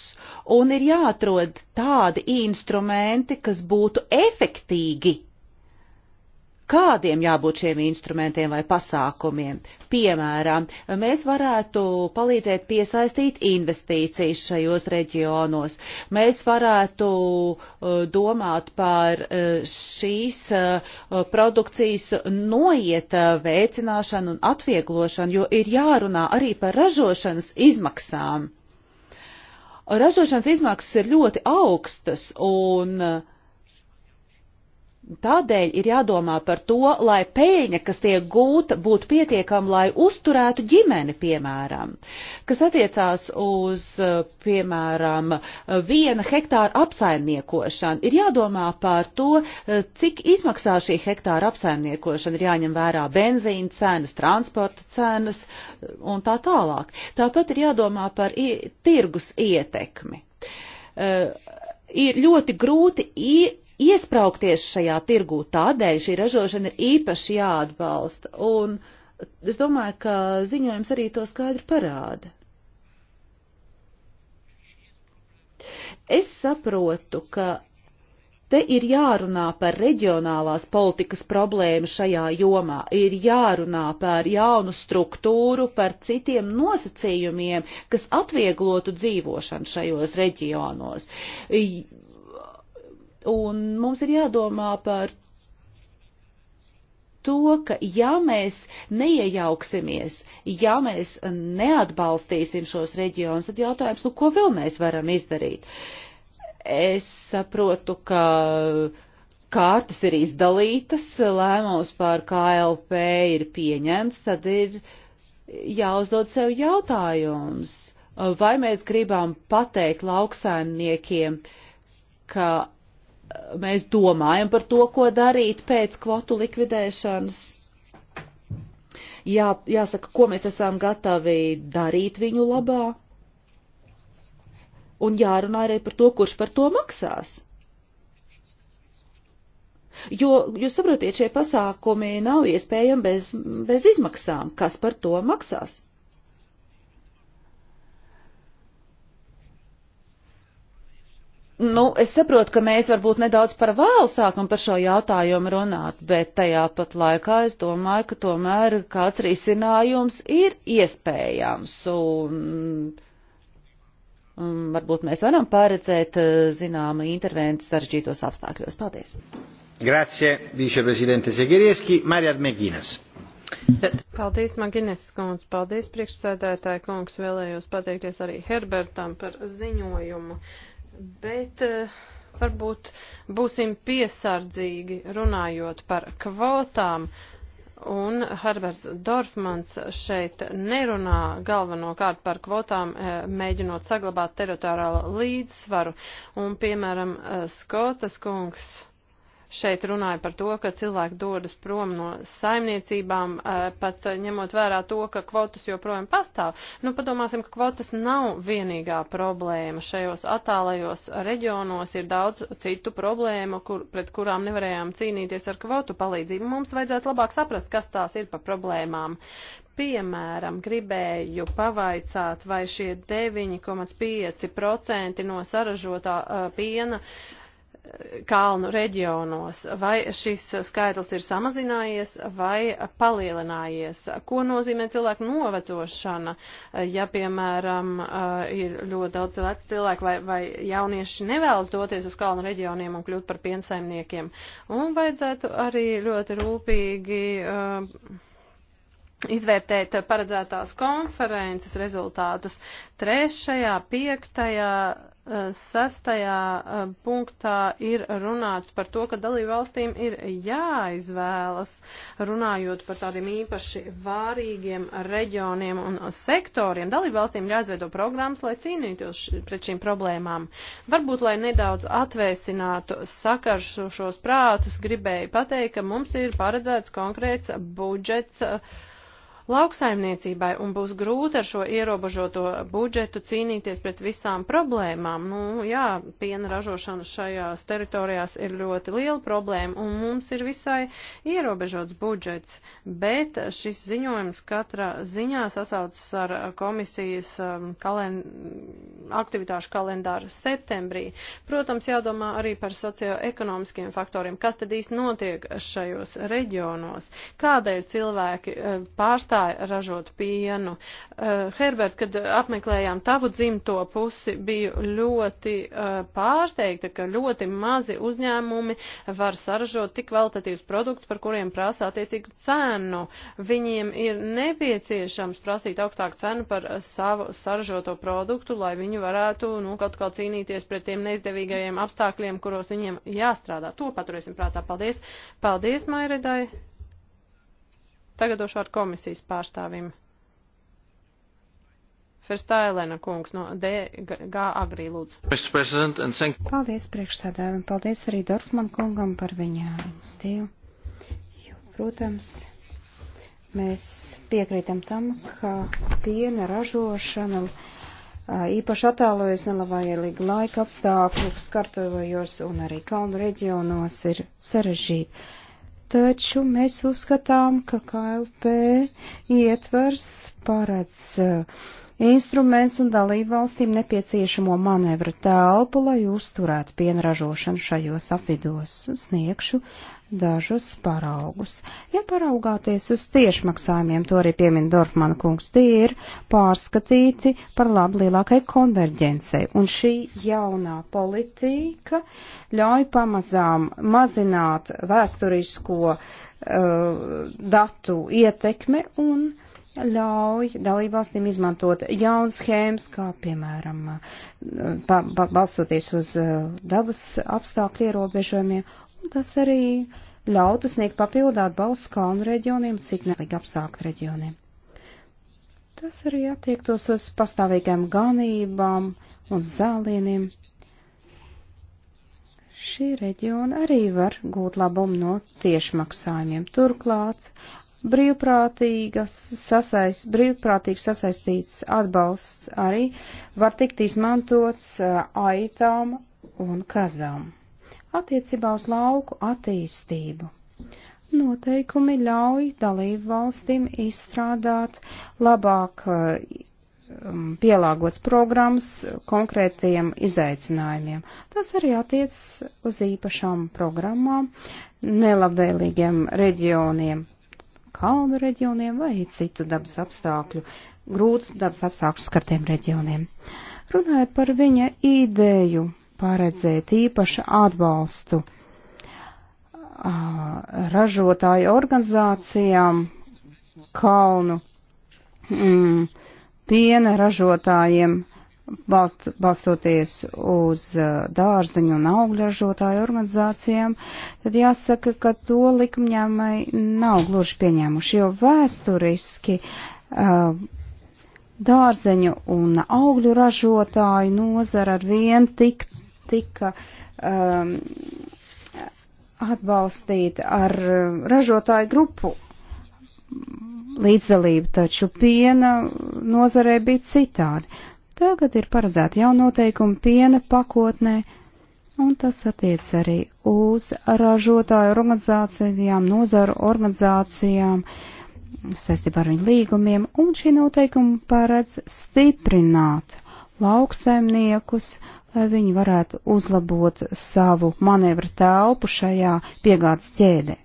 un ir jāatrod tādi instrumenti, kas būtu efektīgi kādiem jābūt šiem instrumentiem vai pasākumiem. Piemēram, mēs varētu palīdzēt piesaistīt investīcijas šajos reģionos. Mēs varētu uh, domāt par uh, šīs uh, produkcijas noiet veicināšanu un atvieglošanu, jo ir jārunā arī par ražošanas izmaksām. Ražošanas izmaksas ir ļoti augstas un uh, Tādēļ ir jādomā par to, lai peļņa, kas tiek gūta, būtu pietiekama, lai uzturētu ģimeni, piemēram. Kas attiecās uz, piemēram, viena hektāra apsaimniekošanu, ir jādomā par to, cik izmaksā šī hektāra apsaimniekošana, ir jāņem vērā benzīna cenas, transporta cenas un tā tālāk. Tāpat ir jādomā par tirgus ietekmi. Eh, ir ļoti grūti iespraukties šajā tirgū. Tādēļ šī ražošana ir īpaši jāatbalsta. Un es domāju, ka ziņojums arī to skaidri parāda. Es saprotu, ka te ir jārunā par reģionālās politikas problēmu šajā jomā, ir jārunā par jaunu struktūru, par citiem nosacījumiem, kas atvieglotu dzīvošanu šajos reģionos. Un mums ir jādomā par to, ka ja mēs neiejauksimies, ja mēs neatbalstīsim šos reģionus, tad jautājums, nu, ko vēl mēs varam izdarīt? Es saprotu, ka kārtas ir izdalītas, lēmums par KLP ir pieņemts, tad ir jāuzdod sev jautājums, vai mēs gribam pateikt lauksaimniekiem, ka mēs domājam par to, ko darīt pēc kvotu likvidēšanas. Jā, jāsaka, ko mēs esam gatavi darīt viņu labā. Un jārunā arī par to, kurš par to maksās. Jo, jūs saprotiet, šie pasākumi nav iespējami bez, bez izmaksām. Kas par to maksās? Nu, es saprotu, ka mēs varbūt nedaudz par vēlu sākam par šo jautājumu runāt, bet tajā pat laikā es domāju, ka tomēr kāds risinājums ir iespējams. Un, un varbūt mēs varam paredzēt eh, zināmu intervenci sarežģītos apstākļos. Paldies! Grazie, viceprezidente Segirieski, Marija Meginas. Paldies, Maginis Skons, paldies priekšsēdētāji kungs, vēlējos pateikties arī Herbertam par ziņojumu. Uh, bet eh, varbūt būsim piesardzīgi runājot par kvotām. Un Herberts Dorfmans šeit nerunā galvenokārt par kvotām, eh, mēģinot saglabāt teritoriālo līdzsvaru. Un, piemēram, eh, Skotas kungs šeit runāja par to, ka cilvēki dodas prom no saimniecībām, eh, pat ņemot vērā to, ka kvotas joprojām pastāv. Nu, padomāsim, ka kvotas nav vienīgā problēma. Šajos attālajos reģionos ir daudz citu problēmu, kur, pret kurām nevarējām cīnīties ar kvotu palīdzību. Mums vajadzētu labāk saprast, kas tās ir pa problēmām piemēram, gribēju pavaicāt, vai šie 9,5% no saražotā uh, piena kalnu reģionos, vai šis skaitlis ir samazinājies vai palielinājies. Ko nozīmē cilvēku novecošana, ja, piemēram, ir ļoti daudz vecu cilvēku vai, vai jaunieši nevēlas doties uz kalnu reģioniem un kļūt par piensaimniekiem. Un vajadzētu arī ļoti rūpīgi. Uh, izvērtēt paredzētās konferences rezultātus 3., 5 sastajā eh, punktā ir runāts par to, ka dalībvalstīm ir jāizvēlas, runājot par tādiem īpaši vārīgiem reģioniem un sektoriem. Dalībvalstīm jāizveido programmas, lai cīnītos pret šīm problēmām. Varbūt, lai nedaudz atvēsinātu sakaršušos prātus, gribēju pateikt, ka mums ir paredzēts konkrēts budžets. Uh, lauksaimniecībai un būs grūti ar šo ierobežoto budžetu cīnīties pret visām problēmām. Nu, jā, piena ražošana šajās teritorijās ir ļoti liela problēma un mums ir visai ierobežots budžets, bet šis ziņojums katrā ziņā sasaucas ar komisijas um, kalen... aktivitāšu kalendāru septembrī. Protams, jādomā arī par socioekonomiskiem faktoriem, kas tad īsti notiek šajos reģionos, kādēļ cilvēki uh, pārstāv atstāja ražot pienu. Uh, Herbert, kad apmeklējām tavu dzimto pusi, biju ļoti uh, pārsteigta, ka ļoti mazi uzņēmumi var saražot tik kvalitatīvus produktus, par kuriem prasa attiecīgu cenu. Viņiem ir nepieciešams prasīt augstāku cenu par savu saražoto produktu, lai viņi varētu, nu, kaut kā cīnīties pret tiem neizdevīgajiem apstākļiem, kuros viņiem jāstrādā. To paturēsim prātā. Paldies. Paldies, Mairedai. Tagad došu ar komisijas pārstāvim. Ferstailena kungs no DG Agrī lūdzu. Paldies priekšstādājumam, paldies arī Dorfman kungam par viņa stīvu. Jo, protams, mēs piekrītam tam, ka piena ražošana īpaši attālojas nelabvēlīgi laika apstākļu, skartojos un arī kalnu reģionos ir sarežģīti taču mēs uzskatām, ka KLP ietvers paredz uh, instruments un dalību valstīm nepieciešamo manevru telpu, lai uzturētu pienražošanu šajos apvidos. Sniegšu dažus paraugus. Ja paraugāties uz tiešmaksājumiem, to arī piemin Dorfmana kungs, tie ir pārskatīti par labu lielākai konverģencei, un šī jaunā politika ļauj pamazām mazināt vēsturisko uh, datu ietekme un uh, ļauj dalībvalstīm izmantot jaunas schēmas, kā piemēram pa, pa, balstoties uz uh, dabas apstākļu ierobežojumiem, un tas arī ļautu sniegt papildu atbalstu kalnu reģioniem, cik nelīgi apstākļu reģioniem. Tas arī attiektos uz pastāvīgām ganībām un zālieniem. Šī reģiona arī var gūt labumu no tiešmaksājumiem. Turklāt Brīvprātīgas sasaist, brīvprātīgs sasaistīts atbalsts arī var tikt izmantots aitām un kazām. Attiecībā uz lauku attīstību. Noteikumi ļauj dalību valstīm izstrādāt labāk um, pielāgots programmas konkrētiem izaicinājumiem. Tas arī attiecas uz īpašām programmām, nelabvēlīgiem reģioniem kalnu reģioniem vai citu dabas apstākļu, grūtu dabas apstākļu skartiem reģioniem. Runāja par viņa ideju paredzēt īpašu atbalstu ražotāju organizācijām, kalnu mm, piena ražotājiem, balstoties uz uh, dārzeņu un augļražotāju organizācijām, tad jāsaka, ka to likumņēmai nav gluži pieņēmuši, jo vēsturiski uh, dārzeņu un augļu ražotāju nozara ar vien tik, tika um, atbalstīta ar uh, ražotāju grupu līdzdalību, taču piena nozarē bija citādi. Tagad ir paredzēta jauna noteikuma piena pakotnē, un tas attiec arī uz ražotāju organizācijām, nozaru organizācijām saistībā ar viņu līgumiem, un šī noteikuma paredz stiprināt lauksaimniekus, lai viņi varētu uzlabot savu manevru telpu šajā piegādes ķēdē.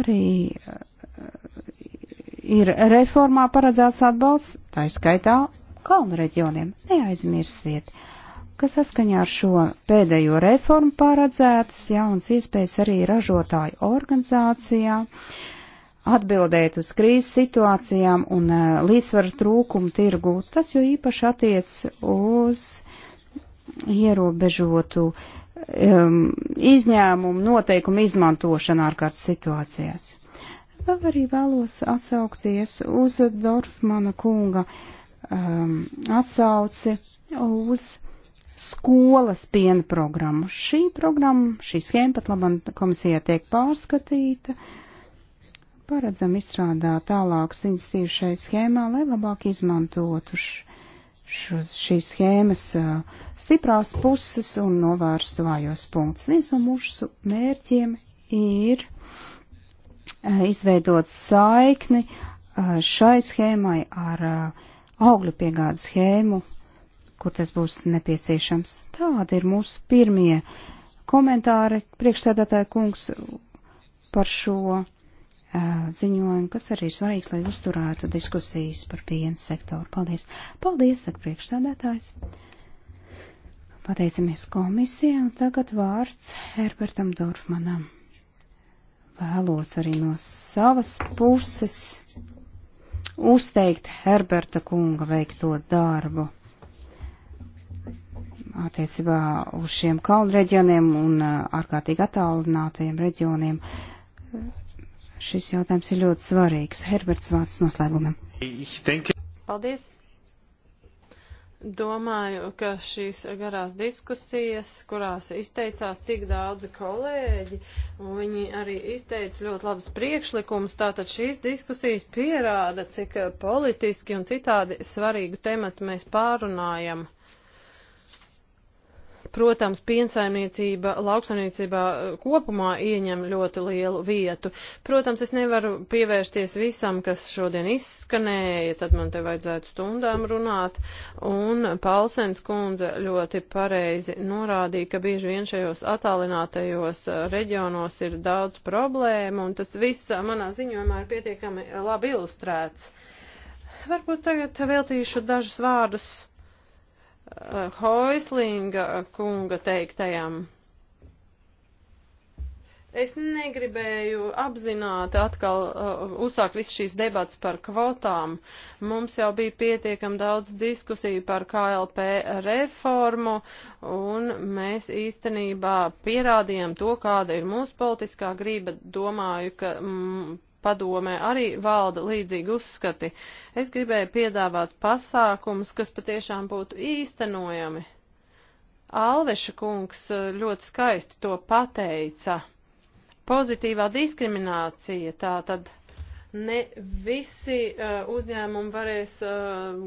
Arī ir reformā paredzēts atbalsts, tā skaitā kalnu reģioniem. Neaizmirstiet, ka saskaņā ar šo pēdējo reformu paredzētas jaunas iespējas arī ražotāju organizācijā atbildēt uz krīzes situācijām un eh, līdzsvaru trūkumu tirgu. Tas jo īpaši attiec uz ierobežotu um, izņēmumu noteikumu izmantošanu ārkārtas situācijās. Vēl arī vēlos atsaukties uz Dorfmana kunga um, atsauci uz skolas piena programmu. Šī programma, šī schēma pat labam komisijā tiek pārskatīta. Paredzam izstrādāt tālāk institīvu šai schēmā, lai labāk izmantotu šīs schēmas uh, stiprās puses un novērstu vājos punktus. Viens no mūsu mērķiem ir Eh, izveidot saikni eh, šai schēmai ar eh, augļu piegādes schēmu, kur tas būs nepieciešams. Tādi ir mūsu pirmie komentāri priekšsēdētāja kungs par šo ziņojumu, kas arī ir svarīgs, lai uzturētu diskusijas par piena sektoru. Paldies! Paldies, saka priekšsēdētājs! Pateicamies komisijai, un tagad vārds Herbertam Dorfmanam vēlos arī no savas puses uzteikt Herberta kunga veikto darbu attiecībā uz šiem kalnu reģioniem un uh, ārkārtīgi attālinātajiem reģioniem. Šis jautājums ir ļoti svarīgs. Herberts vārds noslēgumam. Paldies! Domāju, ka šīs garās diskusijas, kurās izteicās tik daudzi kolēģi, un viņi arī izteica ļoti labus priekšlikumus, tātad šīs diskusijas pierāda, cik politiski un citādi svarīgu tematu mēs pārunājam. Protams, piensaimniecība lauksaimniecībā eh, kopumā ieņem ļoti lielu vietu. Protams, es nevaru pievērsties visam, kas šodien izskanēja, tad man te vajadzētu stundām runāt. Un Palsens kundze ļoti pareizi norādīja, ka bieži vien šajos attālinātajos eh, reģionos ir daudz problēmu, un tas viss manā ziņojumā ir pietiekami labi ilustrēts. Varbūt tagad veltīšu dažus vārdus Eh, Hoislinga kunga teiktajam. Es negribēju apzināti atkal uh, uzsākt visu šīs debats par kvotām. Mums jau bija pietiekam daudz diskusiju par KLP reformu, un mēs īstenībā pierādījām to, kāda ir mūsu politiskā grība. Domāju, ka mm, padomē arī valda līdzīgi uzskati. Es gribēju piedāvāt pasākumus, kas patiešām būtu īstenojami. Alveša kungs e, ļoti skaisti to pateica. Pozitīvā diskriminācija tā tad ne visi uh, uzņēmumi varēs uh,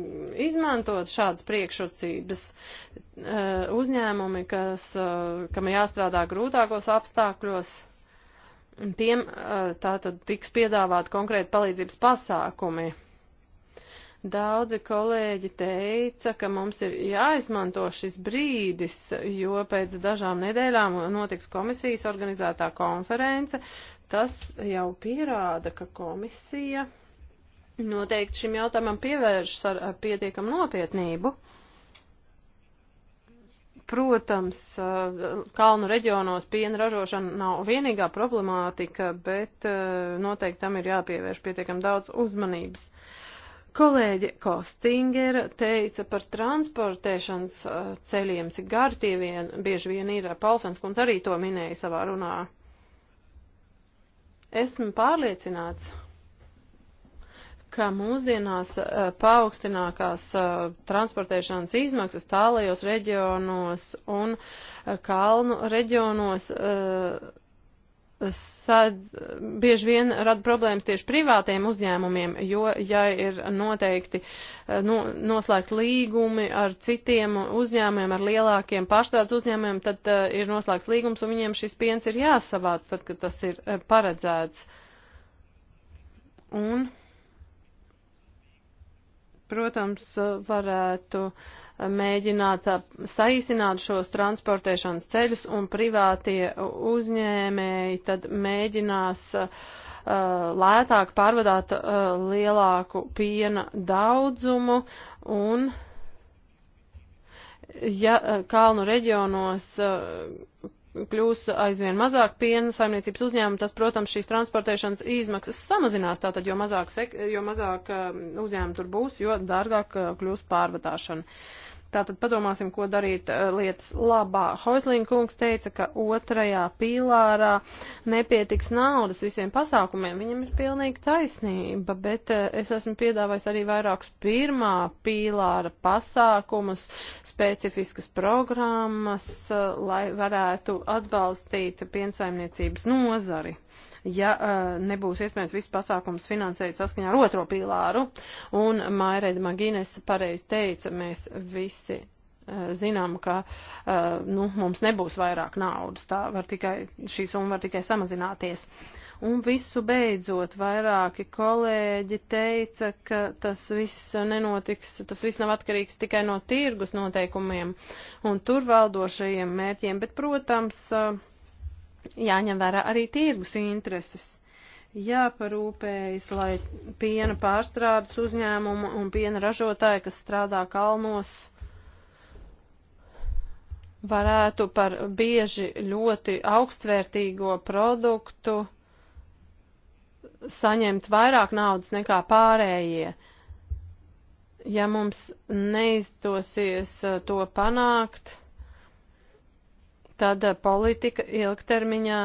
izmantot šādas priekšrocības. Uh, uzņēmumi, kas, uh, kam ir jāstrādā grūtākos apstākļos, tiem eh, tātad tiks piedāvāt konkrēti palīdzības pasākumi. Daudzi kolēģi teica, ka mums ir jāizmanto šis brīdis, jo pēc dažām nedēļām notiks komisijas organizētā konference. Tas jau pierāda, ka komisija noteikti šim jautājumam pievēršas ar pietiekamu nopietnību. Uh, Protams, eh, kalnu reģionos piena ražošana nav vienīgā problemātika, bet eh, noteikti tam ir jāpievērš pietiekam daudz uzmanības. Kolēģi Kostingera teica par transportēšanas eh, ceļiem, cik gari tie vien, bieži vien ir. Paulsens kundze arī to minēja savā runā. Esmu pārliecināts, ka mūsdienās eh, paaugstinākās eh, transportēšanas izmaksas tālajos reģionos un eh, kalnu reģionos sadz, bieži vien rada problēmas tieši privātiem uzņēmumiem, jo, ja ir noteikti no, noslēgt līgumi ar citiem uzņēmumiem, ar lielākiem pārstādes uzņēmumiem, tad uh, ir noslēgts līgums un viņiem šis piens ir jāsavāc, tad, kad tas ir paredzēts. Un protams, varētu mēģināt saīsināt šos transportēšanas ceļus un privātie uzņēmēji tad mēģinās uh, lētāk pārvadāt uh, lielāku piena daudzumu un ja uh, kalnu reģionos kļūs aizvien mazāk piena saimniecības uzņēmumu, tas, protams, šīs transportēšanas izmaksas samazinās, tātad jo mazāk, jo mazāk um, uzņēmumu tur būs, jo dārgāk uh, kļūs pārvadāšana. Uh, Tātad padomāsim, ko darīt eh, lietas labā. Hoizlīna kungs teica, ka otrajā pīlārā nepietiks naudas visiem pasākumiem. Viņam ir pilnīgi taisnība, bet eh, es esmu piedāvājis arī vairākus pirmā pīlāra pasākumus, specifiskas programmas, eh, lai varētu atbalstīt piensaimniecības nozari ja nebūs iespējams viss pasākums finansēt saskaņā ar otro pīlāru. Un Mairēda Magīnes pareizi teica, mēs visi zinām, ka nu, mums nebūs vairāk naudas, tā var tikai, šī summa var tikai samazināties. Un visu beidzot vairāki kolēģi teica, ka tas viss nenotiks, tas viss nav atkarīgs tikai no tirgus noteikumiem un tur valdošajiem mērķiem, bet, protams, uh, jāņem vērā arī tirgus intereses. Jāparūpējas, lai piena pārstrādes uzņēmuma un piena ražotāji, kas strādā kalnos, varētu par bieži ļoti augstvērtīgo produktu saņemt vairāk naudas nekā pārējie. Ja mums neizdosies uh, to panākt, tad eh, politika ilgtermiņā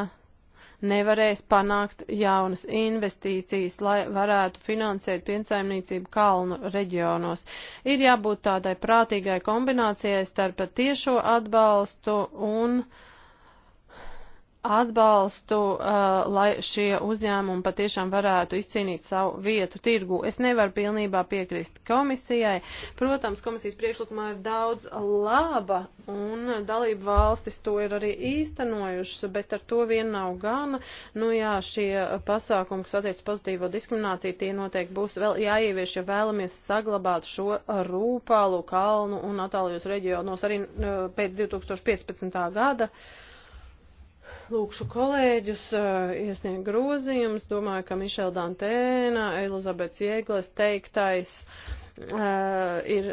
nevarēs panākt jaunas investīcijas, lai varētu finansēt piensaimniecību kalnu reģionos. Ir jābūt tādai prātīgai kombinācijai starp tiešo atbalstu un uh, atbalstu, uh, lai šie uzņēmumi patiešām varētu izcīnīt savu vietu tirgu. Es nevaru pilnībā piekrist komisijai. Protams, komisijas priekšlikumā ir daudz laba un dalību valstis to ir arī īstenojušas, bet ar to vien nav gana. Nu jā, šie pasākumi, kas attiec pozitīvo diskrimināciju, tie noteikti būs vēl jāievieš, ja vēlamies saglabāt šo rūpālu kalnu un atālijos reģionos arī uh, pēc 2015. gada. Uh, lūkšu kolēģus eh, iesniegt grozījumus. Domāju, ka Mišela Dantēna, Elizabetes Jēglas teiktais uh, ir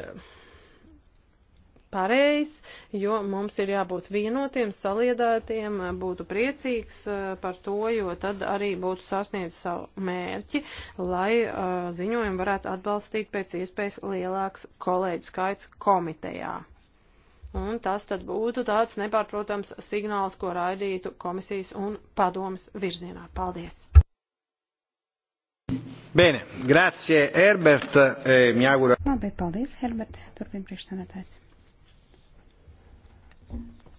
pareizs, jo mums ir jābūt vienotiem, saliedētiem, eh, būtu priecīgs par to, jo tad arī būtu sasniedz savu mērķi, lai uh, ziņojumu varētu atbalstīt pēc iespējas lielāks kolēģu skaits komitejā. Un tas tad būtu tāds nepārprotams signāls, ko raidītu komisijas un padomas virzienā. Paldies! Bene, grazie Herbert, e, mi auguro. Labi, paldies Herbert, turpin priekšstādātājs.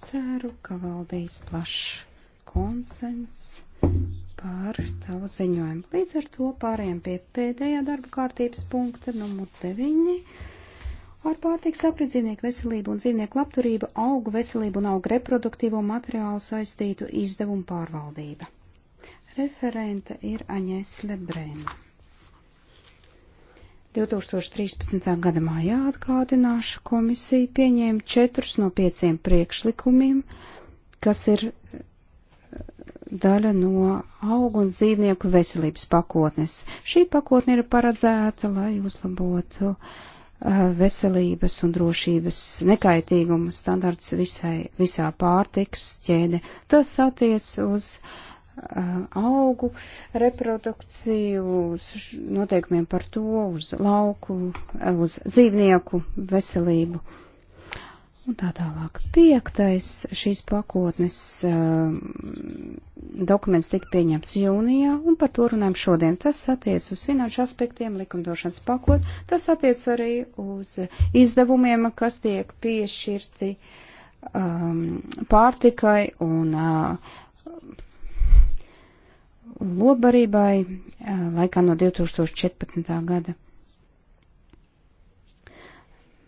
Ceru, ka valdīs plašs konsens par tavu ziņojumu. Līdz ar to pārējām pie pēdējā darba kārtības punkta, numur 9. Ar pārtiks apridzinieku veselību un dzīvnieku labturību, augu veselību un augu reproduktīvo materiālu saistītu izdevumu pārvaldība. Referente ir Aņēs Lebrēna. 2013. gada mājā atgādināšu komisija pieņēma četrus no pieciem priekšlikumiem, kas ir eh, daļa no augu un dzīvnieku veselības pakotnes. Šī pakotne ir paredzēta, lai uzlabotu uh, Eh, veselības un drošības nekaitīguma standarts visai, visā pārtiks ķēde. Tas attiec uz uh, augu reprodukciju, uz noteikumiem par to, uz lauku, eh, uz dzīvnieku veselību. Uh, Un tā tālāk. Piektais šīs pakotnes uh, dokuments tika pieņemts jūnijā, un par to runājam šodien. Tas attiec uz finanšu aspektiem, likumdošanas pakot, tas attiec arī uz izdevumiem, kas tiek piešķirti um, pārtikai un uh, lobarībai uh, laikā no 2014. gada.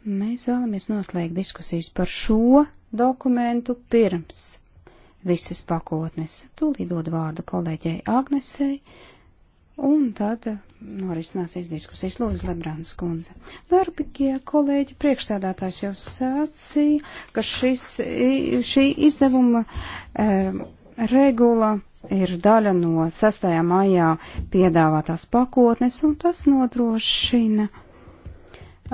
Mēs vēlamies noslēgt diskusijas par šo dokumentu pirms visas pakotnes. Tūlīt dod vārdu kolēģei Agnesei, un tad norisināsies diskusijas. Lūdzu, Lebrāns kundze. Darbigie kolēģi, priekšstādātājs jau sācīja, ka šis, šī izdevuma e, regula ir daļa no 6. maijā piedāvātās pakotnes, un tas nodrošina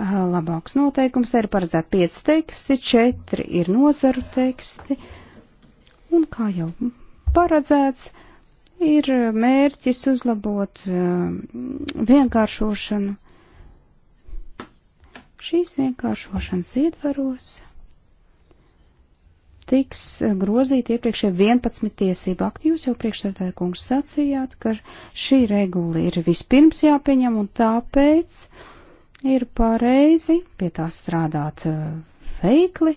labāks noteikums. Te ir paredzēt 5 teksti, 4 ir nozaru teksti. Un kā jau paredzēts, ir mērķis uzlabot vienkāršošanu. Šīs vienkāršošanas ietvaros tiks grozīti iepriekšē 11 tiesību akti. Jūs jau priekšsēdētāji kungs sacījāt, ka šī regula ir vispirms jāpieņem un tāpēc ir pareizi pie tā strādāt eh, veikli.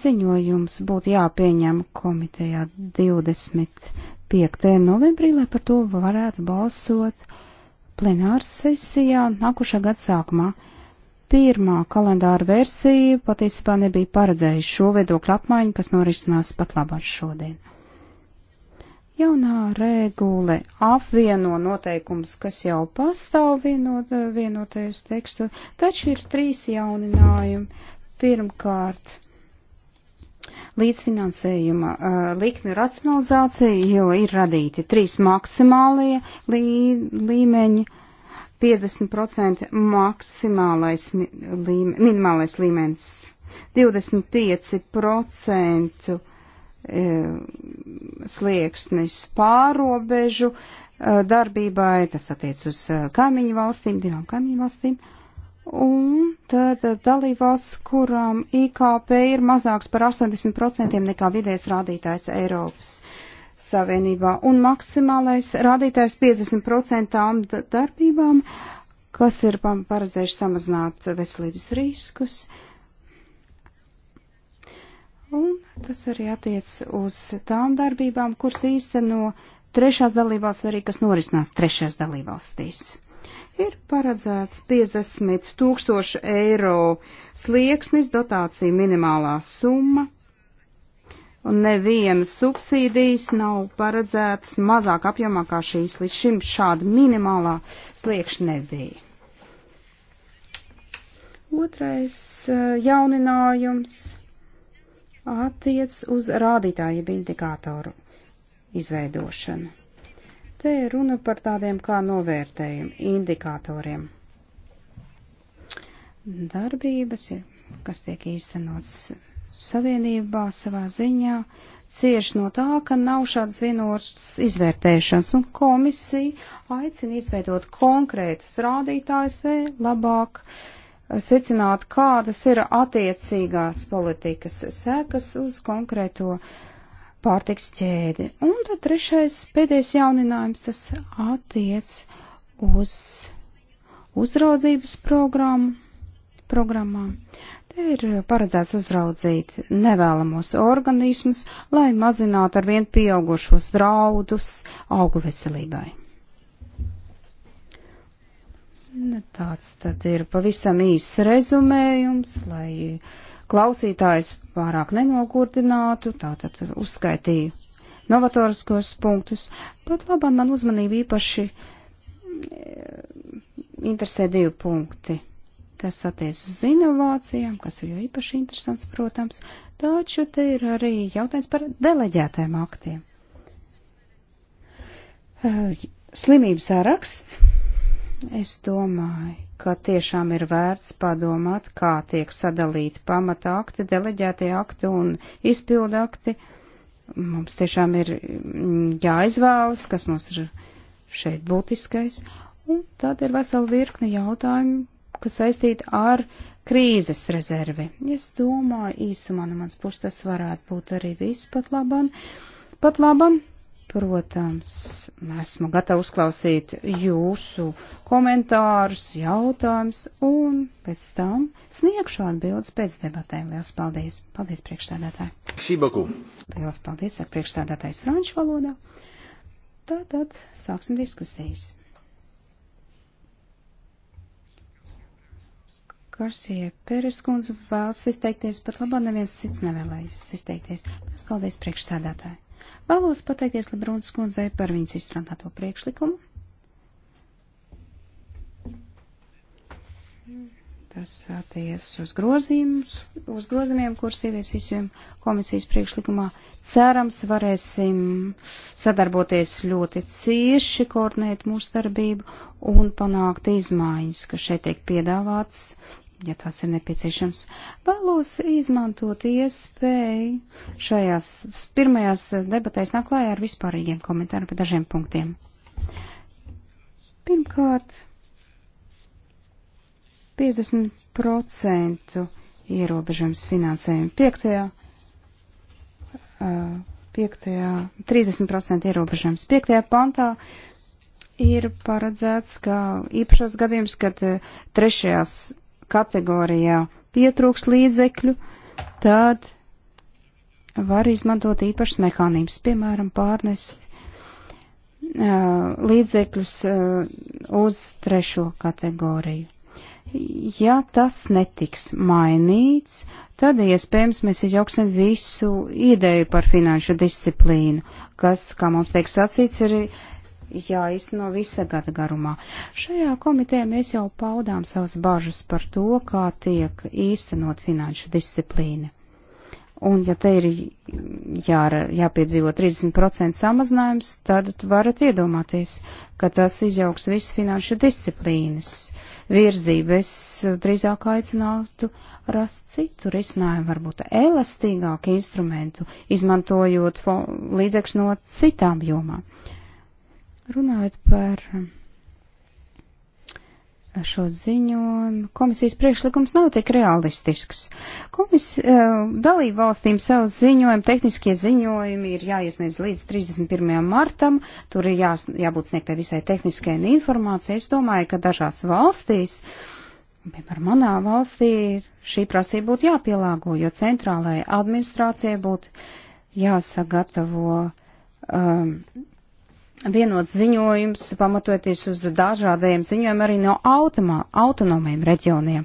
Ziņojums būtu jāpieņem komitejā 25. novembrī, lai par to varētu balsot plenāras sesijā nākušā gada sākumā. Pirmā kalendāra versija patiesībā nebija paredzējusi šo viedokļu apmaiņu, kas norisinās pat labāk šodien. Jaunā regula apvieno noteikums, kas jau pastāv vienot, vienotajos tekstu, taču ir trīs jauninājumi. Pirmkārt, līdzfinansējuma uh, likmi racionalizācija, jo ir radīti trīs maksimālie lī, līmeņi. 50% maksimālais mi, līme, minimālais līmenis, 25% E, slieksnis pārobežu e, darbībai, tas attiec uz e, kaimiņu valstīm, divām kaimiņu valstīm, un tad dalībvalsts, kurām IKP ir mazāks par 80% nekā vidējais rādītājs Eiropas Savienībā, un maksimālais rādītājs 50% tām darbībām, kas ir paredzējuši samazināt veselības riskus. Uh, Un tas arī attiec uz tām darbībām, kuras īsteno trešās dalībvalsts, arī kas norisinās trešās dalībvalstīs. Ir paredzēts 50 tūkstoši eiro slieksnis, dotācija minimālā summa, un nevienas subsīdijas nav paredzētas mazāk apjomā kā šīs. Līdz šim šāda minimālā sliekšņa nebija. Otrais eh, jauninājums attiec uz rādītāju indikātoru izveidošanu. Te ir runa par tādiem kā novērtējumu indikatoriem. Darbības, kas tiek īstenots savienībā savā ziņā, cieš no tā, ka nav šādas vienotas izvērtēšanas, un komisija aicina izveidot konkrētas rādītājas, lai labāk uh, secināt, kādas ir attiecīgās politikas sekas uz konkrēto pārtiks ķēdi. Un tad trešais, pēdējais jauninājums, tas attiec uz uzraudzības programmu. Programmā. Te ir paredzēts uzraudzīt nevēlamos organismus, lai mazinātu ar vien pieaugušos draudus augu veselībai. Nu, tāds tad ir pavisam īss rezumējums, lai klausītājs pārāk nenogurdinātu, tātad uzskaitīju novatoriskos punktus. Pat labāk man uzmanību īpaši eh, interesē divi punkti. Tas attiec uz inovācijām, kas ir jau īpaši interesants, protams, taču te ir arī jautājums par deleģētēm aktiem. Eh, slimības saraksts Es domāju, ka tiešām ir vērts padomāt, kā tiek sadalīti pamata akti, deleģētie akti un izpildakti. Mums tiešām ir mm, jāizvēlas, kas mums ir šeit būtiskais. Un tad ir vesela virkni jautājumu, kas saistīti ar krīzes rezervi. Es domāju, īsumā no mans puses tas varētu būt arī viss pat labam. Pat labam Protams, esmu gatava uzklausīt jūsu komentārus, jautājumus un pēc tam sniegšu atbildes pēc debatēm. Lielas paldies! Paldies, priekšstādātāji! Sibaku! Lielas paldies, ar priekšstādātājs franču valodā. Tātad sāksim diskusijas. Garsie Pereskundze vēlas izteikties, pat labāk neviens cits nevēlējas izteikties. Lielas paldies, priekšstādātāji! Vēlos pateikties Lebrunas kundzei par viņas izstrādāto priekšlikumu. Tas attiecas uz grozījumus, uz grozījumiem, kurus ieviesīsim komisijas priekšlikumā. Cerams, varēsim sadarboties ļoti cieši, koordinēt mūsu darbību un panākt izmaiņas, kas šeit tiek piedāvāts, ja tas ir nepieciešams. Vēlos izmantot iespēju šajās pirmajās debatēs naklājā ar vispārīgiem komentāriem par dažiem punktiem. Pirmkārt, 50% ierobežojums finansējumu piektajā, piektajā, 30% ierobežojums piektajā pantā ir paredzēts, ka īpašos gadījums, kad trešajās kategorijā pietrūks līdzekļu, tad var izmantot īpašas mehānības, piemēram, pārnest uh, līdzekļus uh, uz trešo kategoriju. Ja tas netiks mainīts, tad iespējams mēs izjauksim visu ideju par finanšu disciplīnu, kas, kā mums tiek sacīts, ir jāizno visa gada garumā. Šajā komitē mēs jau paudām savas bažas par to, kā tiek īstenot finanšu disciplīna. Un ja te ir jā, jāpiedzīvo 30% samazinājums, tad varat iedomāties, ka tas izjauks visu finanšu disciplīnas virzību. Es drīzāk aicinātu rast citu risinājumu, varbūt elastīgāku instrumentu, izmantojot līdzekļus no citām jomām. Runājot par eh, šo ziņojumu, komisijas priekšlikums nav tik realistisks. Komis, eh, dalību valstīm savus ziņojumu, tehniskie ziņojumi ir jāiesniedz līdz 31. martam, tur ir jā, jābūt sniegtai visai tehniskai informācijai. Es domāju, ka dažās valstīs, piemēram, manā valstī, šī prasība būtu jāpielāgo, jo centrālajai administrācijai būtu jāsagatavo um, vienots ziņojums, pamatoties uz dažādajiem ziņojumiem arī no automā, autonomiem reģioniem.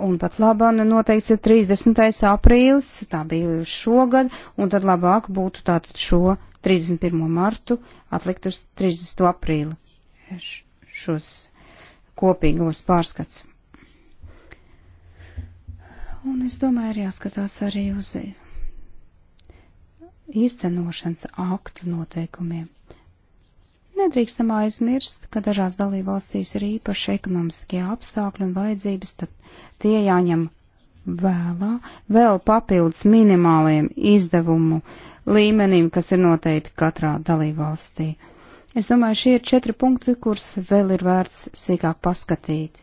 Un pat labāk noteikts ir 30. aprīlis, tā bija šogad, un tad labāk būtu tātad šo 31. martu atlikt uz 30. aprīli šos kopīgos pārskats. Un es domāju, ir jāskatās arī uz īstenošanas aktu noteikumiem. Nedrīkstam aizmirst, ka dažās dalībvalstīs ir īpaši ekonomiskie apstākļi un vajadzības, tad tie jāņem vēlā, vēl papildus minimāliem izdevumu līmenim, kas ir noteikti katrā dalībvalstī. Es domāju, šie ir četri punkti, kurus vēl ir vērts sīkāk paskatīt.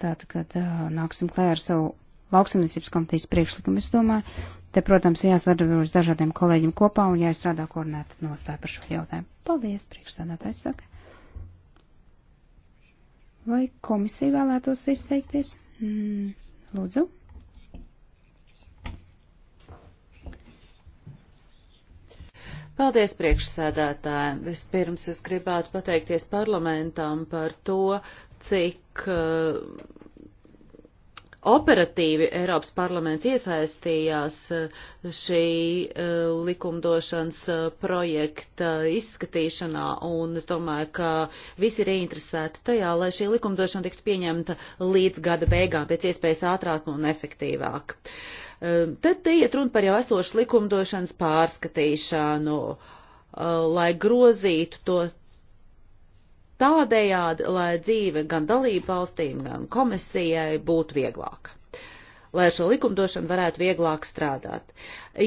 Tad, kad uh, nāksim klē ar savu lauksamniecības komitejas priekšlikumu, es domāju, Te, protams, jāsadarbojas dažādiem kolēģiem kopā un jāizstrādā koordinēta nostāja par šo jautājumu. Paldies, priekšstādātājs saka. Vai komisija vēlētos izteikties? Mm, lūdzu. Paldies priekšsēdētājiem. Vispirms es gribētu pateikties parlamentam par to, cik uh, operatīvi Eiropas parlaments iesaistījās eh, šī eh, likumdošanas eh, projekta izskatīšanā, un es domāju, ka visi ir ieinteresēti tajā, lai šī likumdošana tiktu pieņemta līdz gada beigām, pēc iespējas ātrāk un efektīvāk. Tad te iet runa par jau esošu likumdošanas pārskatīšanu lai grozītu to tādējādi, lai dzīve gan dalību valstīm, gan komisijai būtu vieglāka lai ar šo likumdošanu varētu vieglāk strādāt.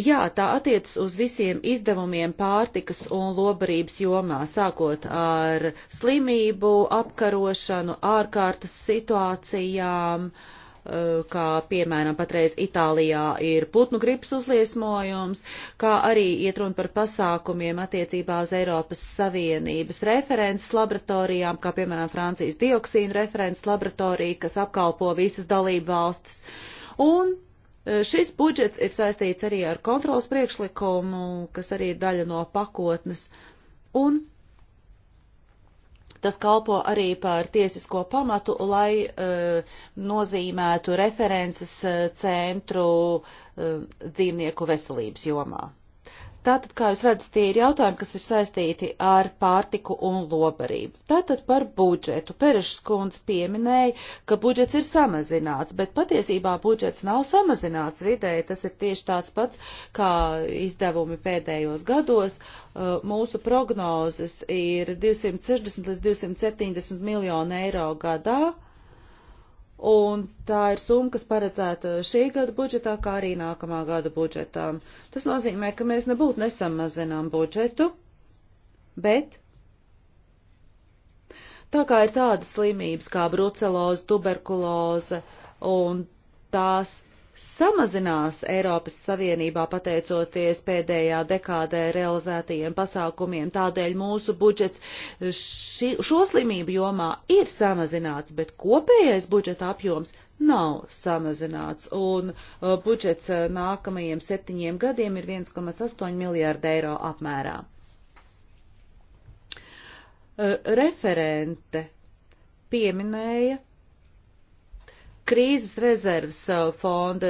Jā, tā attiecas uz visiem izdevumiem pārtikas un lobarības jomā, sākot ar slimību, apkarošanu, ārkārtas situācijām, uh, Eh, kā piemēram patreiz Itālijā ir putnu gripas uzliesmojums, kā arī iet runa par pasākumiem attiecībā uz Eiropas Savienības references laboratorijām, kā piemēram Francijas dioksīna references laboratorija, kas apkalpo visas dalību valstis. Un eh, Šis budžets ir saistīts arī ar kontrols priekšlikumu, kas arī ir daļa no pakotnes. Un Tas kalpo arī par tiesisko pamatu, lai uh, nozīmētu references eh, centru uh, dzīvnieku veselības jomā. Tātad, kā jūs redzat, tie ir jautājumi, kas ir saistīti ar pārtiku un lobarību. Tātad par budžetu. Perešs kundze pieminēja, ka budžets ir samazināts, bet patiesībā budžets nav samazināts vidēji. Tas ir tieši tāds pats, kā izdevumi pēdējos gados. Uh, mūsu prognozes ir 260 līdz 270 miljonu eiro gadā un tā ir summa, kas paredzēta šī gada budžetā, kā arī nākamā gada budžetā. Tas nozīmē, ka mēs nebūtu nesamazinām budžetu, bet tā kā ir tādas slimības kā bruceloze, tuberkuloze un tās samazinās Eiropas Savienībā pateicoties pēdējā dekādē realizētajiem pasākumiem. Tādēļ mūsu budžets ši, šo slimību jomā ir samazināts, bet kopējais budžeta apjoms nav samazināts. Un uh, budžets uh, nākamajiem septiņiem gadiem ir 1,8 miljārda eiro apmērā. Uh, referente pieminēja krīzes rezerves uh, fonda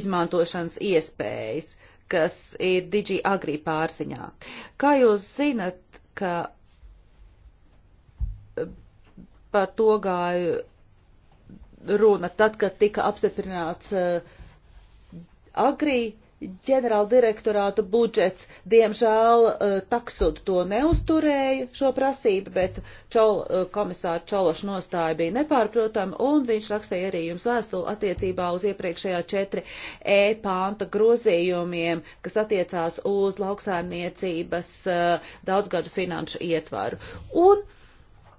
izmantošanas iespējas, kas ir Digi Agri pārziņā. Kā jūs zinat, ka uh, par to gāja runa tad, kad tika apstiprināts uh, Agri ģenerāldirektorātu budžets, diemžēl, eh, taksud to neuzturēja šo prasību, bet čol, eh, komisāra Čološa nostāja bija nepārprotama, un viņš rakstīja arī jums vēstuli attiecībā uz iepriekšējā 4E pānta grozījumiem, kas attiecās uz lauksaimniecības eh, daudzgadu finanšu ietvaru. Un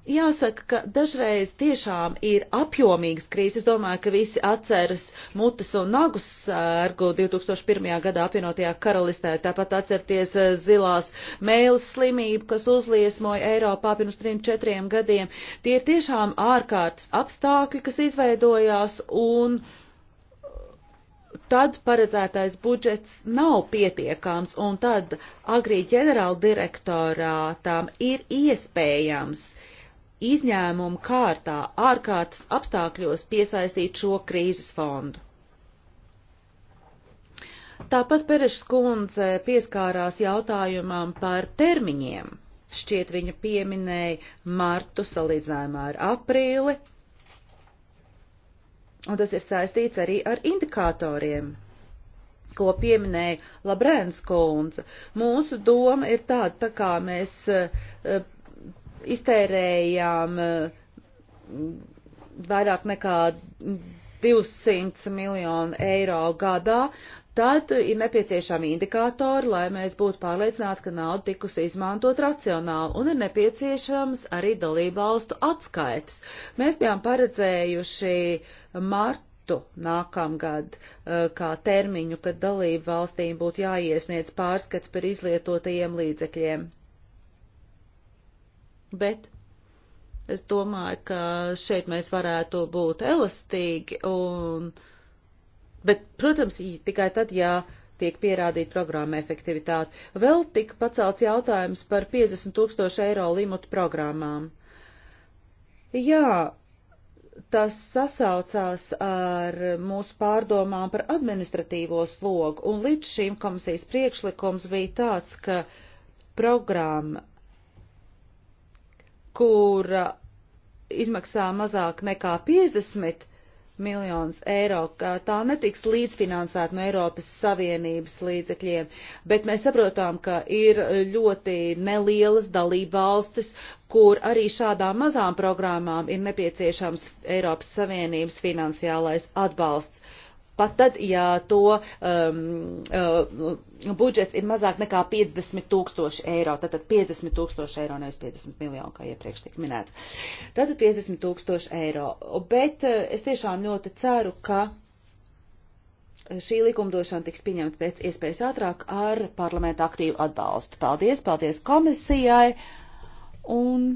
Jāsaka, ka dažreiz tiešām ir apjomīgas krīzes. Es domāju, ka visi atceras mutes un nagus sērgu 2001. gadā apvienotajā karalistē. Tāpat atcerties eh, zilās mēles slimību, kas uzliesmoja Eiropā pirms 3-4 gadiem. Tie ir tiešām ārkārtas apstākļi, kas izveidojās un tad paredzētais budžets nav pietiekams, un tad agrī ģenerāldirektorātām ir iespējams uh, izņēmumu kārtā ārkārtas apstākļos piesaistīt šo krīzes fondu. Tāpat Perešs kundze pieskārās jautājumam par termiņiem. Šķiet viņa pieminēja martu salīdzinājumā ar aprīli, un tas ir saistīts arī ar indikatoriem ko pieminēja Labrēns kundze. Mūsu doma ir tāda, tā kā mēs eh, iztērējām eh, vairāk nekā 200 miljonu eiro gadā, tad ir nepieciešami indikātori, lai mēs būtu pārliecināti, ka nauda tikusi izmantot racionāli, un ir nepieciešams arī dalībvalstu atskaites. Mēs bijām paredzējuši martu nākamgad eh, kā termiņu, kad dalību valstīm būtu jāiesniedz pārskats par izlietotajiem līdzekļiem bet es domāju, ka šeit mēs varētu būt elastīgi, un, bet, protams, tikai tad, ja tiek pierādīta programma efektivitāte. Vēl tika pacelts jautājums par 50 tūkstošu eiro limitu programmām. Jā, tas sasaucās ar mūsu pārdomām par administratīvo slogu, un līdz šīm komisijas priekšlikums bija tāds, ka programma kura uh, izmaksā mazāk nekā 50 miljonus eiro, ka tā netiks līdzfinansēta no Eiropas Savienības līdzekļiem, bet mēs saprotam, ka ir ļoti nelielas dalība valstis, kur arī šādām mazām programmām ir nepieciešams Eiropas Savienības finansiālais atbalsts. Uh, pat tad, ja to um, uh, budžets ir mazāk nekā 50 tūkstoši eiro, tātad 50 tūkstoši eiro, nevis 50 miljonu, kā iepriekš tika minēts. Tātad 50 tūkstoši eiro. Bet uh, es tiešām ļoti ceru, ka šī likumdošana tiks pieņemta pēc iespējas ātrāk ar parlamentu aktīvu atbalstu. Paldies, paldies komisijai. Un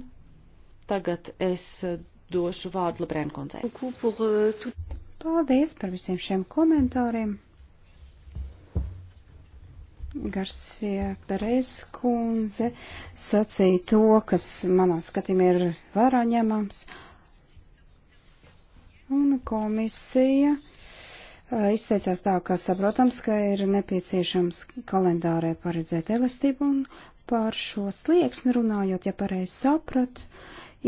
tagad es uh, došu vārdu Lebrēnkundzei. Paldies par visiem šiem komentāriem. Garsie Perez kundze sacīja to, kas manā skatījumā ir vērā ņemams. Un komisija izteicās tā, ka saprotams, ka ir nepieciešams kalendārē paredzēt elastību un par šo slieksni runājot, ja pareizi sapratu,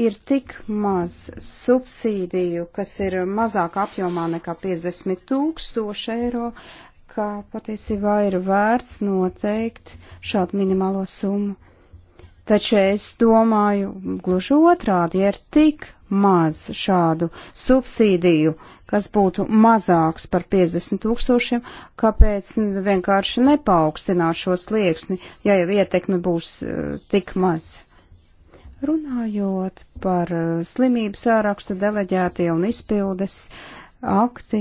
ir tik maz subsīdiju, kas ir mazāk apjomā nekā 50 tūkstoši eiro, ka patiesībā ir vērts noteikt šādu minimālo summu. Taču es domāju, gluži otrādi, ja ir tik maz šādu subsīdiju, kas būtu mazāks par 50 tūkstošiem, kāpēc vienkārši nepaukstināt šo slieksni, ja jau ietekme būs uh, tik maza? Runājot par uh, slimību sāraksta deleģētie un izpildes akti,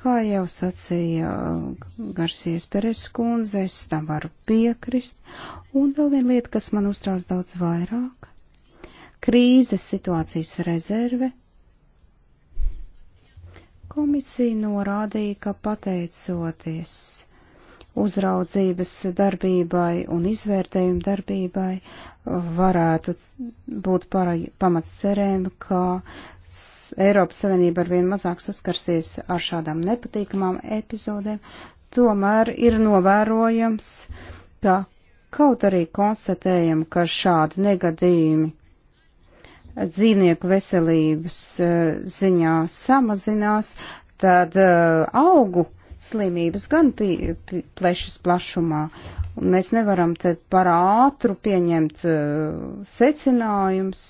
kā jau sacīja uh, Garsies Peres kundze, es tam varu piekrist. Un vēl viena lieta, kas man uztrauc daudz vairāk - krīzes situācijas rezerve. Komisija norādīja, ka pateicoties uzraudzības darbībai un izvērtējumu darbībai varētu būt pamats cerēm, ka Eiropas Savienība ar vien mazāk saskarsies ar šādām nepatīkamām epizodēm, tomēr ir novērojams, ka kaut arī konstatējam, ka šādi negadījumi dzīvnieku veselības e, ziņā samazinās, tad e, augu uh, slimības gan plešas plašumā. Un mēs nevaram te par ātru pieņemt uh, secinājums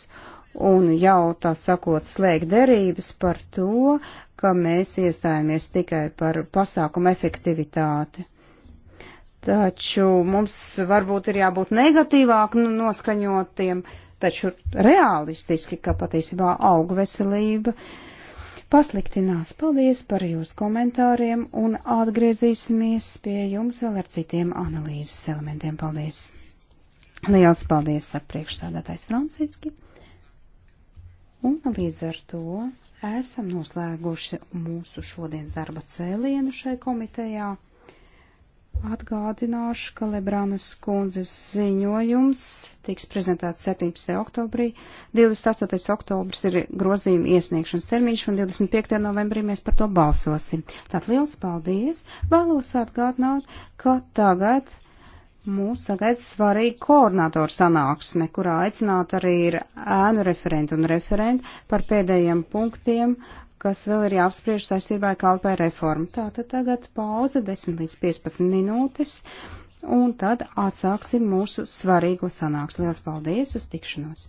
un jau tā sakot slēgt derības par to, ka mēs iestājāmies tikai par pasākumu efektivitāti. Taču mums varbūt ir jābūt negatīvāk nu, noskaņotiem, taču realistiski, ka patiesībā aug veselība. Uh, pasliktinās. Paldies par jūsu komentāriem un atgriezīsimies pie jums vēl ar citiem analīzes elementiem. Paldies! Liels paldies, saka priekšsādātājs Franciski. Un līdz ar to esam noslēguši mūsu šodienas darba cēlienu šai komitejā. Atgādināšu, ka Lebrānas kundzes ziņojums tiks prezentēts 17. oktobrī. 28. oktobris ir grozījuma iesniegšanas termiņš un 25. novembrī mēs par to balsosim. Tātad liels paldies! Vēlos atgādināt, ka tagad mūs sagaida svarīga koordinātora sanāksme, kurā aicināt arī ir ēnu referentu un referentu par pēdējiem punktiem. Uh, kas vēl ir jāapspriež saistībā ar kalpē reformu. Tātad tagad pauze 10 līdz 15 minūtes, un tad atsāksim mūsu svarīgo sanāks. Lielas paldies uz tikšanos!